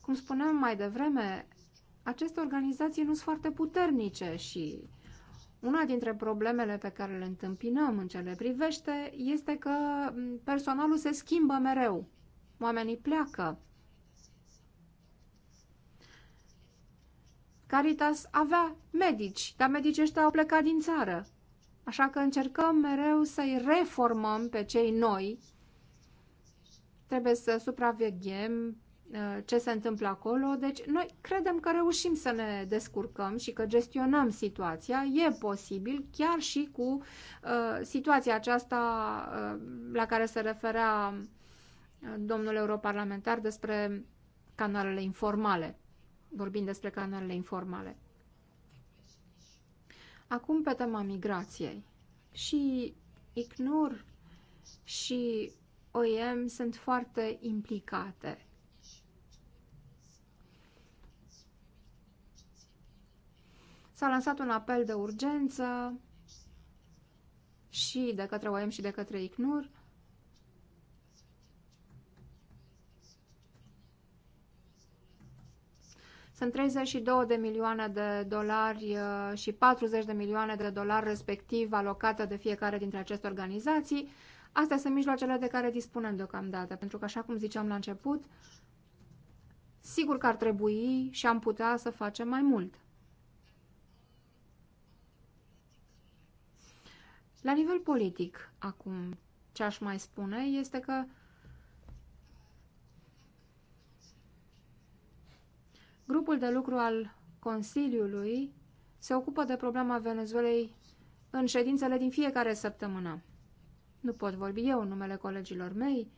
Cum spuneam mai devreme, aceste organizații nu sunt foarte puternice și una dintre problemele pe care le întâmpinăm în ce le privește este că personalul se schimbă mereu. Oamenii pleacă. Caritas avea medici, dar medicii ăștia au plecat din țară. Așa că încercăm mereu să-i reformăm pe cei noi. Trebuie să supraveghem Uh, ce se întâmplă acolo. Deci noi credem că reușim să ne descurcăm și că gestionăm situația. E posibil chiar și cu uh, situația aceasta uh, la care se referea uh, domnul europarlamentar despre canalele informale, vorbind despre canalele informale. Acum pe tema migrației. Și ICNUR și OIM sunt foarte implicate S-a lansat un apel de urgență și de către OM și de către ICNUR. Sunt 32 de milioane de dolari uh, și 40 de milioane de dolari respectiv alocate de fiecare dintre aceste organizații. Astea sunt mijloacele de care dispunem deocamdată, pentru că, așa cum ziceam la început, sigur că ar trebui și am putea să facem mai mult. La nivel politic, acum, ce aș mai spune este că grupul de lucru al Consiliului se ocupă de problema Venezuelei în ședințele din fiecare săptămână. Nu pot vorbi eu în numele colegilor mei,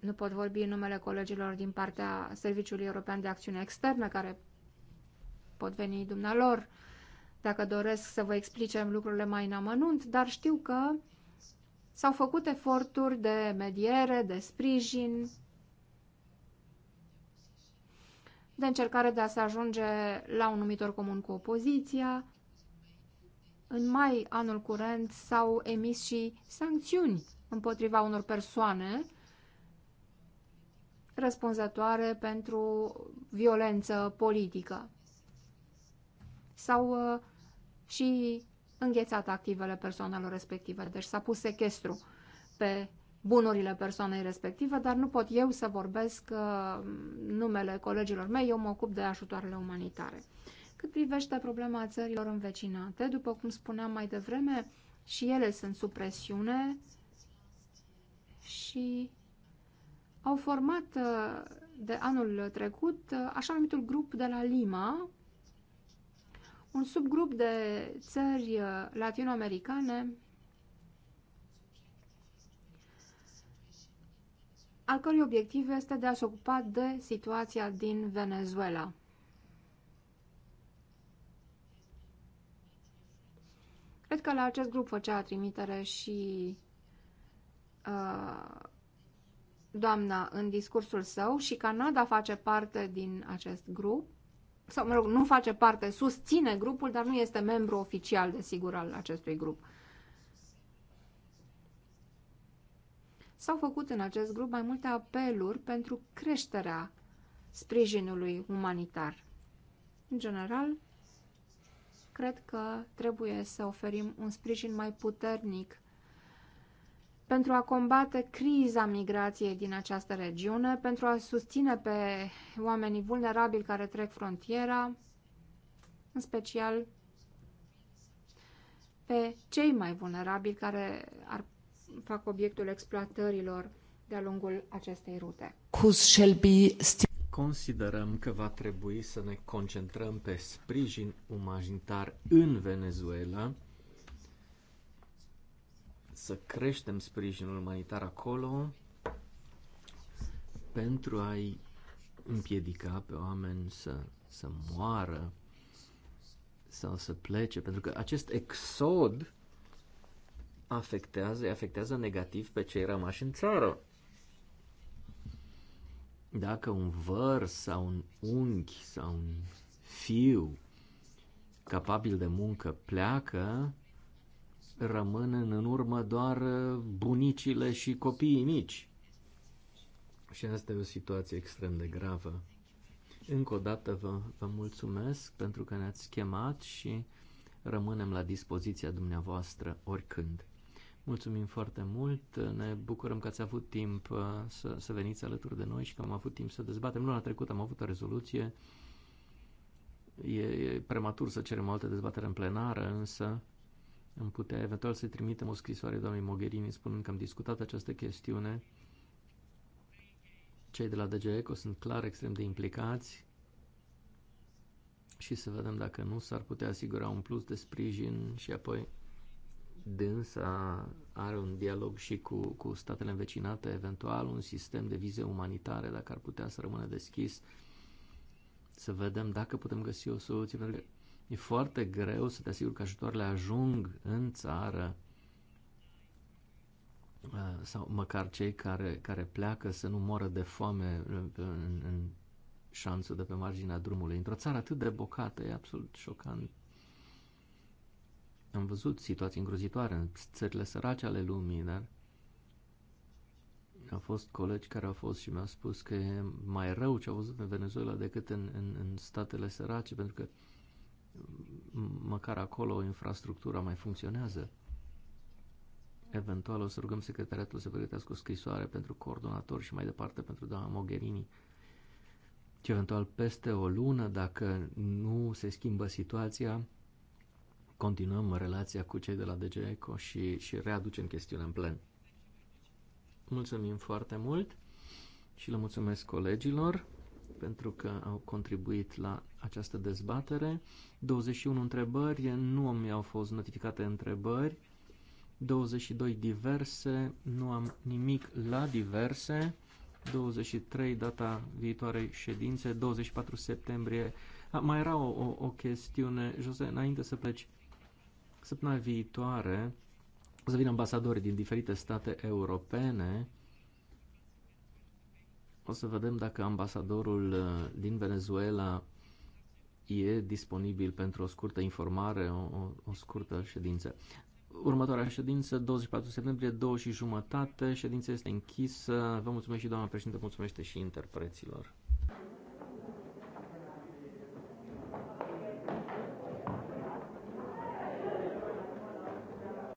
nu pot vorbi în numele colegilor din partea Serviciului European de Acțiune Externă, care pot veni dumnealor, dacă doresc să vă explicem lucrurile mai în amănunt, dar știu că s-au făcut eforturi de mediere, de sprijin, de încercare de a se ajunge la un numitor comun cu opoziția. În mai anul curent s-au emis și sancțiuni împotriva unor persoane răspunzătoare pentru violență politică. S-au uh, și înghețat activele persoanelor respective. Deci s-a pus sequestru pe bunurile persoanei respective, dar nu pot eu să vorbesc uh, numele colegilor mei, eu mă ocup de ajutoarele umanitare. Cât privește problema țărilor învecinate, după cum spuneam mai devreme, și ele sunt sub presiune și au format uh, de anul trecut uh, așa numitul grup de la Lima, un subgrup de țări uh, latinoamericane al cărui obiectiv este de a se ocupa de situația din Venezuela. Cred că la acest grup făcea trimitere și uh, doamna în discursul său și Canada face parte din acest grup sau mă rog, nu face parte, susține grupul, dar nu este membru oficial, desigur, al acestui grup. S-au făcut în acest grup mai multe apeluri pentru creșterea sprijinului umanitar. În general, cred că trebuie să oferim un sprijin mai puternic pentru a combate criza migrației din această regiune, pentru a susține pe oamenii vulnerabili care trec frontiera, în special pe cei mai vulnerabili care ar fac obiectul exploatărilor de-a lungul acestei rute. Considerăm că va trebui să ne concentrăm pe sprijin umanitar în Venezuela să creștem sprijinul umanitar acolo pentru a-i împiedica pe oameni să, să moară sau să plece, pentru că acest exod afectează, afectează negativ pe cei rămași în țară. Dacă un văr sau un unchi sau un fiu capabil de muncă pleacă, rămân în urmă doar uh, bunicile și copiii mici. Și asta e o situație extrem de gravă. Încă o dată vă, vă mulțumesc pentru că ne-ați chemat și rămânem la dispoziția dumneavoastră oricând. Mulțumim foarte mult, ne bucurăm că ați avut timp uh, să, să veniți alături de noi și că am avut timp să dezbatem. Luna trecută am avut o rezoluție, e, e prematur să cerem o altă dezbatere în plenară, însă am putea eventual să trimitem o scrisoare doamnei Mogherini spunând că am discutat această chestiune. Cei de la DGECO sunt clar extrem de implicați și să vedem dacă nu s-ar putea asigura un plus de sprijin și apoi dânsa are un dialog și cu, cu statele învecinate, eventual un sistem de vize umanitare, dacă ar putea să rămână deschis, să vedem dacă putem găsi o soluție, pentru că E foarte greu să te asiguri că ajutoarele ajung în țară uh, sau măcar cei care, care pleacă să nu moră de foame uh, în, în, în șanțul de pe marginea drumului. Într-o țară atât de bocată, e absolut șocant. Am văzut situații îngrozitoare în țările sărace ale lumii, dar au fost colegi care au fost și mi-au spus că e mai rău ce au văzut în Venezuela decât în, în, în statele sărace, pentru că măcar acolo infrastructura mai funcționează. Eventual o să rugăm secretariatul să pregătească o scrisoare pentru coordonator și mai departe pentru doamna Mogherini. Și eventual peste o lună, dacă nu se schimbă situația, continuăm relația cu cei de la DGECO și, și readucem chestiunea în plen. Mulțumim foarte mult și le mulțumesc colegilor pentru că au contribuit la această dezbatere. 21 întrebări, nu mi-au fost notificate întrebări. 22 diverse, nu am nimic la diverse. 23 data viitoarei ședințe, 24 septembrie. A, mai era o, o, o chestiune, Jose, înainte să pleci, săptămâna viitoare, să vină ambasadori din diferite state europene o să vedem dacă ambasadorul uh, din Venezuela e disponibil pentru o scurtă informare, o, o scurtă ședință. Următoarea ședință, 24 septembrie, 2 și jumătate, ședința este închisă. Vă mulțumesc și doamna președinte, mulțumesc și interpreților.